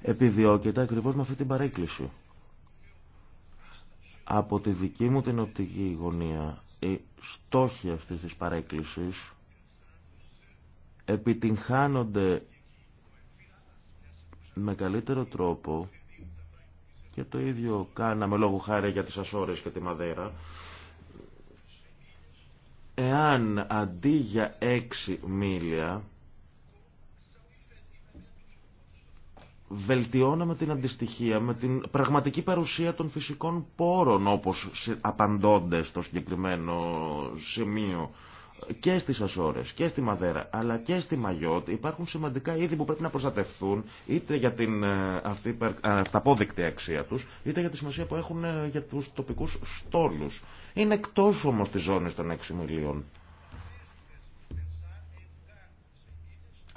επιδιώκεται ακριβώς με αυτή την παρέκκληση. Από τη δική μου την οπτική γωνία οι στόχοι αυτής της παρέκκλησης επιτυγχάνονται με καλύτερο τρόπο και το ίδιο κάναμε λόγω χάρη για τις Ασόρες και τη Μαδέρα εάν αντί για 6 μίλια βελτιώναμε την αντιστοιχία με την πραγματική παρουσία των φυσικών πόρων όπως απαντώνται στο συγκεκριμένο σημείο και στις Ασόρες και στη Μαδέρα αλλά και στη Μαγιότ υπάρχουν σημαντικά είδη που πρέπει να προστατευθούν είτε για την ε, αυτή, ε, αυταπόδεικτη αξία τους είτε για τη σημασία που έχουν ε, για τους τοπικούς στόλους. Είναι εκτός όμως της ζώνης των 6 μιλίων.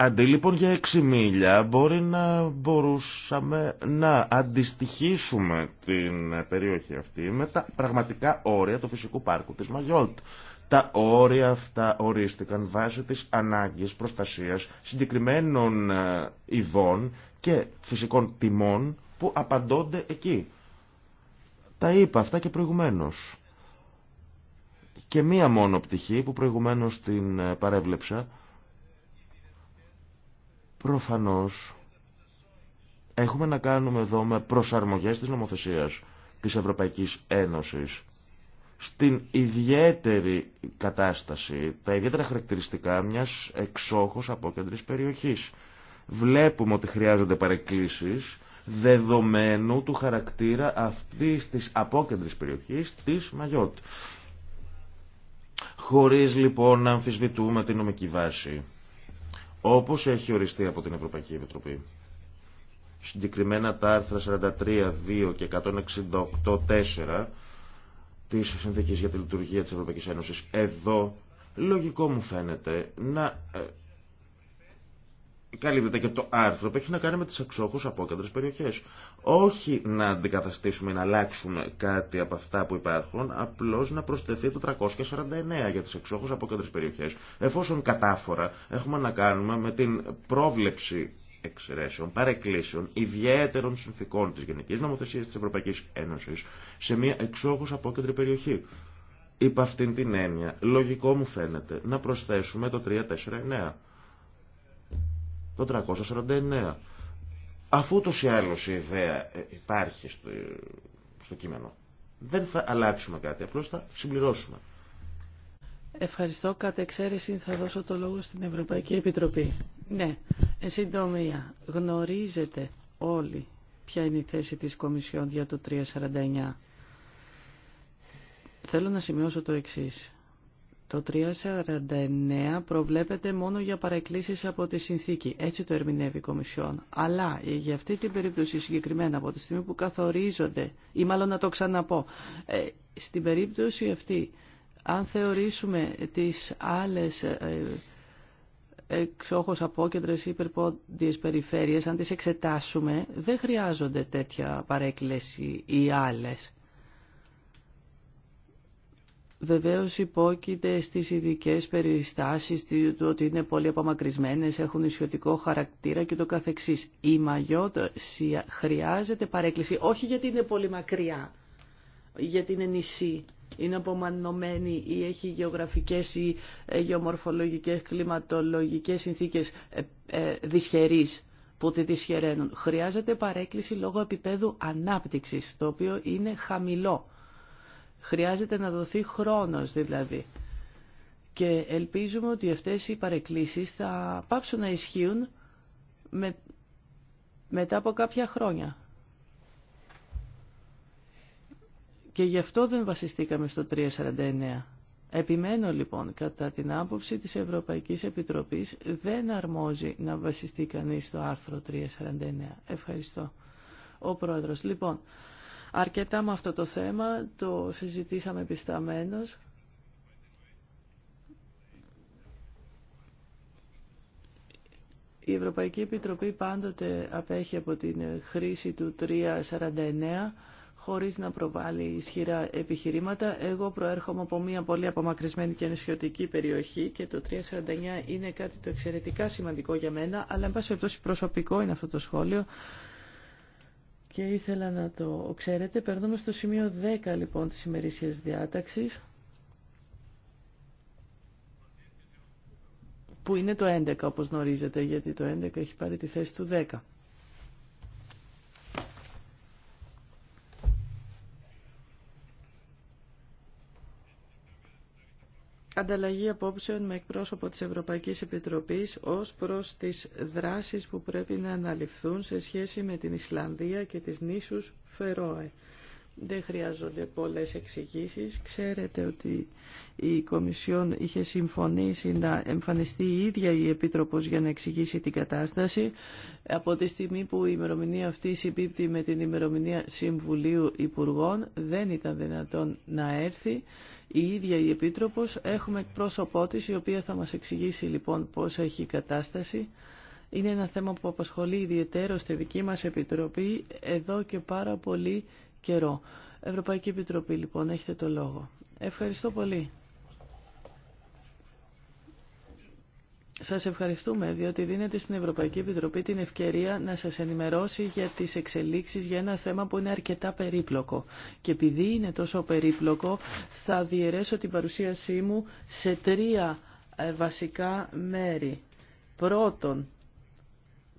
Αντί λοιπόν για 6 μίλια μπορεί να μπορούσαμε να αντιστοιχίσουμε την περιοχή αυτή με τα πραγματικά όρια του φυσικού πάρκου της Μαγιότ. Τα όρια αυτά ορίστηκαν βάσει της ανάγκης προστασίας συγκεκριμένων ε, ειδών και φυσικών τιμών που απαντώνται εκεί. Τα είπα αυτά και προηγουμένως. Και μία μόνο πτυχή που προηγουμένως την ε, παρέβλεψα. Προφανώς έχουμε να κάνουμε εδώ με προσαρμογές της νομοθεσίας της Ευρωπαϊκής Ένωσης στην ιδιαίτερη κατάσταση, τα ιδιαίτερα χαρακτηριστικά μιας εξόχως απόκεντρης περιοχής. Βλέπουμε ότι χρειάζονται παρεκκλήσεις δεδομένου του χαρακτήρα αυτής της απόκεντρης περιοχής της Μαγιότ. Χωρίς λοιπόν να αμφισβητούμε την νομική βάση, όπως έχει οριστεί από την Ευρωπαϊκή Επιτροπή. Συγκεκριμένα τα άρθρα 43, 2 και 4... Τη συνθήκη για τη λειτουργία της Ευρωπαϊκή Ένωση. Εδώ λογικό μου φαίνεται να ε, καλύπτεται και το άρθρο που έχει να κάνει με τις εξόχους απόκεντρες περιοχές. Όχι να αντικαταστήσουμε ή να αλλάξουμε κάτι από αυτά που υπάρχουν, απλώς να προσθεθεί το 349 για τις εξόχους απόκεντρες περιοχές, εφόσον κατάφορα έχουμε να κάνουμε με την πρόβλεψη εξαιρέσεων, παρεκκλήσεων, ιδιαίτερων συνθήκων της Γενικής Νομοθεσίας της Ευρωπαϊκής Ένωσης σε μια εξόχως απόκεντρη περιοχή. Υπ' αυτήν την έννοια, λογικό μου φαίνεται να προσθέσουμε το 349, το 349. Αφού το ή άλλως η η ε, υπάρχει στο, στο κείμενο, δεν θα αλλάξουμε κάτι, απλώς θα συμπληρώσουμε. Ευχαριστώ. Κατ' εξαίρεση θα δώσω το λόγο στην Ευρωπαϊκή Επιτροπή. Ναι, εν συντομία, γνωρίζετε όλοι ποια είναι η θέση της Κομισιόν για το 349. Θέλω να σημειώσω το εξής. Το 349 προβλέπεται μόνο για παρεκκλήσεις από τη συνθήκη. Έτσι το ερμηνεύει η Κομισιόν. Αλλά για αυτή την περίπτωση συγκεκριμένα από τη στιγμή που καθορίζονται, ή μάλλον να το ξαναπώ, ε, στην περίπτωση αυτή αν θεωρήσουμε τις άλλες ε, εξόχως απόκεντρες υπερπόντιες περιφέρειες, αν τις εξετάσουμε, δεν χρειάζονται τέτοια παρέκκληση ή άλλες. Βεβαίως υπόκειται στις ειδικέ περιστάσεις του ότι είναι πολύ απομακρυσμένες, έχουν ισιωτικό χαρακτήρα και το καθεξής. Η Μαγιότ χρειάζεται παρέκκληση, όχι γιατί είναι πολύ μακριά, γιατί είναι νησί, είναι απομανωμένη ή έχει γεωγραφικές ή ε, γεωμορφολογικές, κλιματολογικές συνθήκες ε, ε, δυσχερείς που τη δυσχεραίνουν. Χρειάζεται παρέκκληση λόγω επίπεδου ανάπτυξης, το οποίο είναι χαμηλό. Χρειάζεται να δοθεί χρόνος δηλαδή. Και ελπίζουμε ότι αυτές οι παρεκκλήσεις θα πάψουν να ισχύουν με... μετά από κάποια χρόνια. Και γι' αυτό δεν βασιστήκαμε στο 349. Επιμένω λοιπόν, κατά την άποψη της Ευρωπαϊκής Επιτροπής δεν αρμόζει να βασιστεί κανείς στο άρθρο 349. Ευχαριστώ. Ο Πρόεδρος. Λοιπόν, αρκετά με αυτό το θέμα, το συζητήσαμε πισταμένος. Η Ευρωπαϊκή Επιτροπή πάντοτε απέχει από την χρήση του 349 χωρίς να προβάλλει ισχυρά επιχειρήματα. Εγώ προέρχομαι από μια πολύ απομακρυσμένη και νησιωτική περιοχή και το 349 είναι κάτι το εξαιρετικά σημαντικό για μένα, αλλά εν πάση περιπτώσει προσωπικό είναι αυτό το σχόλιο και ήθελα να το ξέρετε. Περνούμε στο σημείο 10 λοιπόν της ημερήσιας διάταξης. που είναι το 11 όπως γνωρίζετε γιατί το 11 έχει πάρει τη θέση του 10. ανταλλαγή απόψεων με εκπρόσωπο της Ευρωπαϊκής Επιτροπής ως προς τις δράσεις που πρέπει να αναλυφθούν σε σχέση με την Ισλανδία και τις νήσους Φερόε. Δεν χρειάζονται πολλές εξηγήσει. Ξέρετε ότι η Κομισιόν είχε συμφωνήσει να εμφανιστεί η ίδια η Επίτροπος για να εξηγήσει την κατάσταση. Από τη στιγμή που η ημερομηνία αυτή συμπίπτει με την ημερομηνία Συμβουλίου Υπουργών δεν ήταν δυνατόν να έρθει η ίδια η Επίτροπος. Έχουμε πρόσωπό της η οποία θα μας εξηγήσει λοιπόν πώς έχει η κατάσταση. Είναι ένα θέμα που απασχολεί ιδιαίτερο στη δική μας Επιτροπή εδώ και πάρα πολύ καιρό. Ευρωπαϊκή Επιτροπή λοιπόν, έχετε το λόγο. Ευχαριστώ πολύ. Σας ευχαριστούμε διότι δίνετε στην Ευρωπαϊκή Επιτροπή την ευκαιρία να σας ενημερώσει για τις εξελίξεις για ένα θέμα που είναι αρκετά περίπλοκο. Και επειδή είναι τόσο περίπλοκο θα διαιρέσω την παρουσίασή μου σε τρία ε, βασικά μέρη. Πρώτον,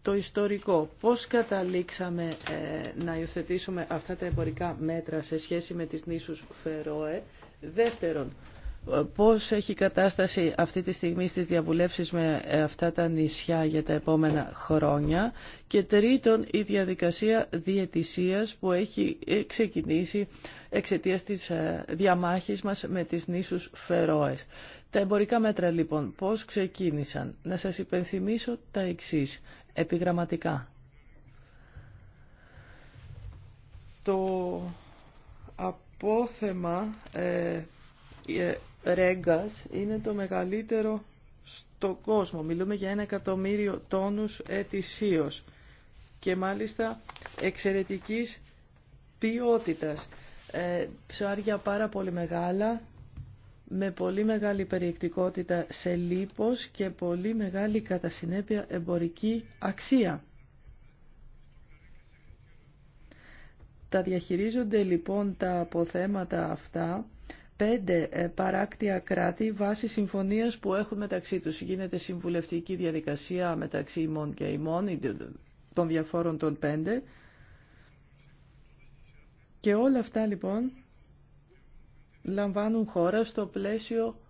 το ιστορικό. Πώς καταλήξαμε ε, να υιοθετήσουμε αυτά τα εμπορικά μέτρα σε σχέση με τις νήσους Φερόε. Δεύτερον, πώς έχει κατάσταση αυτή τη στιγμή στις διαβουλεύσεις με ε, αυτά τα νησιά για τα επόμενα χρόνια και τρίτον η διαδικασία διαιτησίας που έχει ε, ξεκινήσει εξαιτία της ε, διαμάχης μας με τις νήσους Φερόες. Τα εμπορικά μέτρα λοιπόν πώς ξεκίνησαν. Να σας υπενθυμίσω τα εξής επιγραμματικά. Το απόθεμα... Ε, ρέγκας είναι το μεγαλύτερο στον κόσμο. Μιλούμε για ένα εκατομμύριο τόνους ετησίως και μάλιστα εξαιρετικής ποιότητας. Ε, ψάρια πάρα πολύ μεγάλα, με πολύ μεγάλη περιεκτικότητα σε λίπος και πολύ μεγάλη κατά συνέπεια εμπορική αξία. Τα διαχειρίζονται λοιπόν τα αποθέματα αυτά πέντε ε, παράκτια κράτη βάσει συμφωνίας που έχουν μεταξύ τους. Γίνεται συμβουλευτική διαδικασία μεταξύ ημών και ημών των διαφόρων των πέντε. Και όλα αυτά λοιπόν λαμβάνουν χώρα στο πλαίσιο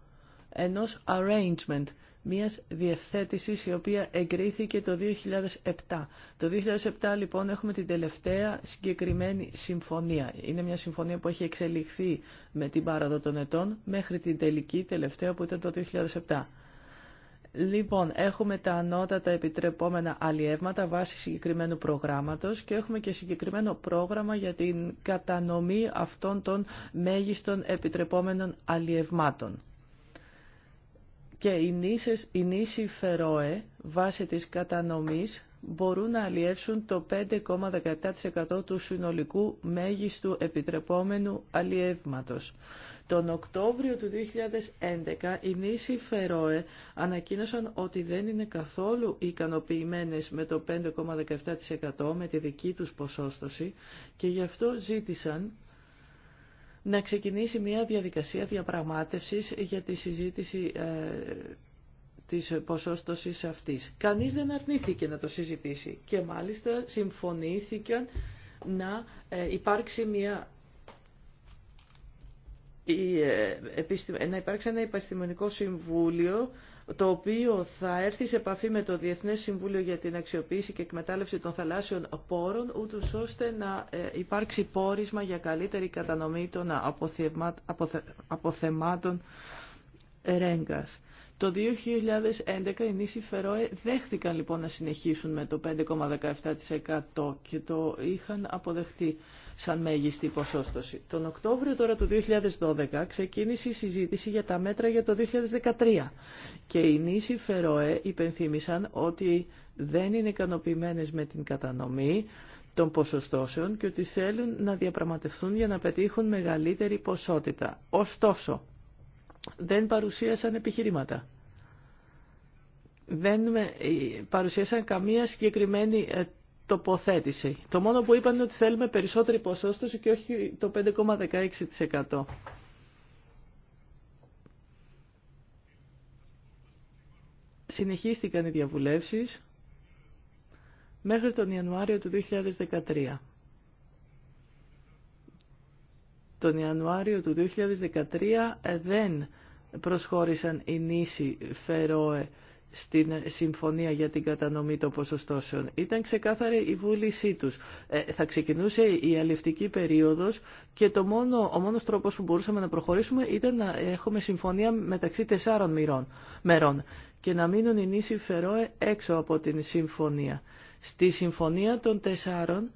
ενός arrangement, μιας διευθέτησης η οποία εγκρίθηκε το 2007. Το 2007 λοιπόν έχουμε την τελευταία συγκεκριμένη συμφωνία. Είναι μια συμφωνία που έχει εξελιχθεί με την πάραδο των ετών μέχρι την τελική τελευταία που ήταν το 2007. Λοιπόν, έχουμε τα ανώτατα επιτρεπόμενα αλλιεύματα βάσει συγκεκριμένου προγράμματος και έχουμε και συγκεκριμένο πρόγραμμα για την κατανομή αυτών των μέγιστων επιτρεπόμενων αλλιευμάτων και οι, νήσες, Φερόε βάσει της κατανομής μπορούν να αλλιεύσουν το 5,17% του συνολικού μέγιστου επιτρεπόμενου αλλιεύματος. Τον Οκτώβριο του 2011 οι νήσοι Φερόε ανακοίνωσαν ότι δεν είναι καθόλου ικανοποιημένες με το 5,17% με τη δική τους ποσόστοση και γι' αυτό ζήτησαν να ξεκινήσει μια διαδικασία διαπραγμάτευσης για τη συζήτηση ε, της ποσόστοσης αυτής. Κανείς δεν αρνήθηκε να το συζητήσει και μάλιστα συμφωνήθηκαν να ε, υπάρξει μια ε, να υπάρξει ένα επιστημονικό συμβούλιο το οποίο θα έρθει σε επαφή με το Διεθνές Συμβούλιο για την Αξιοποίηση και Εκμετάλλευση των Θαλάσσιων Πόρων, ούτως ώστε να ε, υπάρξει πόρισμα για καλύτερη κατανομή των αποθεμάτων ρέγκας. Το 2011 οι νήσοι Φερόε δέχθηκαν λοιπόν να συνεχίσουν με το 5,17% και το είχαν αποδεχτεί σαν μέγιστη ποσόστοση. Τον Οκτώβριο τώρα του 2012 ξεκίνησε η συζήτηση για τα μέτρα για το 2013 και οι νήσοι Φερόε υπενθύμησαν ότι δεν είναι ικανοποιημένε με την κατανομή των ποσοστώσεων και ότι θέλουν να διαπραγματευτούν για να πετύχουν μεγαλύτερη ποσότητα. Ωστόσο, δεν παρουσίασαν επιχειρήματα δεν ε, παρουσίασαν καμία συγκεκριμένη ε, τοποθέτηση. Το μόνο που είπαν είναι ότι θέλουμε περισσότερη ποσόστοση και όχι το 5,16%. Συνεχίστηκαν οι διαβουλεύσεις μέχρι τον Ιανουάριο του 2013. Τον Ιανουάριο του 2013 ε, δεν προσχώρησαν οι νήσοι Φερόε στην συμφωνία για την κατανομή των ποσοστώσεων. Ήταν ξεκάθαρη η βούλησή τους. Ε, θα ξεκινούσε η αλευτική περίοδος και το μόνο, ο μόνος τρόπος που μπορούσαμε να προχωρήσουμε ήταν να έχουμε συμφωνία μεταξύ τεσσάρων μερών και να μείνουν οι νήσοι Φερόε έξω από την συμφωνία. Στη συμφωνία των τεσσάρων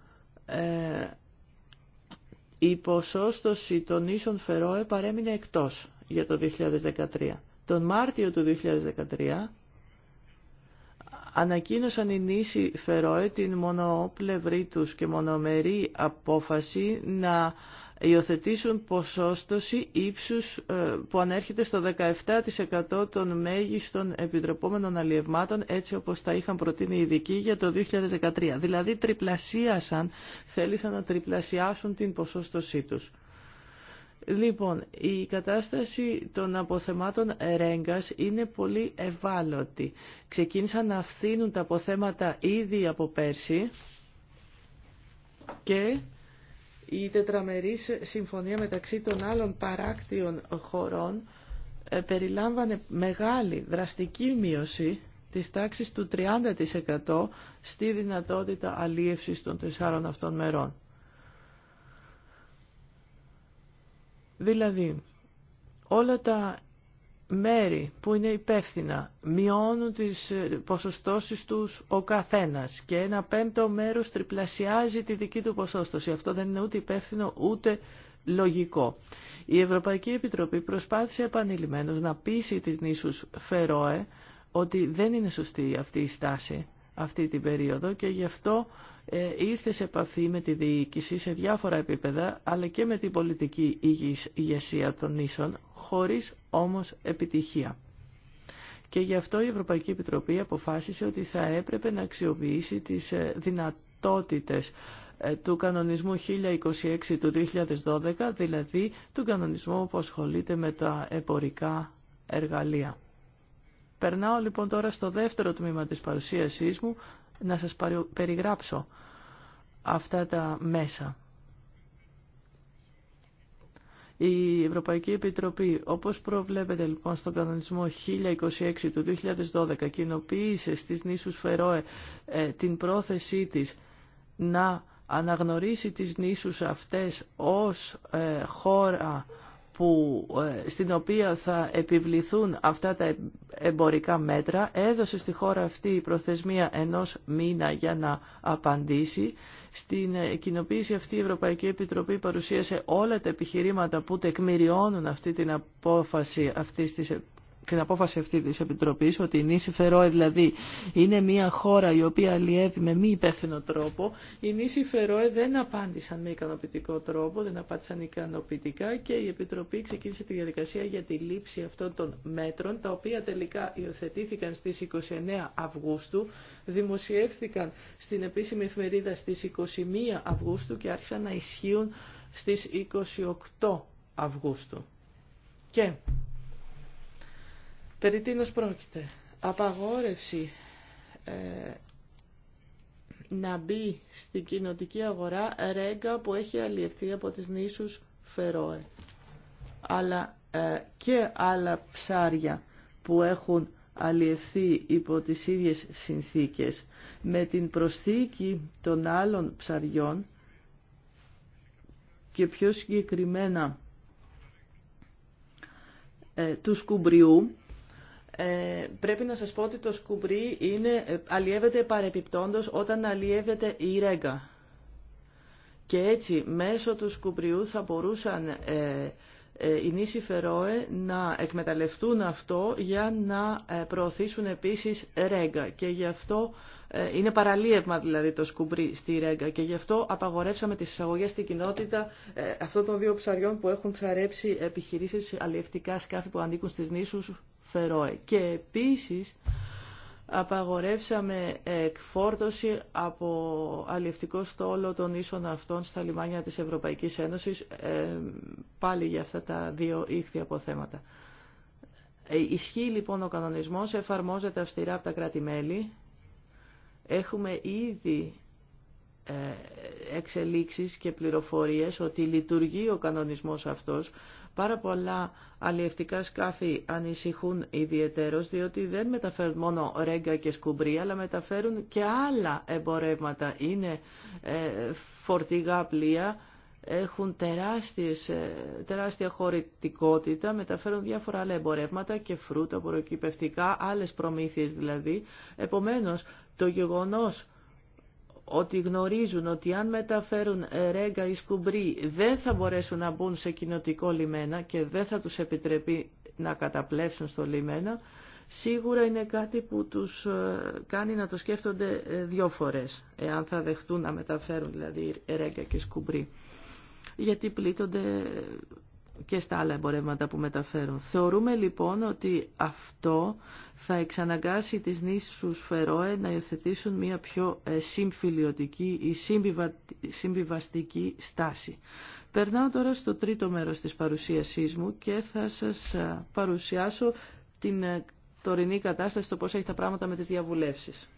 ε, η ποσόστοση των νήσων Φερόε παρέμεινε εκτός για το 2013. Τον Μάρτιο του 2013 ανακοίνωσαν οι νήσοι Φερόε την μονοπλευρή τους και μονομερή απόφαση να υιοθετήσουν ποσόστοση ύψους ε, που ανέρχεται στο 17% των μέγιστων επιτροπόμενων αλλιευμάτων έτσι όπως τα είχαν προτείνει οι ειδικοί για το 2013. Δηλαδή τριπλασίασαν, θέλησαν να τριπλασιάσουν την ποσόστοσή τους. Λοιπόν, η κατάσταση των αποθεμάτων Ρέγκας είναι πολύ ευάλωτη. Ξεκίνησαν να αυθύνουν τα αποθέματα ήδη από πέρσι και η τετραμερής συμφωνία μεταξύ των άλλων παράκτιων χωρών ε, περιλάμβανε μεγάλη δραστική μείωση της τάξης του 30% στη δυνατότητα αλίευσης των τεσσάρων αυτών μερών. Δηλαδή, όλα τα μέρη που είναι υπεύθυνα μειώνουν τις ε, ποσοστώσεις τους ο καθένας και ένα πέμπτο μέρος τριπλασιάζει τη δική του ποσόστοση. Αυτό δεν είναι ούτε υπεύθυνο ούτε λογικό. Η Ευρωπαϊκή Επιτροπή προσπάθησε επανειλημμένως να πείσει τις νήσους Φερόε ότι δεν είναι σωστή αυτή η στάση αυτή την περίοδο και γι' αυτό ε, ήρθε σε επαφή με τη διοίκηση σε διάφορα επίπεδα, αλλά και με την πολιτική ηγεσία των νήσων, χωρίς όμως επιτυχία. Και γι' αυτό η Ευρωπαϊκή Επιτροπή αποφάσισε ότι θα έπρεπε να αξιοποιήσει τις ε, δυνατότητες ε, του κανονισμού 1026 του 2012, δηλαδή του κανονισμού που ασχολείται με τα επορικά εργαλεία. Περνάω λοιπόν τώρα στο δεύτερο τμήμα της παρουσίασής μου, να σας περιγράψω αυτά τα μέσα. Η Ευρωπαϊκή Επιτροπή, όπως προβλέπεται λοιπόν στον κανονισμό 1026 του 2012, κοινοποίησε στις νήσους Φερόε ε, την πρόθεσή της να αναγνωρίσει τις νήσους αυτές ως ε, χώρα που, ε, στην οποία θα επιβληθούν αυτά τα εμπορικά μέτρα έδωσε στη χώρα αυτή η προθεσμία ενός μήνα για να απαντήσει. Στην ε, κοινοποίηση αυτή η Ευρωπαϊκή Επιτροπή παρουσίασε όλα τα επιχειρήματα που τεκμηριώνουν αυτή την απόφαση αυτής της την απόφαση αυτή της Επιτροπής ότι η Νίση Φερόε δηλαδή είναι μια χώρα η οποία αλλιεύει με μη υπεύθυνο τρόπο η Νίση Φερόε δεν απάντησαν με ικανοποιητικό τρόπο δεν απάντησαν ικανοποιητικά και η Επιτροπή ξεκίνησε τη διαδικασία για τη λήψη αυτών των μέτρων τα οποία τελικά υιοθετήθηκαν στις 29 Αυγούστου δημοσιεύθηκαν στην επίσημη εφημερίδα στις 21 Αυγούστου και άρχισαν να ισχύουν στις 28 Αυγούστου. Και Περί τίνος πρόκειται. Απαγόρευση ε, να μπει στην κοινοτική αγορά ρέγκα που έχει αλλιευθεί από τις νήσους Φερόε. Αλλά ε, και άλλα ψάρια που έχουν αλλιευθεί υπό τις ίδιες συνθήκες με την προσθήκη των άλλων ψαριών και πιο συγκεκριμένα ε, του σκουμπριού ε, πρέπει να σας πω ότι το σκουμπρί είναι, ε, αλλιεύεται παρεπιπτόντος όταν αλλιεύεται η ρέγκα. Και έτσι μέσω του σκουμπριού θα μπορούσαν ε, οι νήσοι Φερόε να εκμεταλλευτούν αυτό για να προωθήσουν επίσης ρέγκα. και γι' αυτό είναι παραλίευμα δηλαδή το σκουμπρί στη ρέγκα και γι' αυτό απαγορεύσαμε τις εισαγωγές στην κοινότητα αυτών των δύο ψαριών που έχουν ψαρέψει επιχειρήσεις αλλιευτικά σκάφη που ανήκουν στις νήσους και επίσης απαγορεύσαμε εκφόρτωση από αλληλευτικό στόλο των ίσων αυτών στα λιμάνια της Ευρωπαϊκής Ένωσης, ε, πάλι για αυτά τα δύο ήχθη αποθέματα. Ε, ισχύει λοιπόν ο κανονισμός, εφαρμόζεται αυστηρά από τα κράτη-μέλη. Έχουμε ήδη ε, εξελίξεις και πληροφορίες ότι λειτουργεί ο κανονισμός αυτός Πάρα πολλά αλλιευτικά σκάφη ανησυχούν ιδιαιτέρως διότι δεν μεταφέρουν μόνο ρέγγα και σκουμπρί αλλά μεταφέρουν και άλλα εμπορεύματα. Είναι ε, φορτηγά πλοία, έχουν τεράστιες, ε, τεράστια χωρητικότητα, μεταφέρουν διάφορα άλλα εμπορεύματα και φρούτα, προκυπευτικά, άλλες προμήθειες δηλαδή. Επομένως, το γεγονός ότι γνωρίζουν ότι αν μεταφέρουν ρέγγα ή σκουμπρί δεν θα μπορέσουν να μπουν σε κοινοτικό λιμένα και δεν θα τους επιτρεπεί να καταπλέψουν στο λιμένα, σίγουρα είναι κάτι που τους ε, κάνει να το σκέφτονται ε, δύο φορές, εάν θα δεχτούν να μεταφέρουν δηλαδή ρέγγα και σκουμπρί, γιατί πλήττονται και στα άλλα εμπορεύματα που μεταφέρουν. Θεωρούμε λοιπόν ότι αυτό θα εξαναγκάσει τις νήσους Φερόε να υιοθετήσουν μια πιο ε, συμφιλιωτική ή συμβιβαστική στάση. Περνάω τώρα στο τρίτο μέρος της παρουσίασής μου και θα σας ε, παρουσιάσω την ε, τωρινή κατάσταση, το πώς έχει τα πράγματα με τις διαβουλεύσεις.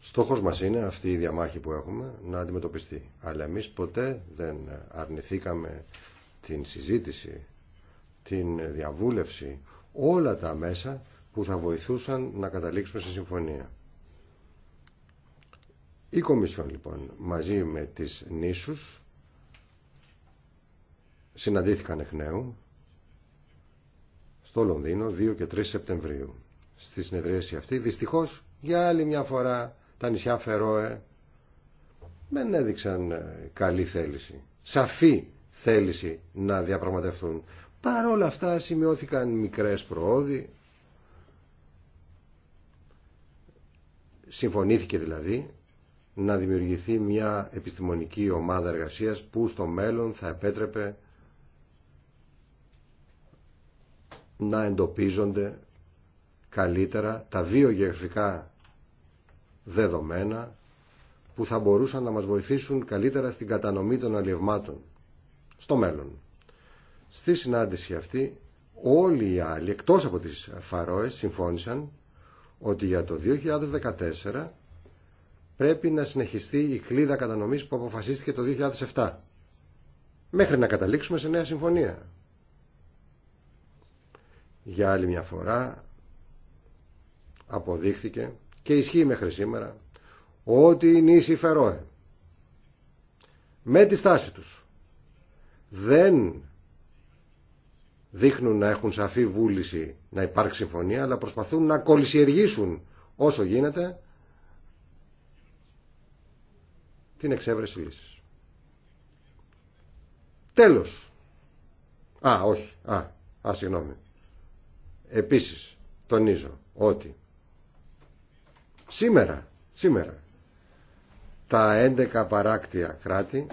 Στόχος μας είναι αυτή η διαμάχη που έχουμε να αντιμετωπιστεί. Αλλά εμείς ποτέ δεν αρνηθήκαμε την συζήτηση, την διαβούλευση, όλα τα μέσα που θα βοηθούσαν να καταλήξουμε σε συμφωνία. Η Κομισιόν λοιπόν μαζί με τις νήσους συναντήθηκαν εκ νέου στο Λονδίνο 2 και 3 Σεπτεμβρίου. Στη συνεδρίαση αυτή δυστυχώς για άλλη μια φορά τα νησιά Φερόε δεν έδειξαν ε, καλή θέληση, σαφή θέληση να διαπραγματευτούν. Παρ' όλα αυτά σημειώθηκαν μικρές προόδοι, συμφωνήθηκε δηλαδή να δημιουργηθεί μια επιστημονική ομάδα εργασίας που στο μέλλον θα επέτρεπε να εντοπίζονται καλύτερα τα βιογεωγραφικά δεδομένα που θα μπορούσαν να μας βοηθήσουν καλύτερα στην κατανομή των αλλιευμάτων στο μέλλον. Στη συνάντηση αυτή όλοι οι άλλοι εκτός από τις Φαρόες συμφώνησαν ότι για το 2014 πρέπει να συνεχιστεί η κλίδα κατανομής που αποφασίστηκε το 2007 μέχρι να καταλήξουμε σε νέα συμφωνία. Για άλλη μια φορά αποδείχθηκε και ισχύει μέχρι σήμερα ότι οι νήσοι Φερόε με τη στάση τους δεν δείχνουν να έχουν σαφή βούληση να υπάρξει συμφωνία αλλά προσπαθούν να κολυσιεργήσουν όσο γίνεται την εξέβρεση λύσης. Τέλος. Α, όχι. Α, α συγγνώμη. Επίσης, τονίζω ότι Σήμερα, σήμερα, τα 11 παράκτια κράτη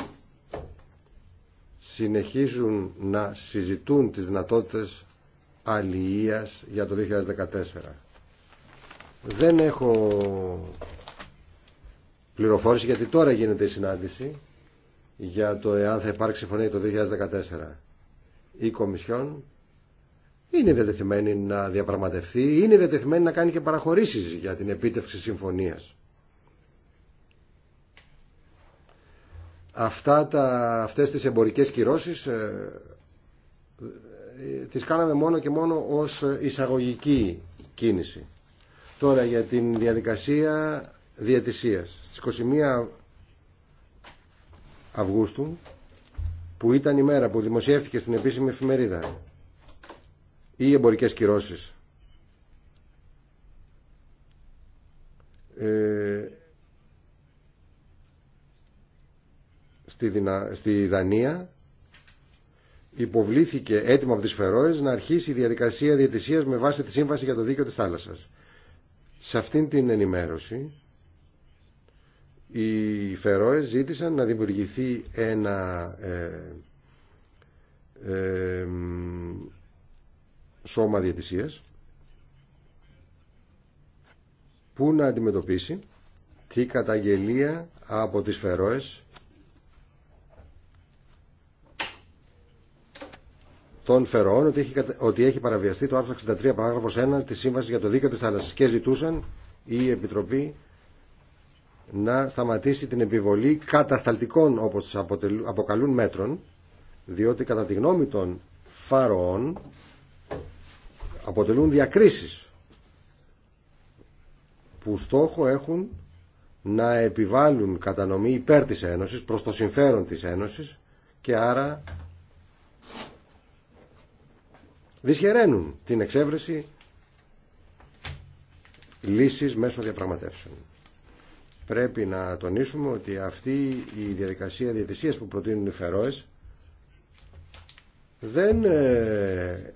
συνεχίζουν να συζητούν τις δυνατότητες αλληλείας για το 2014. Δεν έχω πληροφόρηση γιατί τώρα γίνεται η συνάντηση για το εάν θα υπάρξει συμφωνία το 2014. Η Κομισιόν είναι δεδεθειμένη να διαπραγματευτεί, είναι δεδεθειμένη να κάνει και παραχωρήσεις για την επίτευξη συμφωνίας. Αυτά τα, αυτές τις εμπορικές κυρώσεις ε, ε, τις κάναμε μόνο και μόνο ως εισαγωγική κίνηση. Τώρα για την διαδικασία διατησίας. Στις 21 Αυγούστου, που ήταν η μέρα που δημοσιεύθηκε στην επίσημη εφημερίδα, ή εμπορικές κυρώσεις. Ε, στη, στη Δανία υποβλήθηκε έτοιμα από τις Φερόες να αρχίσει η διαδικασία διαιτησίας με βάση τη Σύμβαση για το Δίκαιο της Θάλασσας. Σε αυτήν την ενημέρωση οι Φερόες ζήτησαν να δημιουργηθεί ένα ε, ε σώμα διατησίας που να αντιμετωπίσει τη καταγγελία από τις Φερόες των Φερόων ότι έχει, ότι έχει παραβιαστεί το άρθρο 63 παράγραφος 1 της Σύμβασης για το Δίκαιο της Θάλασσης και ζητούσαν η Επιτροπή να σταματήσει την επιβολή κατασταλτικών όπως αποκαλούν μέτρων διότι κατά τη γνώμη των Φαροών αποτελούν διακρίσεις που στόχο έχουν να επιβάλλουν κατανομή υπέρ της Ένωσης, προς το συμφέρον της Ένωσης και άρα δυσχεραίνουν την εξέβρεση λύσεις μέσω διαπραγματεύσεων. Πρέπει να τονίσουμε ότι αυτή η διαδικασία διατησίας που προτείνουν οι Φερόες δεν ε,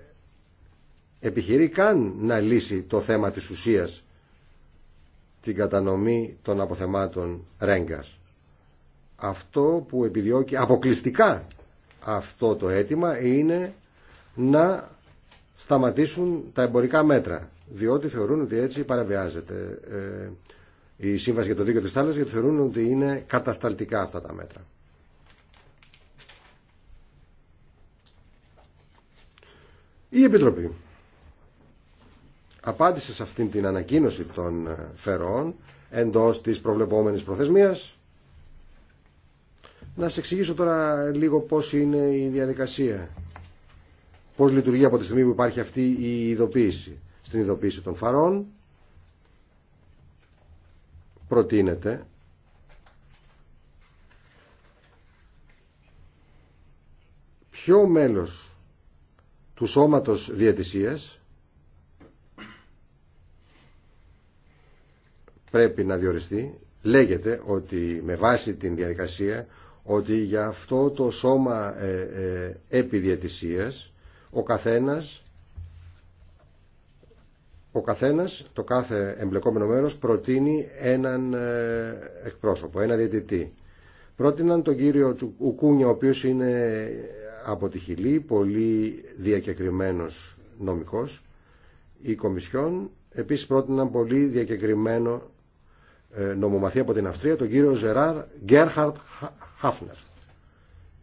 επιχειρεί καν να λύσει το θέμα της ουσίας την κατανομή των αποθεμάτων Ρέγκας. Αυτό που επιδιώκει αποκλειστικά αυτό το αίτημα είναι να σταματήσουν τα εμπορικά μέτρα, διότι θεωρούν ότι έτσι παραβιάζεται ε, η Σύμβαση για το Δίκαιο της Θάλασσας, γιατί θεωρούν ότι είναι κατασταλτικά αυτά τα μέτρα. Η Επιτροπή απάντησε σε αυτήν την ανακοίνωση των ε, Φερών εντός της προβλεπόμενης προθεσμίας. Να σε εξηγήσω τώρα λίγο πώς είναι η διαδικασία. Πώς λειτουργεί από τη στιγμή που υπάρχει αυτή η ειδοποίηση. Στην ειδοποίηση των φαρών προτείνεται ποιο μέλος του σώματος διατησίας πρέπει να διοριστεί λέγεται ότι με βάση την διαδικασία ότι για αυτό το σώμα ε, ε, επιδιαιτησίας ο καθένας ο καθένας, το κάθε εμπλεκόμενο μέρος προτείνει έναν ε, εκπρόσωπο, ένα διαιτητή. Πρότειναν τον κύριο Ουκούνια, ο οποίος είναι από τη Χιλή, πολύ διακεκριμένος νομικός. Η Κομισιόν επίσης πρότειναν πολύ διακεκριμένο ε, Νομομαθεί από την Αυστρία, τον κύριο Ζεράρ Γκέρχαρτ Χάφνερ.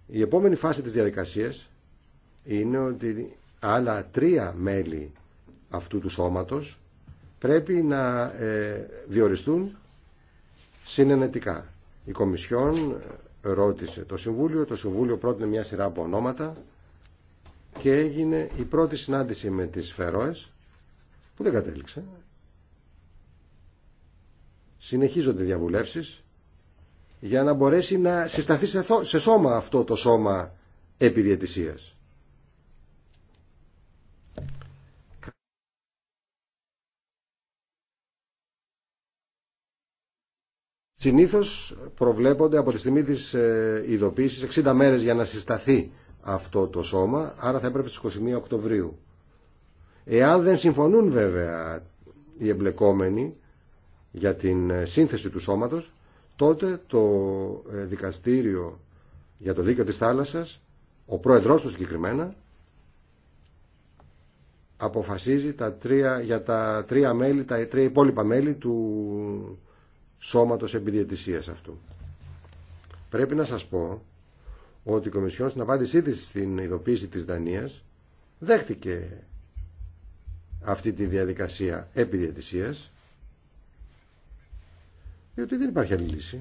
Η επόμενη φάση της διαδικασίας είναι ότι άλλα τρία μέλη αυτού του σώματος πρέπει να ε, διοριστούν συνενετικά. Η Κομισιόν ε, ρώτησε το Συμβούλιο, το Συμβούλιο πρότεινε μια σειρά από ονόματα και έγινε η πρώτη συνάντηση με τις Φερόες που δεν κατέληξε συνεχίζονται διαβουλεύσεις για να μπορέσει να συσταθεί σε σώμα αυτό το σώμα επιδιαιτησίας. Συνήθως προβλέπονται από τη στιγμή της ε, ειδοποίησης 60 μέρες για να συσταθεί αυτό το σώμα, άρα θα έπρεπε στις 21 Οκτωβρίου. Εάν δεν συμφωνούν βέβαια οι εμπλεκόμενοι, για την ε, σύνθεση του σώματος, τότε το ε, δικαστήριο για το δίκαιο της θάλασσας, ο πρόεδρός του συγκεκριμένα, αποφασίζει τα τρία, για τα τρία μέλη, τα τρία υπόλοιπα μέλη του σώματος επιδιαιτησίας αυτού. Πρέπει να σας πω ότι η Κομισιόν στην απάντησή της στην ειδοποίηση της Δανίας δέχτηκε αυτή τη διαδικασία επιδιαιτησίας διότι δεν υπάρχει άλλη λύση.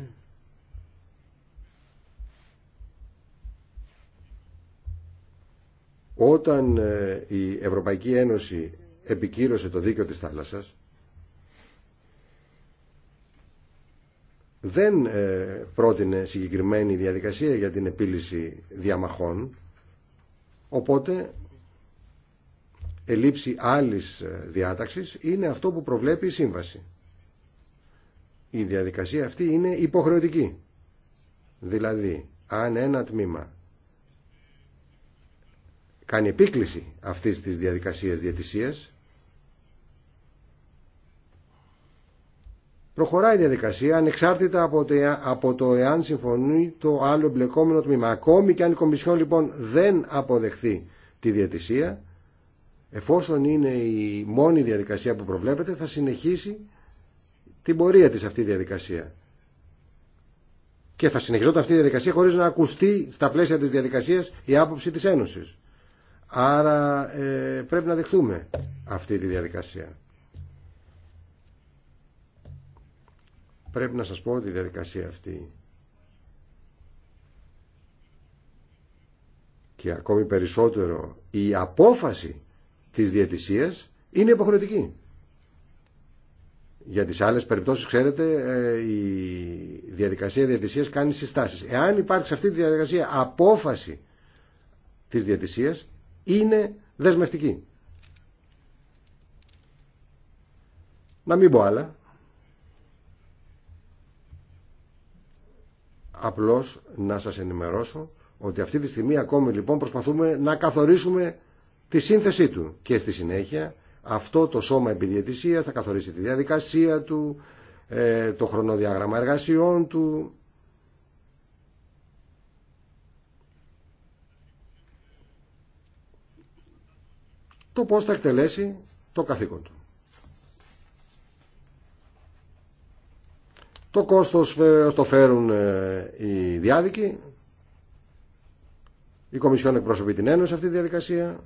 Όταν ε, η Ευρωπαϊκή Ένωση επικύρωσε το δίκαιο της θάλασσας, δεν ε, πρότεινε συγκεκριμένη διαδικασία για την επίλυση διαμαχών, οπότε ελήψη άλλης ε, διάταξης είναι αυτό που προβλέπει η σύμβαση. Η διαδικασία αυτή είναι υποχρεωτική. Δηλαδή, αν ένα τμήμα κάνει επίκληση αυτής της διαδικασίας διατησίας, προχωράει η διαδικασία ανεξάρτητα από το εάν συμφωνεί το άλλο εμπλεκόμενο τμήμα. Ακόμη και αν η Κομισιόν λοιπόν δεν αποδεχθεί τη διατησία, εφόσον είναι η μόνη διαδικασία που προβλέπεται, θα συνεχίσει την πορεία της αυτή διαδικασία. Και θα συνεχιζόταν αυτή η διαδικασία χωρίς να ακουστεί στα πλαίσια της διαδικασίας η άποψη της Ένωσης. Άρα ε, πρέπει να δεχθούμε αυτή τη διαδικασία. Πρέπει να σας πω ότι η διαδικασία αυτή και ακόμη περισσότερο η απόφαση της διατησίας είναι υποχρεωτική. Για τις άλλες περιπτώσεις, ξέρετε, ε, η διαδικασία διατησίας κάνει συστάσεις. Εάν υπάρχει σε αυτή τη διαδικασία απόφαση της διατησίας, είναι δεσμευτική. Να μην πω άλλα. Απλώς να σας ενημερώσω ότι αυτή τη στιγμή ακόμη λοιπόν προσπαθούμε να καθορίσουμε τη σύνθεσή του και στη συνέχεια αυτό το σώμα επιδιαιτησίας θα καθορίσει τη διαδικασία του, ε, το χρονοδιάγραμμα εργασιών του. Το πώς θα εκτελέσει το καθήκον του. Το κόστος ε, το φέρουν ε, οι διάδικοι. Η Κομισιόν εκπροσωπεί την Ένωση αυτή τη διαδικασία.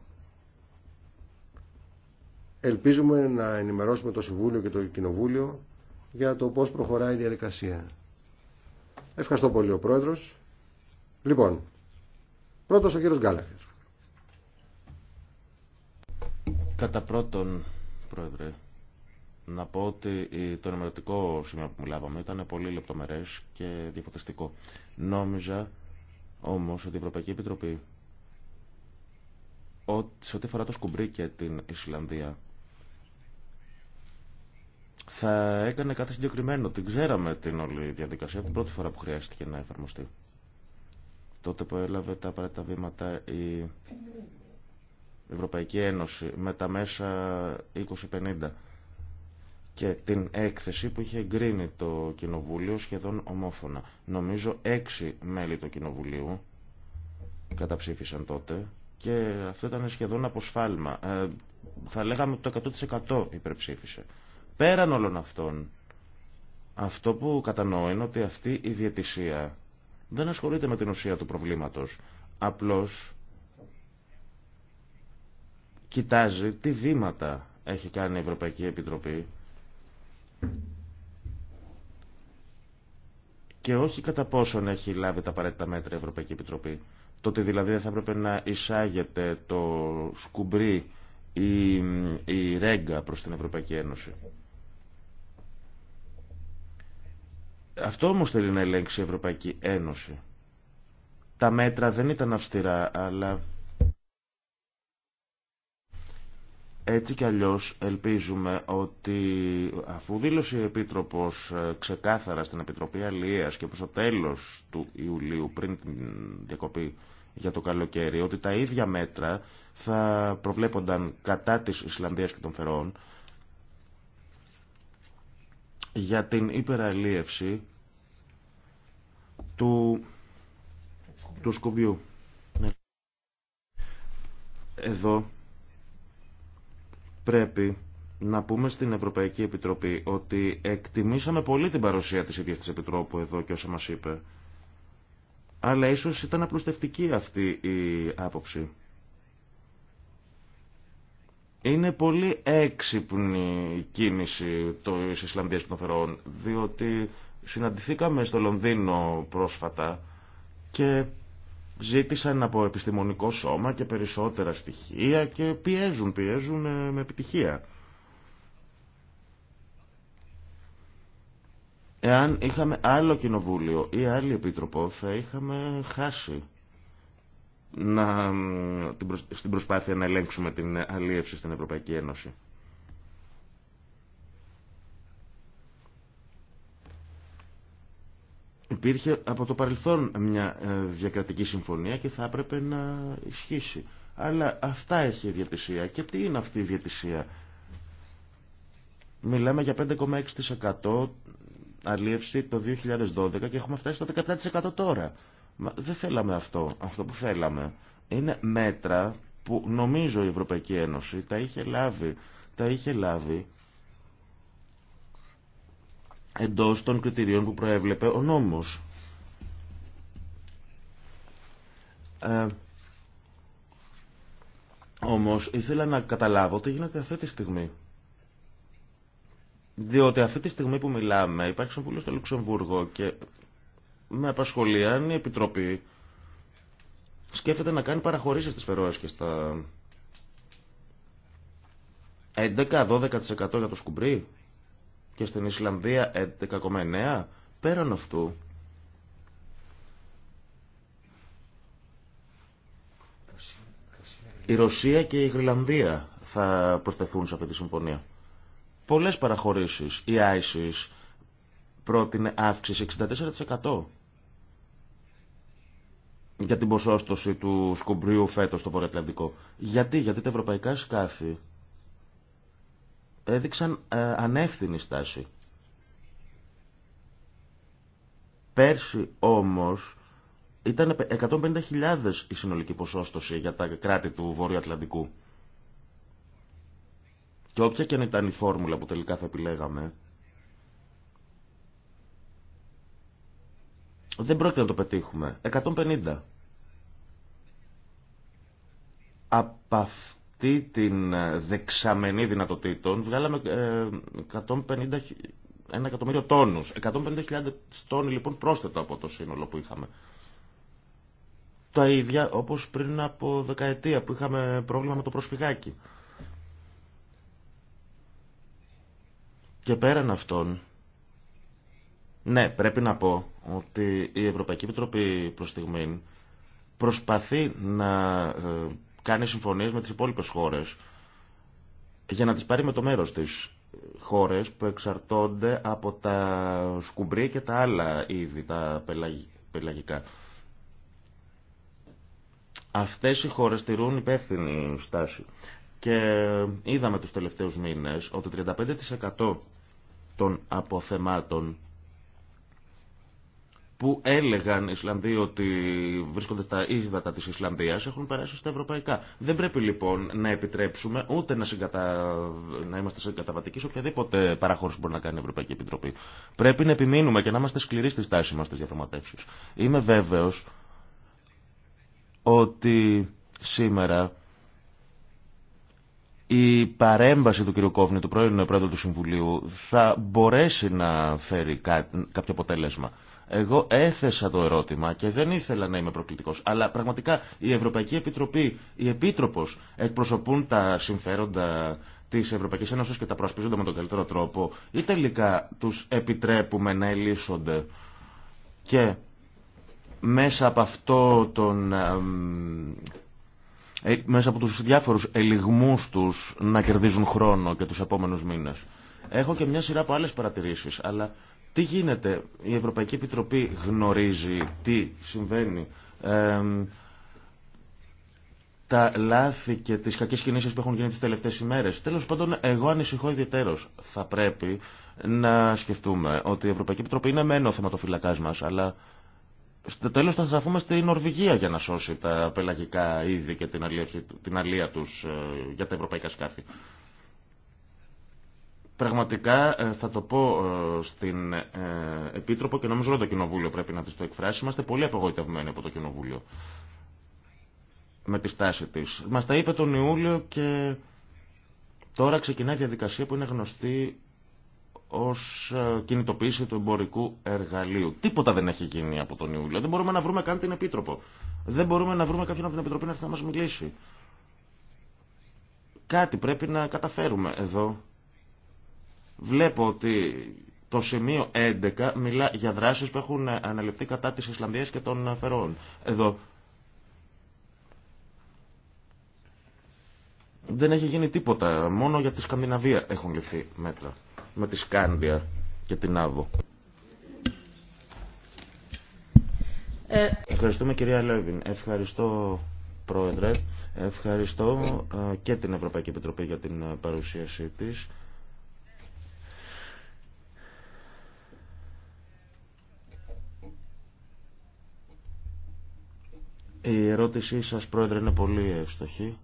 Ελπίζουμε να ενημερώσουμε το Συμβούλιο και το Κοινοβούλιο για το πώς προχωράει η διαδικασία. Ευχαριστώ πολύ ο Πρόεδρος. Λοιπόν, πρώτος ο κύριος Γκάλαχερ. Κατά πρώτον, Πρόεδρε, να πω ότι το ενημερωτικό σημείο που μιλάβαμε ήταν πολύ λεπτομερές και διαφωτιστικό. Νόμιζα όμως ότι η Ευρωπαϊκή Επιτροπή σε ό,τι αφορά το σκουμπρί και την Ισλανδία θα έκανε κάτι συγκεκριμένο. Την ξέραμε την όλη διαδικασία την πρώτη φορά που χρειάστηκε να εφαρμοστεί. Τότε που έλαβε τα απαραίτητα βήματα η Ευρωπαϊκή Ένωση με τα μέσα 2050 και την έκθεση που είχε εγκρίνει το Κοινοβούλιο σχεδόν ομόφωνα. Νομίζω έξι μέλη του Κοινοβουλίου καταψήφισαν τότε και αυτό ήταν σχεδόν αποσφάλμα. Ε, θα λέγαμε το 100% υπερψήφισε. Πέραν όλων αυτών, αυτό που κατανοώ είναι ότι αυτή η διαιτησία δεν ασχολείται με την ουσία του προβλήματος. Απλώς κοιτάζει τι βήματα έχει κάνει η Ευρωπαϊκή Επιτροπή και όχι κατά πόσον έχει λάβει τα απαραίτητα μέτρα η Ευρωπαϊκή Επιτροπή. Το ότι δηλαδή δεν θα έπρεπε να εισάγεται το σκουμπρί ή η, η ρέγγα προς την Ευρωπαϊκή Ένωση. Αυτό όμως θέλει να ελέγξει η Ευρωπαϊκή Ένωση. Τα μέτρα δεν ήταν αυστηρά, αλλά έτσι κι αλλιώς ελπίζουμε ότι αφού δήλωσε η Επίτροπος ε, ξεκάθαρα στην Επιτροπή Αλίας και προς το τέλος του Ιουλίου πριν την διακοπή για το καλοκαίρι ότι τα ίδια μέτρα θα προβλέπονταν κατά της Ισλανδίας και των Φερών για την υπεραλίευση του, του σκουμπιού. Εδώ πρέπει να πούμε στην Ευρωπαϊκή Επιτροπή ότι εκτιμήσαμε πολύ την παρουσία της ίδιας της Επιτρόπου εδώ και όσα μας είπε. Αλλά ίσως ήταν απλουστευτική αυτή η άποψη. Είναι πολύ έξυπνη η κίνηση το Ισλανδίας των διότι Συναντηθήκαμε στο Λονδίνο πρόσφατα και ζήτησαν από επιστημονικό σώμα και περισσότερα στοιχεία και πιέζουν, πιέζουν ε, με επιτυχία. Εάν είχαμε άλλο κοινοβούλιο ή άλλη επίτροπο θα είχαμε χάσει να, στην προσπάθεια να ελέγξουμε την αλίευση στην Ευρωπαϊκή Ένωση. Υπήρχε από το παρελθόν μια ε, διακρατική συμφωνία και θα έπρεπε να ισχύσει. Αλλά αυτά έχει η διατησία. Και τι είναι αυτή η διατησία. Μιλάμε για 5,6% αλίευση το 2012 και έχουμε φτάσει στο 17% τώρα. Μα δεν θέλαμε αυτό. Αυτό που θέλαμε είναι μέτρα που νομίζω η Ευρωπαϊκή Ένωση τα είχε λάβει. Τα είχε λάβει εντός των κριτηρίων που προέβλεπε ο νόμος. Ε, όμως ήθελα να καταλάβω τι γίνεται αυτή τη στιγμή. Διότι αυτή τη στιγμή που μιλάμε υπάρχει συμβούλιο στο Λουξεμβούργο και με απασχολεί αν η Επιτροπή σκέφτεται να κάνει παραχωρήσεις στις Φερόες και στα 11-12% για το σκουμπρί και στην Ισλανδία 11,9. Ε, Πέραν αυτού, η Ρωσία και η Γρυλανδία θα προσθεθούν σε αυτή τη συμφωνία. Πολλές παραχωρήσεις. Η ISIS πρότεινε αύξηση 64% για την ποσόστοση του σκουμπρίου φέτος στο Βορειοατλαντικό. Γιατί, γιατί τα ευρωπαϊκά σκάφη έδειξαν ε, ανεύθυνη στάση. Πέρσι όμως ήταν 150.000 η συνολική ποσόστοση για τα κράτη του Βόρειου Ατλαντικού. Και όποια και αν ήταν η φόρμουλα που τελικά θα επιλέγαμε, δεν πρόκειται να το πετύχουμε. 150. Από αυτή την ε, δεξαμενή δυνατοτήτων βγάλαμε 150, ε, ένα εκατομμύριο τόνους. 150.000 τόνοι λοιπόν πρόσθετο από το σύνολο που είχαμε. Τα ίδια όπως πριν από δεκαετία που είχαμε πρόβλημα με το προσφυγάκι. Και πέραν αυτών, ναι, πρέπει να πω ότι η Ευρωπαϊκή Επιτροπή προς στιγμή προσπαθεί να ε, κάνει συμφωνίες με τις υπόλοιπες χώρες για να τις πάρει με το μέρος της χώρες που εξαρτώνται από τα σκουμπρί και τα άλλα είδη, τα πελαγικά. Αυτές οι χώρες τηρούν υπεύθυνη στάση. Και είδαμε τους τελευταίους μήνες ότι 35% των αποθεμάτων που έλεγαν Ισλανδοί ότι βρίσκονται στα ύδατα της Ισλανδίας έχουν περάσει στα ευρωπαϊκά. Δεν πρέπει λοιπόν να επιτρέψουμε ούτε να, συγκατα... να είμαστε συγκαταβατικοί σε οποιαδήποτε παραχώρηση μπορεί να κάνει η Ευρωπαϊκή Επιτροπή. Πρέπει να επιμείνουμε και να είμαστε σκληροί στη στάση μας στις διαπραγματεύσεις. Είμαι βέβαιος ότι σήμερα η παρέμβαση του κ. Κόβνη, του πρώην Πρόεδρου του Συμβουλίου, θα μπορέσει να φέρει κάποιο αποτέλεσμα. Εγώ έθεσα το ερώτημα και δεν ήθελα να είμαι προκλητικός, αλλά πραγματικά η Ευρωπαϊκή Επιτροπή, η Επίτροπο, εκπροσωπούν τα συμφέροντα τη Ευρωπαϊκή Ένωση και τα προασπίζονται με τον καλύτερο τρόπο, ή τελικά του επιτρέπουμε να ελίσσονται και μέσα από αυτό τον. Ε, μέσα από τους διάφορους ελιγμούς τους να κερδίζουν χρόνο και τους επόμενους μήνες. Έχω και μια σειρά από άλλες παρατηρήσεις, αλλά τι γίνεται, η Ευρωπαϊκή Επιτροπή γνωρίζει τι συμβαίνει. τα λάθη και τις κακές κινήσεις που έχουν γίνει τις τελευταίες ημέρες. Τέλος πάντων, εγώ ανησυχώ ιδιαιτέρως. Θα πρέπει να σκεφτούμε ότι η Ευρωπαϊκή Επιτροπή είναι μένω ο θεματοφυλακάς μας, αλλά στο τέλος θα στραφούμε στη Νορβηγία για να σώσει τα πελαγικά είδη και την αλία, την αλία τους ε, για τα ευρωπαϊκά σκάφη. Πραγματικά ε, θα το πω ε, στην ε, Επίτροπο και νομίζω ότι το Κοινοβούλιο πρέπει να τη το εκφράσει. Είμαστε πολύ απογοητευμένοι από το Κοινοβούλιο με τη στάση τη. Μα τα είπε τον Ιούλιο και τώρα ξεκινάει η διαδικασία που είναι γνωστή ω κινητοποίηση του εμπορικού εργαλείου. Τίποτα δεν έχει γίνει από τον Ιούλιο. Δεν μπορούμε να βρούμε καν την Επίτροπο. Δεν μπορούμε να βρούμε κάποιον από την Επιτροπή να έρθει να μα μιλήσει. Κάτι πρέπει να καταφέρουμε εδώ Βλέπω ότι το σημείο 11 μιλά για δράσεις που έχουν αναλυφθεί κατά της Ισλανδίας και των Φερών. Εδώ δεν έχει γίνει τίποτα. Μόνο για τη Σκανδιναβία έχουν ληφθεί μέτρα. Με τη Σκάνδια και την Άβο. Ε... Ευχαριστούμε κυρία Λέβιν. Ευχαριστώ πρόεδρε. Ευχαριστώ ε, και την Ευρωπαϊκή Επιτροπή για την παρουσίασή της. Η ερώτησή σας, Πρόεδρε, είναι πολύ εύστοχη.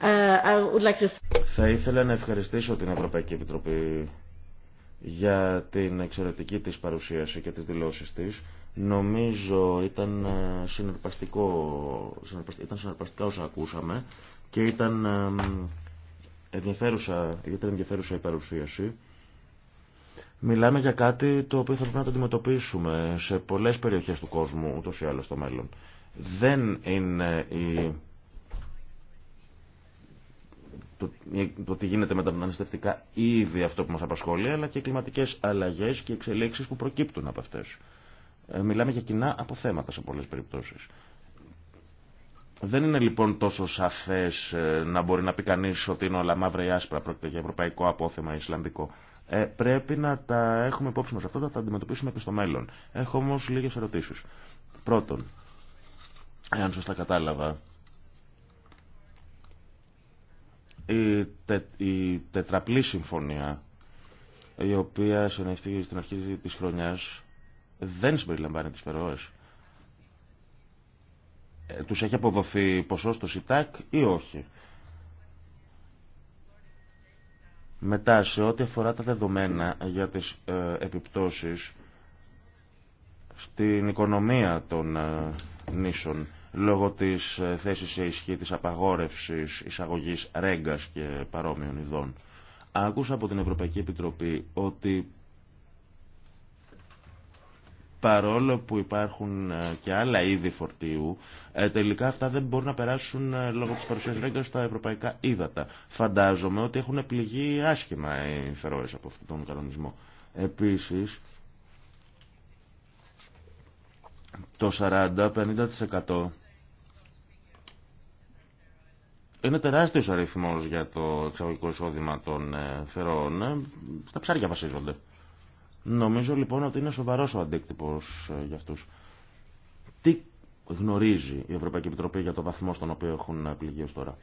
Uh, Θα ήθελα να ευχαριστήσω την Ευρωπαϊκή Επιτροπή για την εξαιρετική της παρουσίαση και τις δηλώσεις της. Νομίζω ήταν, ε, συναρπαστικό, ήταν συναρπαστικά όσα ακούσαμε και ήταν ε, ενδιαφέρουσα, ιδιαίτερα ενδιαφέρουσα η παρουσίαση. Μιλάμε για κάτι το οποίο θα πρέπει να το αντιμετωπίσουμε σε πολλές περιοχές του κόσμου, ούτως ή άλλως στο μέλλον. Δεν είναι η το, το τι γίνεται με τα μεταναστευτικά ήδη αυτό που μας απασχολεί, αλλά και κλιματικές αλλαγές και εξελίξεις που προκύπτουν από αυτές. Ε, μιλάμε για κοινά αποθέματα σε πολλές περιπτώσεις. Δεν είναι λοιπόν τόσο σαφές ε, να μπορεί να πει κανείς ότι είναι όλα μαύρα ή άσπρα, πρόκειται για ευρωπαϊκό απόθεμα ή ισλανδικό. Ε, πρέπει να τα έχουμε υπόψη μας αυτά, θα τα αντιμετωπίσουμε και στο μέλλον. Έχω όμως λίγες ερωτήσεις. Πρώτον, εάν σωστά κατάλαβα, η, τετραπλή συμφωνία η οποία συνεχίστηκε στην αρχή της χρονιάς δεν συμπεριλαμβάνει τις Φερόες. Ε, τους έχει αποδοθεί ποσό στο ΣΥΤΑΚ ή όχι. Μετά, σε ό,τι αφορά τα δεδομένα για τις ε, επιπτώσεις στην οικονομία των ε, νήσων, λόγω της ε, θέσης σε ισχύ της απαγόρευσης εισαγωγής ρέγκας και παρόμοιων ειδών. Άκουσα από την Ευρωπαϊκή Επιτροπή ότι παρόλο που υπάρχουν ε, και άλλα είδη φορτίου, ε, τελικά αυτά δεν μπορούν να περάσουν λόγω της παρουσίας ρέγκας στα ευρωπαϊκά ύδατα. Φαντάζομαι ότι έχουν πληγεί άσχημα οι φερόες από αυτόν τον κανονισμό. Επίσης, το 40-50% είναι τεράστιος αριθμό για το εξαγωγικό εισόδημα των φερών. Ε, ε, στα ψάρια βασίζονται. Νομίζω λοιπόν ότι είναι σοβαρό ο αντίκτυπος ε, για αυτούς. Τι γνωρίζει η Ευρωπαϊκή Επιτροπή για το βαθμό στον οποίο έχουν πληγεί ως τώρα.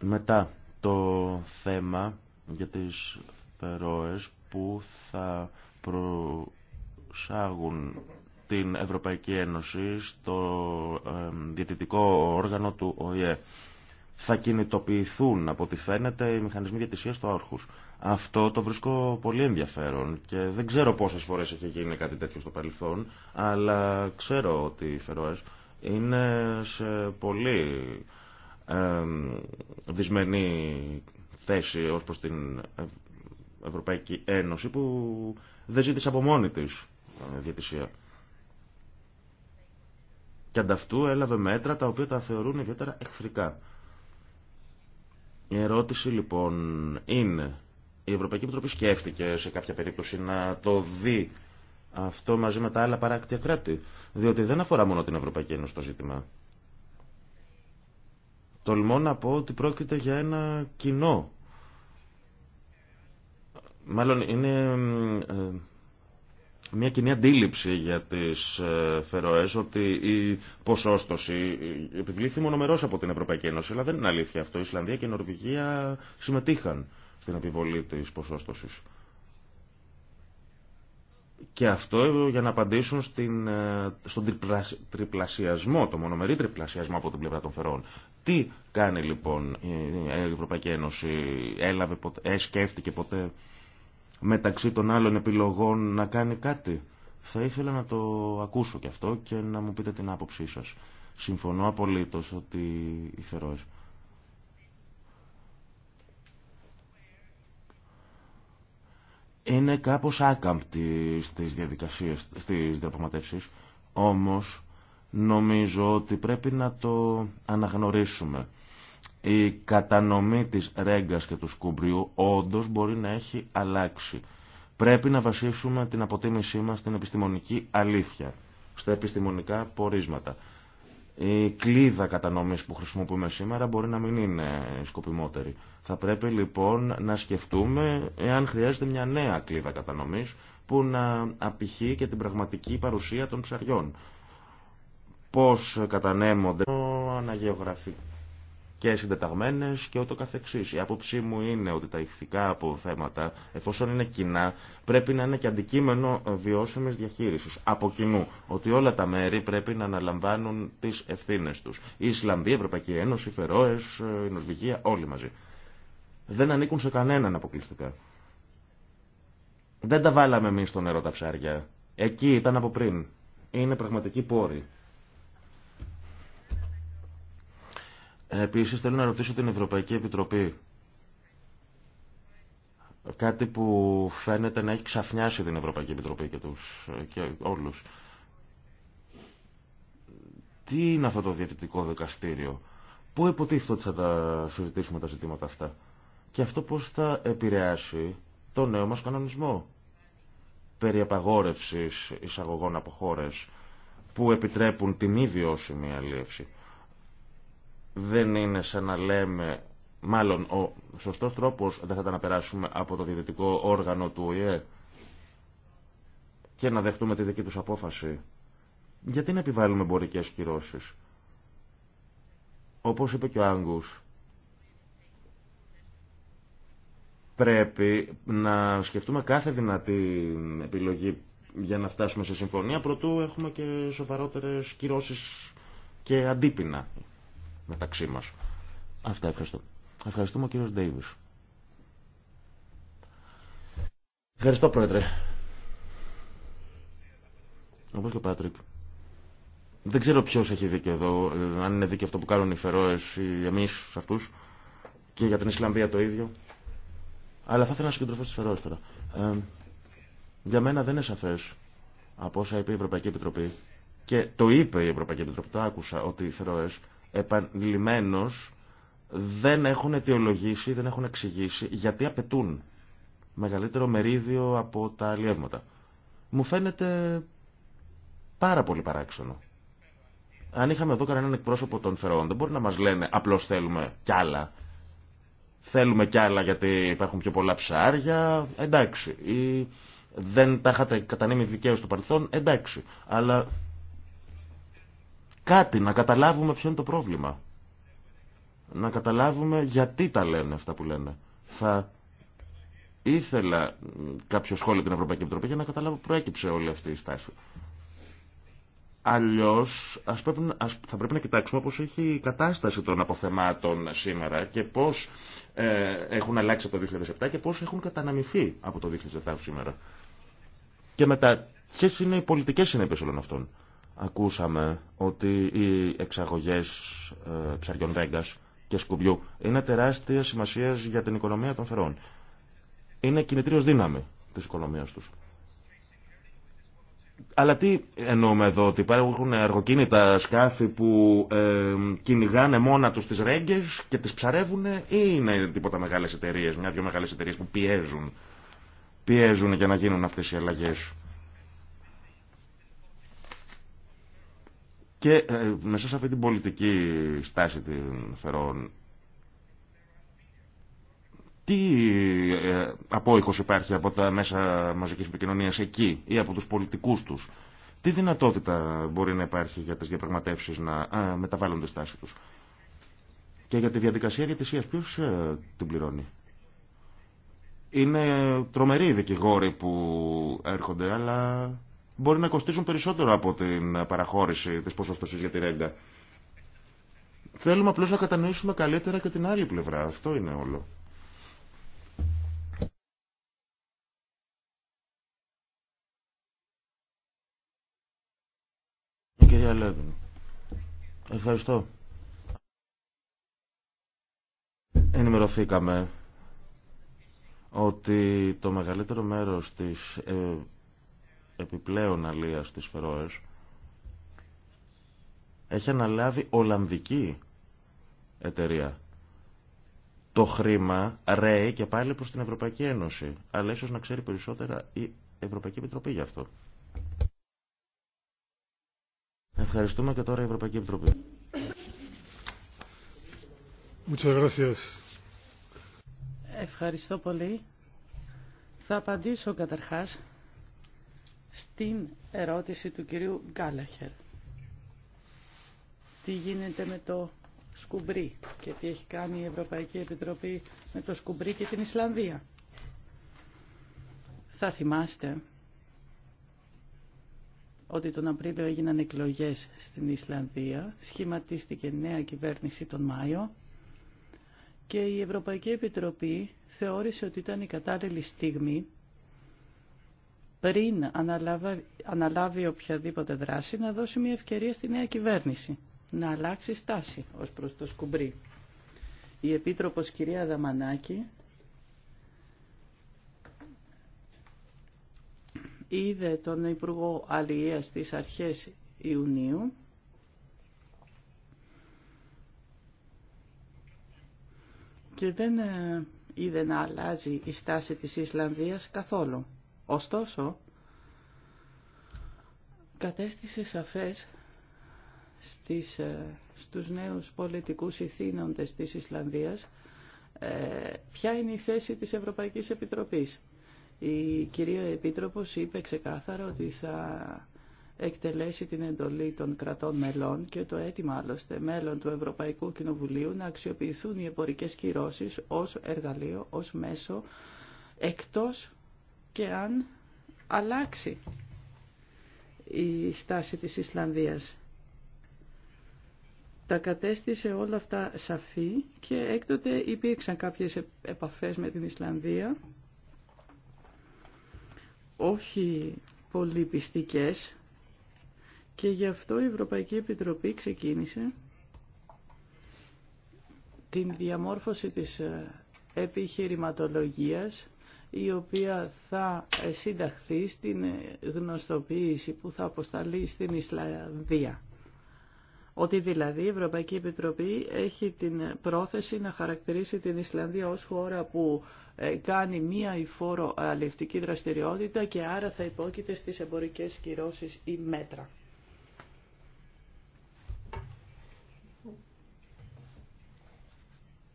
Μετά το θέμα για τι φερόε που θα προσάγουν στην Ευρωπαϊκή Ένωση, στο διαιτητικό όργανο του ΟΗΕ. Θα κινητοποιηθούν, από ό,τι φαίνεται, οι μηχανισμοί διατησίας του άρχους. Αυτό το βρίσκω πολύ ενδιαφέρον και δεν ξέρω πόσες φορές έχει γίνει κάτι τέτοιο στο παρελθόν, αλλά ξέρω ότι οι Φερόες είναι σε πολύ ε, δυσμενή θέση ως προς την Ευρωπαϊκή Ένωση που δεν ζήτησε από μόνη της ε, διατησία. Και ανταυτού έλαβε μέτρα τα οποία τα θεωρούν ιδιαίτερα εχθρικά. Η ερώτηση λοιπόν είναι, η Ευρωπαϊκή Επιτροπή σκέφτηκε σε κάποια περίπτωση να το δει αυτό μαζί με τα άλλα παράκτια κράτη, διότι δεν αφορά μόνο την Ευρωπαϊκή Ένωση το ζήτημα. Τολμώ να πω ότι πρόκειται για ένα κοινό. Μάλλον είναι ε, μια κοινή αντίληψη για τις ε, Φεροές ότι η ποσόστοση ε, επιβλήθη μονομερώς από την Ευρωπαϊκή Ένωση, αλλά δεν είναι αλήθεια αυτό. Η Ισλανδία και η Νορβηγία συμμετείχαν στην επιβολή της ποσόστοσης. Και αυτό ε, για να απαντήσουν στην, στον τριπλασιασμό, το μονομερή τριπλασιασμό από την πλευρά των φερών. Τι κάνει λοιπόν η Ευρωπαϊκή Ένωση, έλαβε, ποτέ, σκέφτηκε ποτέ μεταξύ των άλλων επιλογών να κάνει κάτι. Θα ήθελα να το ακούσω και αυτό και να μου πείτε την άποψή σας. Συμφωνώ απολύτως ότι οι θερόες. Είναι κάπως άκαμπτη στις διαδικασίες, στις διαπραγματεύσεις, όμως νομίζω ότι πρέπει να το αναγνωρίσουμε. Η κατανομή της ρέγκας και του σκουμπριού όντως μπορεί να έχει αλλάξει. Πρέπει να βασίσουμε την αποτίμησή μας στην επιστημονική αλήθεια, στα επιστημονικά πορίσματα. Η κλίδα κατανομής που χρησιμοποιούμε σήμερα μπορεί να μην είναι σκοπιμότερη. Θα πρέπει λοιπόν να σκεφτούμε εάν χρειάζεται μια νέα κλίδα κατανομής που να απηχεί και την πραγματική παρουσία των ψαριών. Πώς κατανέμονται αναγεωγραφικά και συντεταγμένε και ούτω καθεξή. Η άποψή μου είναι ότι τα ηχθικά από θέματα, εφόσον είναι κοινά, πρέπει να είναι και αντικείμενο βιώσιμη διαχείριση. Από κοινού. Ότι όλα τα μέρη πρέπει να αναλαμβάνουν τι ευθύνε του. Η Ισλανδία, η Ευρωπαϊκή Ένωση, οι Φερόε, η Νορβηγία, όλοι μαζί. Δεν ανήκουν σε κανέναν αποκλειστικά. Δεν τα βάλαμε εμεί στο νερό τα ψάρια. Εκεί ήταν από πριν. Είναι πραγματική πόρη. Επίσης θέλω να ρωτήσω την Ευρωπαϊκή Επιτροπή. Κάτι που φαίνεται να έχει ξαφνιάσει την Ευρωπαϊκή Επιτροπή και, τους, και όλους. Τι είναι αυτό το διαιτητικό δικαστήριο. Πού υποτίθεται ότι θα τα συζητήσουμε τα ζητήματα αυτά. Και αυτό πώς θα επηρεάσει το νέο μας κανονισμό. Περί απαγόρευσης εισαγωγών από χώρε που επιτρέπουν την ίδια όσημη αλίευση δεν είναι σαν να λέμε, μάλλον ο σωστός τρόπος δεν θα ήταν να περάσουμε από το διαιτητικό όργανο του ΟΗΕ και να δεχτούμε τη δική τους απόφαση. Γιατί να επιβάλλουμε μπορικές κυρώσεις. Όπως είπε και ο Άγγους, πρέπει να σκεφτούμε κάθε δυνατή επιλογή για να φτάσουμε σε συμφωνία, προτού έχουμε και σοβαρότερες κυρώσεις και αντίπεινα μεταξύ μας. Αυτά ευχαριστώ. Ευχαριστούμε ο κύριος Ντέιβις. Ευχαριστώ πρόεδρε. Όπω και ο Πάτρικ. Δεν ξέρω ποιος έχει δίκιο εδώ, ε, αν είναι δίκιο αυτό που κάνουν οι Φερόες ή εμείς αυτούς. Και για την Ισλαμπία το ίδιο. Αλλά θα ήθελα να συγκεντρωθώ στις Φερόες τώρα. Ε, για μένα δεν είναι σαφές από όσα είπε η Ευρωπαϊκή Επιτροπή και το είπε η Ευρωπαϊκή Επιτροπή, το άκουσα, ότι οι Φερόες επανειλημμένως δεν έχουν αιτιολογήσει, δεν έχουν εξηγήσει γιατί απαιτούν μεγαλύτερο μερίδιο από τα αλλιεύματα. Μου φαίνεται πάρα πολύ παράξενο. Αν είχαμε εδώ κανέναν εκπρόσωπο των φερών. δεν μπορεί να μας λένε απλώς θέλουμε κι άλλα. Θέλουμε κι άλλα γιατί υπάρχουν πιο πολλά ψάρια, εντάξει. Ή δεν τα είχατε κατανείμει δικαίως του παρελθόν, εντάξει. Αλλά κάτι, να καταλάβουμε ποιο είναι το πρόβλημα. Να καταλάβουμε γιατί τα λένε αυτά που λένε. Θα ήθελα κάποιο σχόλιο την Ευρωπαϊκή Επιτροπή για να καταλάβω που προέκυψε όλη αυτή η στάση. Αλλιώ θα πρέπει να κοιτάξουμε πώ έχει η κατάσταση των αποθεμάτων σήμερα και πώ ε, έχουν αλλάξει από το 2007 και πώ έχουν καταναμηθεί από το 2007 σήμερα. Και μετά, ποιε είναι οι πολιτικέ συνέπειε όλων αυτών ακούσαμε ότι οι εξαγωγές ε, ψαριών ρέγκας και σκουμπιού είναι τεράστια σημασία για την οικονομία των θερών. Είναι κινητήριος δύναμη της οικονομίας τους. Αλλά τι εννοούμε εδώ, ότι υπάρχουν αργοκίνητα σκάφη που ε, κυνηγάνε μόνα τους τις ρέγγες και τις ψαρεύουν ή είναι τίποτα μεγάλες εταιρείε, μια-δυο μεγάλες εταιρείε που πιέζουν, πιέζουν για να γίνουν αυτές οι αλλαγές. Και ε, μέσα σε αυτή την πολιτική στάση την Φερών, τι ε, απόϊχος υπάρχει από τα μέσα μαζικής επικοινωνίας εκεί ή από τους πολιτικούς τους. Τι δυνατότητα μπορεί να υπάρχει για τις διαπραγματεύσεις να α, ε, μεταβάλλουν τη στάση τους. Και για τη διαδικασία διατησίας ποιος ε, την πληρώνει. Είναι τρομεροί οι δικηγόροι που έρχονται, αλλά μπορεί να κοστίσουν περισσότερο από την παραχώρηση της ποσοστοσή για τη ρέντα. Θέλουμε απλώς να κατανοήσουμε καλύτερα και την άλλη πλευρά. Αυτό είναι όλο. Κυρία Λέβιν, ευχαριστώ. Ενημερωθήκαμε ότι το μεγαλύτερο μέρος της ε, επιπλέον αλίας στις Φερόες έχει αναλάβει Ολλανδική εταιρεία. Το χρήμα ρέει και πάλι προς την Ευρωπαϊκή Ένωση, αλλά ίσως να ξέρει περισσότερα η Ευρωπαϊκή Επιτροπή γι' αυτό. Ευχαριστούμε και τώρα η Ευρωπαϊκή Επιτροπή. Ευχαριστώ πολύ. Θα απαντήσω καταρχάς στην ερώτηση του κυρίου Γκάλαχερ. Τι γίνεται με το σκουμπρί και τι έχει κάνει η Ευρωπαϊκή Επιτροπή με το σκουμπρί και την Ισλανδία. Θα θυμάστε ότι τον Απρίλιο έγιναν εκλογές στην Ισλανδία, σχηματίστηκε νέα κυβέρνηση τον Μάιο και η Ευρωπαϊκή Επιτροπή θεώρησε ότι ήταν η κατάλληλη στιγμή πριν αναλάβει, οποιαδήποτε δράση να δώσει μια ευκαιρία στη νέα κυβέρνηση να αλλάξει στάση ως προς το σκουμπρί. Η Επίτροπος κυρία Δαμανάκη είδε τον Υπουργό Αλληλείας στις αρχές Ιουνίου και δεν ε, είδε να αλλάζει η στάση της Ισλανδίας καθόλου. Ωστόσο, κατέστησε σαφές στις, ε, στους νέους πολιτικούς ηθήνοντες της Ισλανδίας ε, ποια είναι η θέση της Ευρωπαϊκής Επιτροπής. Η κυρία Επίτροπος είπε ξεκάθαρα ότι θα εκτελέσει την εντολή των κρατών μελών και το αίτημα άλλωστε μέλων του Ευρωπαϊκού Κοινοβουλίου να αξιοποιηθούν οι εμπορικές κυρώσεις ως εργαλείο, ως μέσο εκτός και αν αλλάξει η στάση της Ισλανδίας. Τα κατέστησε όλα αυτά σαφή και έκτοτε υπήρξαν κάποιες επαφές με την Ισλανδία, όχι πολύ πιστικές, και γι' αυτό η Ευρωπαϊκή Επιτροπή ξεκίνησε την διαμόρφωση της ε, επιχειρηματολογίας η οποία θα συνταχθεί στην γνωστοποίηση που θα αποσταλεί στην Ισλανδία. Ότι δηλαδή η Ευρωπαϊκή Επιτροπή έχει την πρόθεση να χαρακτηρίσει την Ισλανδία ως χώρα που ε, κάνει μία υφόρο αλληλευτική δραστηριότητα και άρα θα υπόκειται στις εμπορικές κυρώσεις ή μέτρα.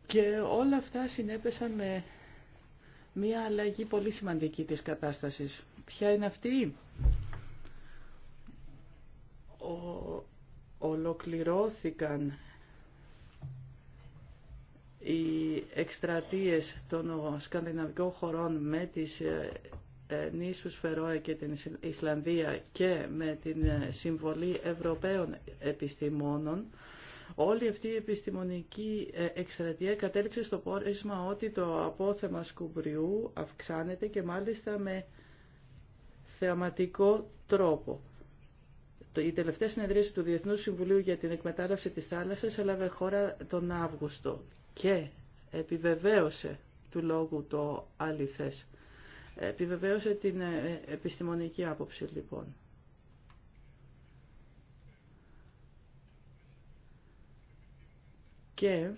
Και όλα αυτά συνέπεσαν με μία αλλαγή πολύ σημαντική της κατάστασης. Ποια είναι αυτή? Ο, ολοκληρώθηκαν οι εκστρατείες των σκανδιναβικών χωρών με τις ε, ε, νήσους Φερόε και την Ισλανδία και με την ε, συμβολή Ευρωπαίων επιστημόνων Όλη αυτή η επιστημονική εκστρατεία κατέληξε στο πόρισμα ότι το απόθεμα σκουμπριού αυξάνεται και μάλιστα με θεαματικό τρόπο. Η τελευταία συνεδρίαση του Διεθνούς Συμβουλίου για την Εκμετάλλευση της Θάλασσας έλαβε χώρα τον Αύγουστο και επιβεβαίωσε του λόγου το αληθές. Επιβεβαίωσε την ε, ε, επιστημονική άποψη λοιπόν. και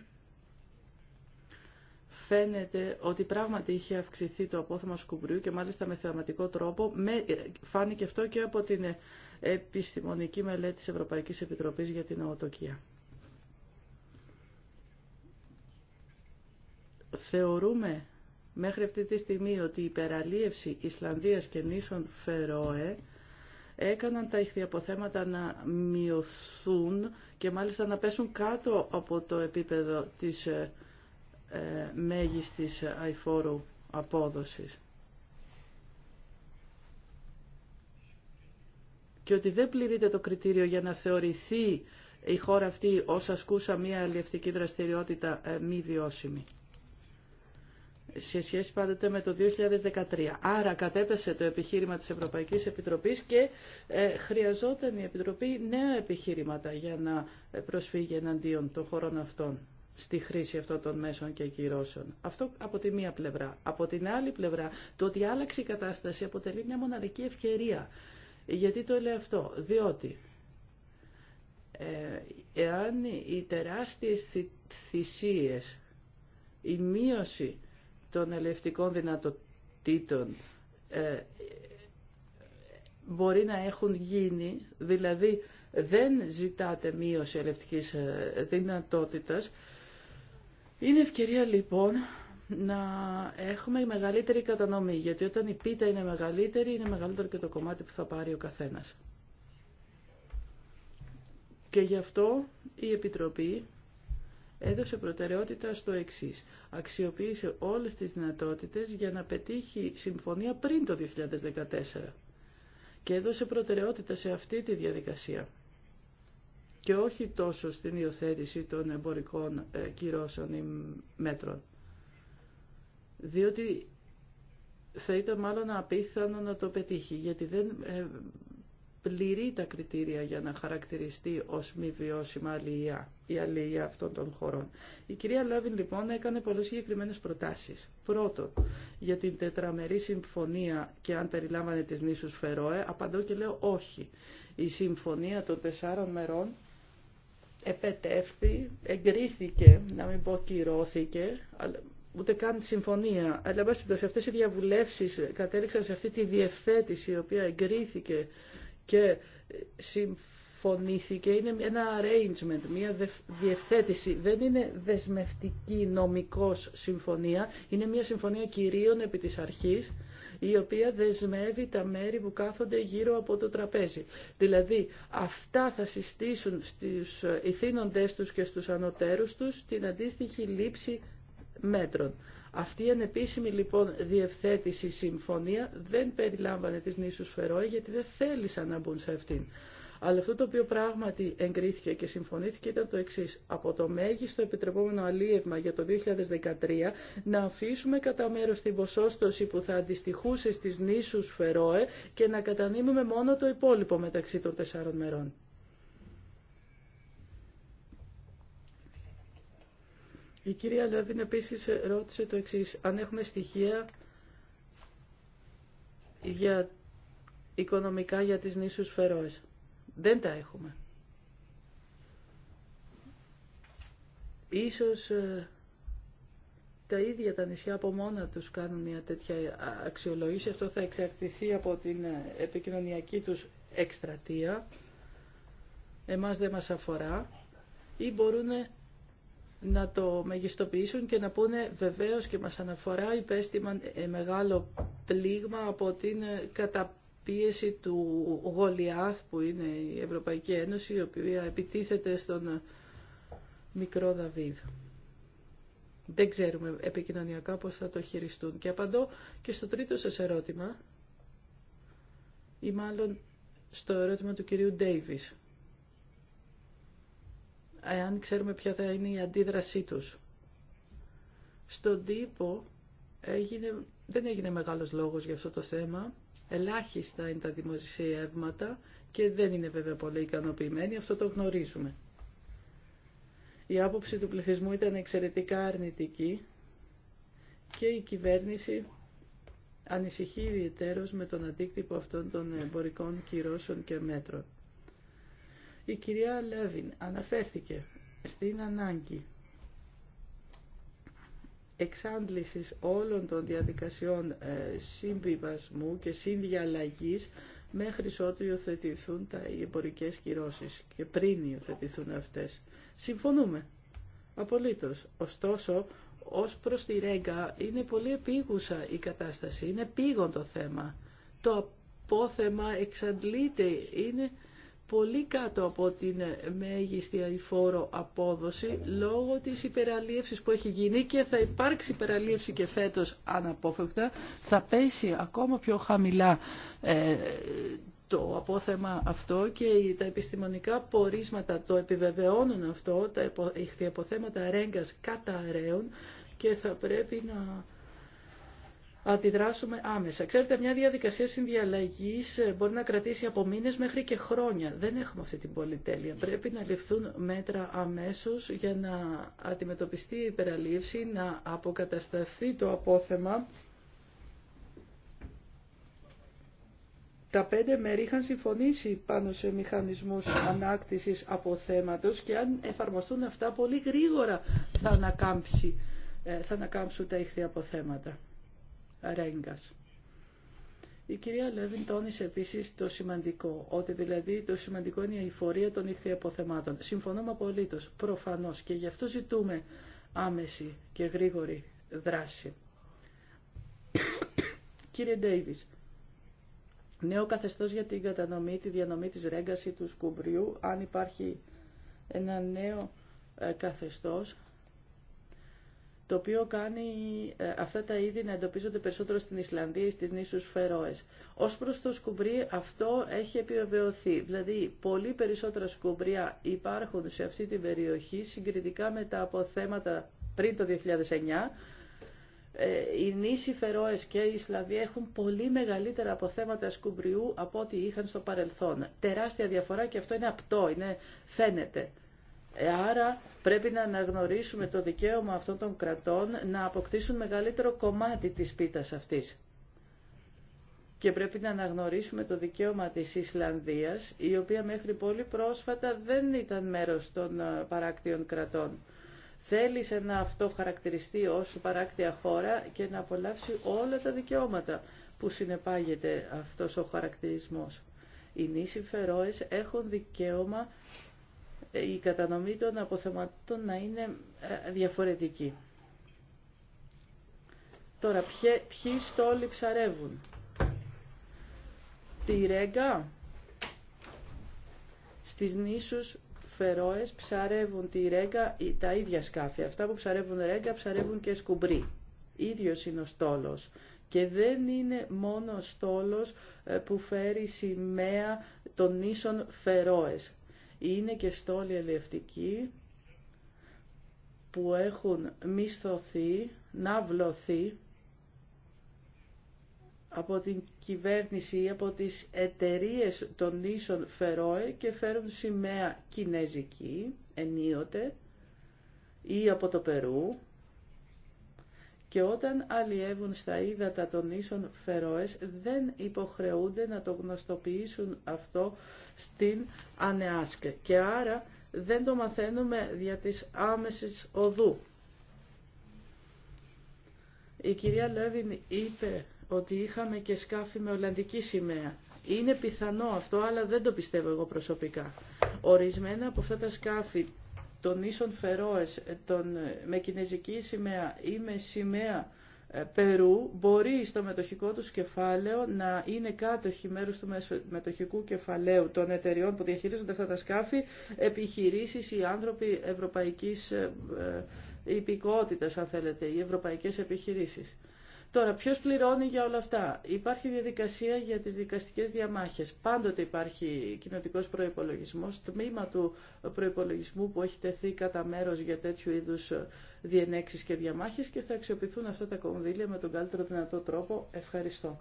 φαίνεται ότι πράγματι είχε αυξηθεί το απόθεμα σκουμπριού και μάλιστα με θεαματικό τρόπο. Με, ε, φάνηκε αυτό και από την επιστημονική μελέτη της Ευρωπαϊκής Επιτροπής για την Οτοκία. Θεωρούμε μέχρι αυτή τη στιγμή ότι η υπεραλίευση Ισλανδίας και νήσων Φερόε έκαναν τα ηχθιαποθέματα να μειωθούν και μάλιστα να πέσουν κάτω από το επίπεδο της ε, ε, μέγιστης αηφόρου απόδοσης. Και ότι δεν πληρείται το κριτήριο για να θεωρηθεί η χώρα αυτή ως ασκούσα μια αλληλευτική δραστηριότητα ε, μη βιώσιμη σε σχέση πάντοτε με το 2013. Άρα κατέπεσε το επιχείρημα της Ευρωπαϊκής Επιτροπής και ε, χρειαζόταν η Επιτροπή νέα επιχείρηματα για να ε, προσφύγει εναντίον των χωρών αυτών στη χρήση αυτών των μέσων και κυρώσεων. Αυτό από τη μία πλευρά. Από την άλλη πλευρά, το ότι άλλαξε η κατάσταση αποτελεί μια μοναδική ευκαιρία. Γιατί το λέω αυτό. Διότι ε, εάν οι τεράστιες θυσίες, η μείωση των ελευτικών δυνατοτήτων ε, μπορεί να έχουν γίνει, δηλαδή δεν ζητάτε μείωση ελευτικής ε, δυνατότητας. Είναι ευκαιρία λοιπόν να έχουμε μεγαλύτερη κατανομή, γιατί όταν η πίτα είναι μεγαλύτερη, είναι μεγαλύτερο και το κομμάτι που θα πάρει ο καθένας. Και γι' αυτό η Επιτροπή έδωσε προτεραιότητα στο εξή. Αξιοποίησε όλες τις δυνατότητες για να πετύχει συμφωνία πριν το 2014 και έδωσε προτεραιότητα σε αυτή τη διαδικασία και όχι τόσο στην υιοθέτηση των εμπορικών ε, κυρώσεων ή μέτρων. Διότι θα ήταν μάλλον απίθανο να το πετύχει, γιατί δεν ε, πληρεί τα κριτήρια για να χαρακτηριστεί ως μη βιώσιμα αλληλεία, η αλληλεία αυτών των χωρών. Η κυρία Λέβιν λοιπόν έκανε πολλές συγκεκριμένες προτάσεις. Πρώτο, για την τετραμερή συμφωνία και αν περιλάμβανε τις νήσους Φερόε, απαντώ και λέω όχι. Η συμφωνία των τεσσάρων μερών επετεύθη, εγκρίθηκε, να μην πω κυρώθηκε, ούτε καν συμφωνία. Αλλά, εν αυτές οι διαβουλεύσεις κατέληξαν σε αυτή τη διευθέτηση, η οποία εγκρίθηκε και συμφωνήθηκε είναι ένα arrangement, μια διευθέτηση. Δεν είναι δεσμευτική νομικός συμφωνία, είναι μια συμφωνία κυρίων επί της αρχής η οποία δεσμεύει τα μέρη που κάθονται γύρω από το τραπέζι. Δηλαδή, αυτά θα συστήσουν στους ηθήνοντές τους και στους ανωτέρους τους την αντίστοιχη λήψη μέτρων. Αυτή η ανεπίσημη λοιπόν διευθέτηση συμφωνία δεν περιλάμβανε τις νήσους Φερόε γιατί δεν θέλησαν να μπουν σε αυτήν. Αλλά αυτό το οποίο πράγματι εγκρίθηκε και συμφωνήθηκε ήταν το εξή. Από το μέγιστο επιτρεπόμενο αλίευμα για το 2013 να αφήσουμε κατά μέρο την ποσόστοση που θα αντιστοιχούσε στις νήσους Φερόε και να κατανείμουμε μόνο το υπόλοιπο μεταξύ των τεσσάρων μερών. Η κυρία Λέβιν επίσης ρώτησε το εξής. Αν έχουμε στοιχεία για οικονομικά για τις νήσους Φερόες. Δεν τα έχουμε. Ίσως ε, τα ίδια τα νησιά από μόνα τους κάνουν μια τέτοια αξιολογήση. Αυτό θα εξαρτηθεί από την ε, επικοινωνιακή τους εκστρατεία. Εμάς δεν μας αφορά. Ή μπορούν να το μεγιστοποιήσουν και να πούνε βεβαίως και μας αναφορά υπέστημαν ε, μεγάλο πλήγμα από την ε, καταπίεση του Γολιάθ που είναι η Ευρωπαϊκή Ένωση η οποία επιτίθεται στον ε, μικρό Δαβίδ. Δεν ξέρουμε επικοινωνιακά πώς θα το χειριστούν. Και απαντώ και στο τρίτο σας ερώτημα ή μάλλον στο ερώτημα του κυρίου Ντέιβις εάν ξέρουμε ποια θα είναι η αντίδρασή τους. Στον τύπο έγινε, δεν έγινε μεγάλος λόγος για αυτό το θέμα. Ελάχιστα είναι τα δημοσιεύματα και δεν είναι βέβαια πολύ ικανοποιημένοι, αυτό το γνωρίζουμε. Η άποψη του πληθυσμού ήταν εξαιρετικά αρνητική και η κυβέρνηση ανησυχεί ιδιαίτερως με τον αντίκτυπο αυτών των εμπορικών κυρώσεων και μέτρων. Η κυρία Λέβιν αναφέρθηκε στην ανάγκη εξάντλησης όλων των διαδικασιών ε, συμβιβασμού και συνδιαλλαγής μέχρι ότου υιοθετηθούν τα, οι εμπορικές κυρώσεις και πριν υιοθετηθούν αυτές. Συμφωνούμε. Απολύτως. Ωστόσο, ως προς τη Ρέγκα είναι πολύ επίγουσα η κατάσταση. Είναι πήγον το θέμα. Το απόθεμα εξαντλείται. Είναι πολύ κάτω από την μέγιστη αηφόρο απόδοση λόγω της υπεραλίευσης που έχει γίνει και θα υπάρξει υπεραλίευση και φέτος αναπόφευκτα. Θα πέσει ακόμα πιο χαμηλά ε, το απόθεμα αυτό και τα επιστημονικά πορίσματα το επιβεβαιώνουν αυτό, τα ηχθιαποθέματα κατα καταραίων και θα πρέπει να αντιδράσουμε άμεσα. Ξέρετε, μια διαδικασία συνδιαλλαγής ε, μπορεί να κρατήσει από μήνες μέχρι και χρόνια. Δεν έχουμε αυτή την πολυτέλεια. Πρέπει να ληφθούν μέτρα αμέσως για να αντιμετωπιστεί η υπεραλήψη, να αποκατασταθεί το απόθεμα. Τα πέντε μέρη είχαν συμφωνήσει πάνω σε μηχανισμούς ανάκτησης αποθέματος και αν εφαρμοστούν αυτά πολύ γρήγορα θα, ανακάμψει, ε, θα ανακάμψουν τα ίχθη αποθέματα. Η κυρία Λέβιν τόνισε επίση το σημαντικό, ότι δηλαδή το σημαντικό είναι η αηφορία των αποθεμάτων. Συμφωνούμε απολύτω, προφανώς, και γι' αυτό ζητούμε άμεση και γρήγορη δράση. Κύριε Ντέιβις, νέο καθεστώς για την κατανομή, τη διανομή της ρέγκα ή του σκουμπριού, αν υπάρχει ένα νέο ε, καθεστώς, το οποίο κάνει ε, αυτά τα είδη να εντοπίζονται περισσότερο στην Ισλανδία ή στις νήσους Φερόες. Ως προς το σκουμπρί αυτό έχει επιβεβαιωθεί, δηλαδή πολύ περισσότερα σκουμπρία υπάρχουν σε αυτή την περιοχή συγκριτικά με τα αποθέματα πριν το 2009, ε, οι νήσοι Φερόες και η Ισλανδία έχουν πολύ μεγαλύτερα αποθέματα σκουμπριού από ό,τι είχαν στο παρελθόν. Τεράστια διαφορά και αυτό είναι απτό, είναι, φαίνεται. Άρα πρέπει να αναγνωρίσουμε το δικαίωμα αυτών των κρατών να αποκτήσουν μεγαλύτερο κομμάτι της πίτας αυτής. Και πρέπει να αναγνωρίσουμε το δικαίωμα της Ισλανδίας, η οποία μέχρι πολύ πρόσφατα δεν ήταν μέρος των ε, παράκτιων κρατών. Θέλησε να αυτό χαρακτηριστεί ως παράκτια χώρα και να απολαύσει όλα τα δικαιώματα που συνεπάγεται αυτός ο χαρακτηρισμός. Οι νήσοι έχουν δικαίωμα η κατανομή των αποθεμάτων να είναι ε, διαφορετική. Τώρα, ποιοι στόλοι ψαρεύουν. Τη Ρέγκα, στις νήσους Φερόες ψαρεύουν τη Ρέγκα τα ίδια σκάφη. Αυτά που ψαρεύουν Ρέγκα ψαρεύουν και σκουμπρί. Ίδιος είναι ο στόλος. Και δεν είναι μόνο στόλος ε, που φέρει σημαία των νήσων Φερόες είναι και στόλοι ελευτικοί που έχουν μισθωθεί, να βλωθεί από την κυβέρνηση ή από τις εταιρείες των νήσων Φερόε και φέρουν σημαία κινέζικη ενίοτε ή από το Περού και όταν αλλιεύουν στα ύδατα των ίσων φερόες δεν υποχρεούνται να το γνωστοποιήσουν αυτό στην ΑΝΕΑΣΚΕ και άρα δεν το μαθαίνουμε δια της άμεσης οδού. Η κυρία Λέβιν είπε ότι είχαμε και σκάφη με Ολλανδική σημαία. Είναι πιθανό αυτό, αλλά δεν το πιστεύω εγώ προσωπικά. Ορισμένα από αυτά τα σκάφη των ίσων Φερόες ε, τον ε, με κινέζικη σημαία ή με σημαία ε, Περού μπορεί στο μετοχικό τους κεφάλαιο να είναι κάτοχοι μέρους του μετοχικού κεφαλαίου των εταιριών που διαχειρίζονται αυτά τα σκάφη επιχειρήσεις ή άνθρωποι ευρωπαϊκής υπηκότητας αν θέλετε, οι ευρωπαϊκές επιχειρήσεις. Τώρα, ποιος πληρώνει για όλα αυτά. Υπάρχει διαδικασία για τις δικαστικές διαμάχες. Πάντοτε υπάρχει κοινοτικός προϋπολογισμός, τμήμα του προϋπολογισμού που έχει τεθεί κατά μέρος για τέτοιου είδους διενέξεις και διαμάχες και θα αξιοποιηθούν αυτά τα κονδύλια με τον καλύτερο δυνατό τρόπο. Ευχαριστώ.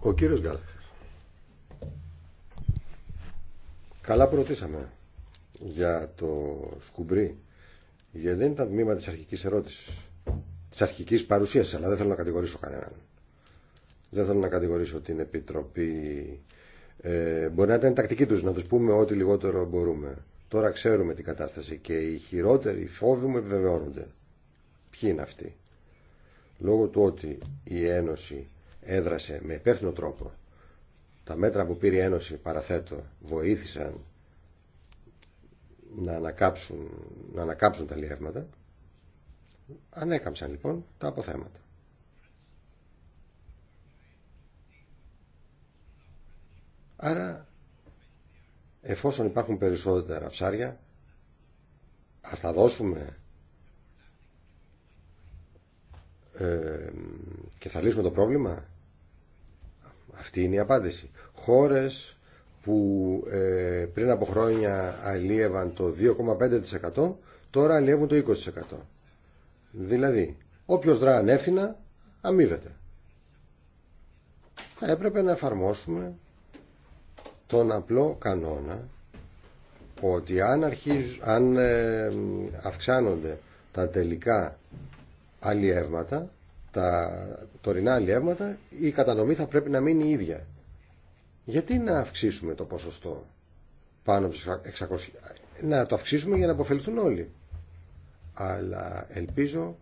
Ο κύριος Γκάλαχερ. Καλά προωτήσαμε για το σκουμπρί, γιατί δεν ήταν τμήμα της αρχικής ερώτησης. Τη αρχικής παρουσίαση, αλλά δεν θέλω να κατηγορήσω κανέναν. Δεν θέλω να κατηγορήσω την Επιτροπή. Ε, μπορεί να ήταν τακτική τους, να τους πούμε ό,τι λιγότερο μπορούμε. Τώρα ξέρουμε την κατάσταση και οι χειρότεροι φόβοι μου επιβεβαιώνονται. Ποιοι είναι αυτοί. Λόγω του ότι η Ένωση έδρασε με υπεύθυνο τρόπο, τα μέτρα που πήρε η Ένωση, παραθέτω, βοήθησαν να ανακάψουν, να ανακάψουν τα λιεύματα, Ανέκαμψαν λοιπόν τα αποθέματα. Άρα, εφόσον υπάρχουν περισσότερα ψάρια, ας τα δώσουμε ε, και θα λύσουμε το πρόβλημα. Αυτή είναι η απάντηση. Χώρες που ε, πριν από χρόνια αλλιεύαν το 2,5% τώρα αλλιεύουν το 20%. Δηλαδή, όποιος δρά ανεύθυνα αμείβεται. Θα έπρεπε να εφαρμόσουμε τον απλό κανόνα ότι αν, αρχίζουν, αν ε, αυξάνονται τα τελικά αλλιεύματα, τα τωρινά αλλιεύματα, η κατανομή θα πρέπει να μείνει η ίδια. Γιατί να αυξήσουμε το ποσοστό πάνω από 600, να το αυξήσουμε για να αποφελθούν όλοι αλλά ελπίζω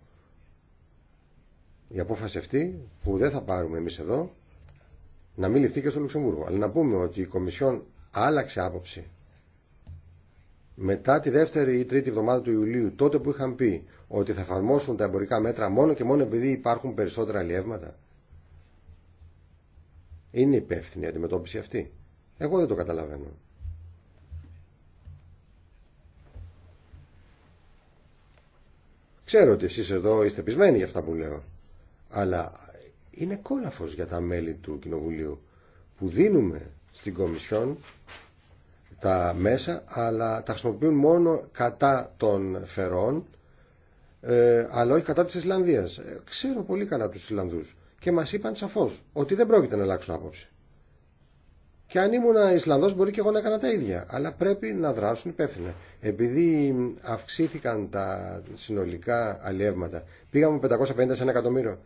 η απόφαση αυτή που δεν θα πάρουμε εμείς εδώ να μην ληφθεί και στο Λουξεμβούργο. Αλλά να πούμε ότι η Κομισιόν άλλαξε άποψη μετά τη δεύτερη ή τρίτη εβδομάδα του Ιουλίου, τότε που είχαν πει ότι θα εφαρμόσουν τα εμπορικά μέτρα μόνο και μόνο επειδή υπάρχουν περισσότερα αλλιεύματα. Είναι υπεύθυνη η αντιμετώπιση αυτή. Εγώ δεν το καταλαβαίνω. Ξέρω ότι εσείς εδώ είστε πεισμένοι για αυτά που λέω, αλλά είναι κόλαφος για τα μέλη του Κοινοβουλίου που δίνουμε στην Κομισιόν τα μέσα, αλλά τα χρησιμοποιούν μόνο κατά των φερών, ε, αλλά όχι κατά της Ισλανδίας. Ε, ξέρω πολύ καλά τους Ισλανδούς και μας είπαν σαφώς ότι δεν πρόκειται να αλλάξουν άποψη. Και αν ήμουν Ισλανδό, μπορεί και εγώ να έκανα τα ίδια. Αλλά πρέπει να δράσουν υπεύθυνα. Επειδή αυξήθηκαν τα συνολικά αλλιεύματα, πήγαμε 550 σε ένα εκατομμύριο.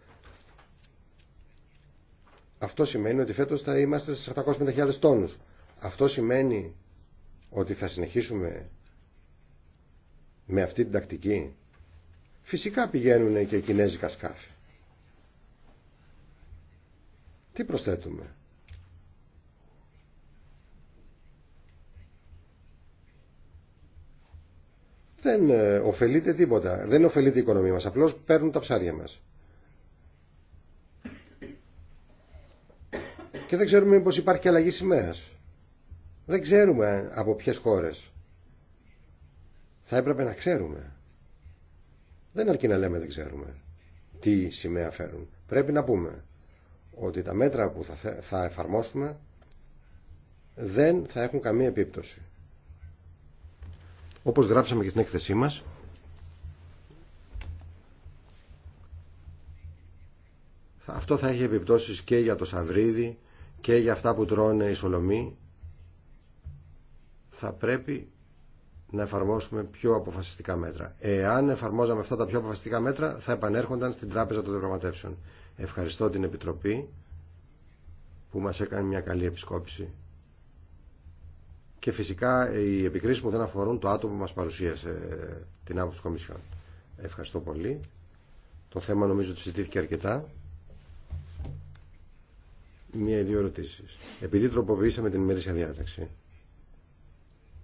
Αυτό σημαίνει ότι φέτος θα είμαστε στι 750.000 τόνου. Αυτό σημαίνει ότι θα συνεχίσουμε με αυτή την τακτική. Φυσικά πηγαίνουν και οι κινέζικα σκάφη. Τι προσθέτουμε. δεν ε, ωφελείται τίποτα. Δεν ωφελείται η οικονομία μας. Απλώς παίρνουν τα ψάρια μας. Και δεν ξέρουμε πως υπάρχει αλλαγή σημαία. Δεν ξέρουμε από ποιες χώρες. Θα έπρεπε να ξέρουμε. Δεν αρκεί να λέμε δεν ξέρουμε τι σημαία φέρουν. Πρέπει να πούμε ότι τα μέτρα που θα εφαρμόσουμε δεν θα έχουν καμία επίπτωση. Όπως γράψαμε και στην έκθεσή μας, αυτό θα έχει επιπτώσεις και για το σαβρίδι και για αυτά που τρώνε οι σολομοί. Θα πρέπει να εφαρμόσουμε πιο αποφασιστικά μέτρα. Εάν εφαρμόζαμε αυτά τα πιο αποφασιστικά μέτρα, θα επανέρχονταν στην Τράπεζα των Δεπραγματεύσεων. Ευχαριστώ την Επιτροπή που μας έκανε μια καλή επισκόπηση και φυσικά οι επικρίσει που δεν αφορούν το άτομο που μας παρουσίασε ε, την άποψη της Κομισιόν. Ευχαριστώ πολύ. Το θέμα νομίζω ότι συζητήθηκε αρκετά. Μία ή δύο ερωτήσει. Επειδή τροποποιήσαμε την ημερήσια διάταξη,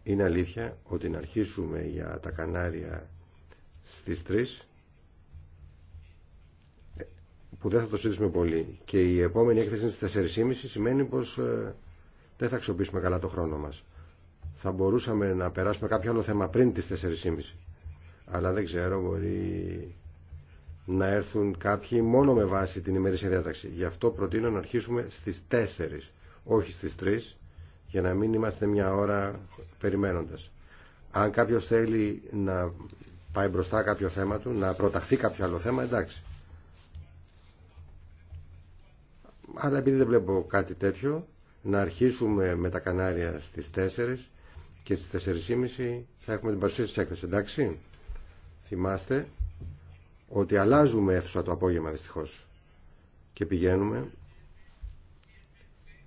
είναι αλήθεια ότι να αρχίσουμε για τα Κανάρια στι 3 ε, που δεν θα το συζητήσουμε πολύ και η επόμενη έκθεση είναι στις 4.30 σημαίνει πως ε, δεν θα αξιοποιήσουμε καλά το χρόνο μας θα μπορούσαμε να περάσουμε κάποιο άλλο θέμα πριν τις 4.30. Αλλά δεν ξέρω, μπορεί να έρθουν κάποιοι μόνο με βάση την ημερήσια διάταξη. Γι' αυτό προτείνω να αρχίσουμε στις 4, όχι στις 3, για να μην είμαστε μια ώρα περιμένοντας. Αν κάποιο θέλει να πάει μπροστά κάποιο θέμα του, να προταχθεί κάποιο άλλο θέμα, εντάξει. Αλλά επειδή δεν βλέπω κάτι τέτοιο, να αρχίσουμε με τα Κανάρια στις 4 και στις 4.30 θα έχουμε την παρουσίαση της έκθεσης, εντάξει. Θυμάστε ότι αλλάζουμε αίθουσα το απόγευμα δυστυχώ και πηγαίνουμε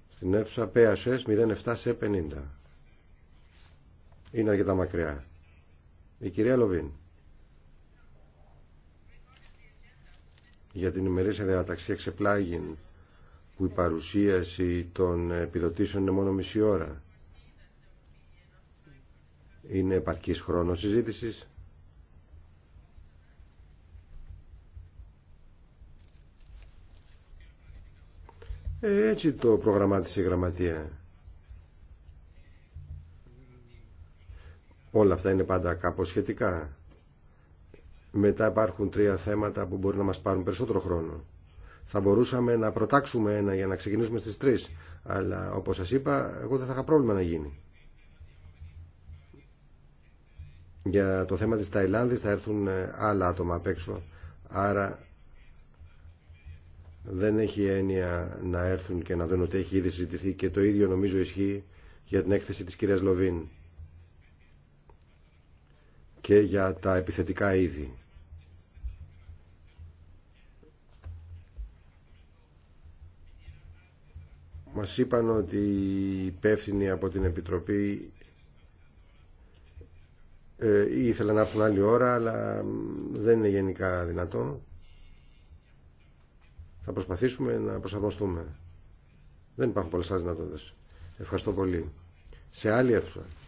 στην αίθουσα PHS 07 σε 50. Είναι αρκετά μακριά. Η κυρία Λοβίν. Για την ημερήσια διαταξία ξεπλάγιν που η παρουσίαση των επιδοτήσεων είναι μόνο μισή ώρα. Είναι επαρκής χρόνος συζήτησης. Ε, έτσι το προγραμμάτισε η γραμματεία. Όλα αυτά είναι πάντα κάπως σχετικά. Μετά υπάρχουν τρία θέματα που μπορεί να μας πάρουν περισσότερο χρόνο. Θα μπορούσαμε να προτάξουμε ένα για να ξεκινήσουμε στις τρεις. Αλλά όπως σας είπα, εγώ δεν θα είχα πρόβλημα να γίνει. για το θέμα της Ταϊλάνδης θα έρθουν ε, άλλα άτομα απ' έξω. Άρα δεν έχει έννοια να έρθουν και να δουν ότι έχει ήδη συζητηθεί και το ίδιο νομίζω ισχύει για την έκθεση της κυρίας Λοβίν και για τα επιθετικά είδη. Μας είπαν ότι οι υπεύθυνοι από την Επιτροπή ε, ήθελα να έρθουν άλλη ώρα αλλά δεν είναι γενικά δυνατό θα προσπαθήσουμε να προσαρμοστούμε δεν υπάρχουν πολλές άλλες δυνατότητες ευχαριστώ πολύ σε άλλη αίθουσα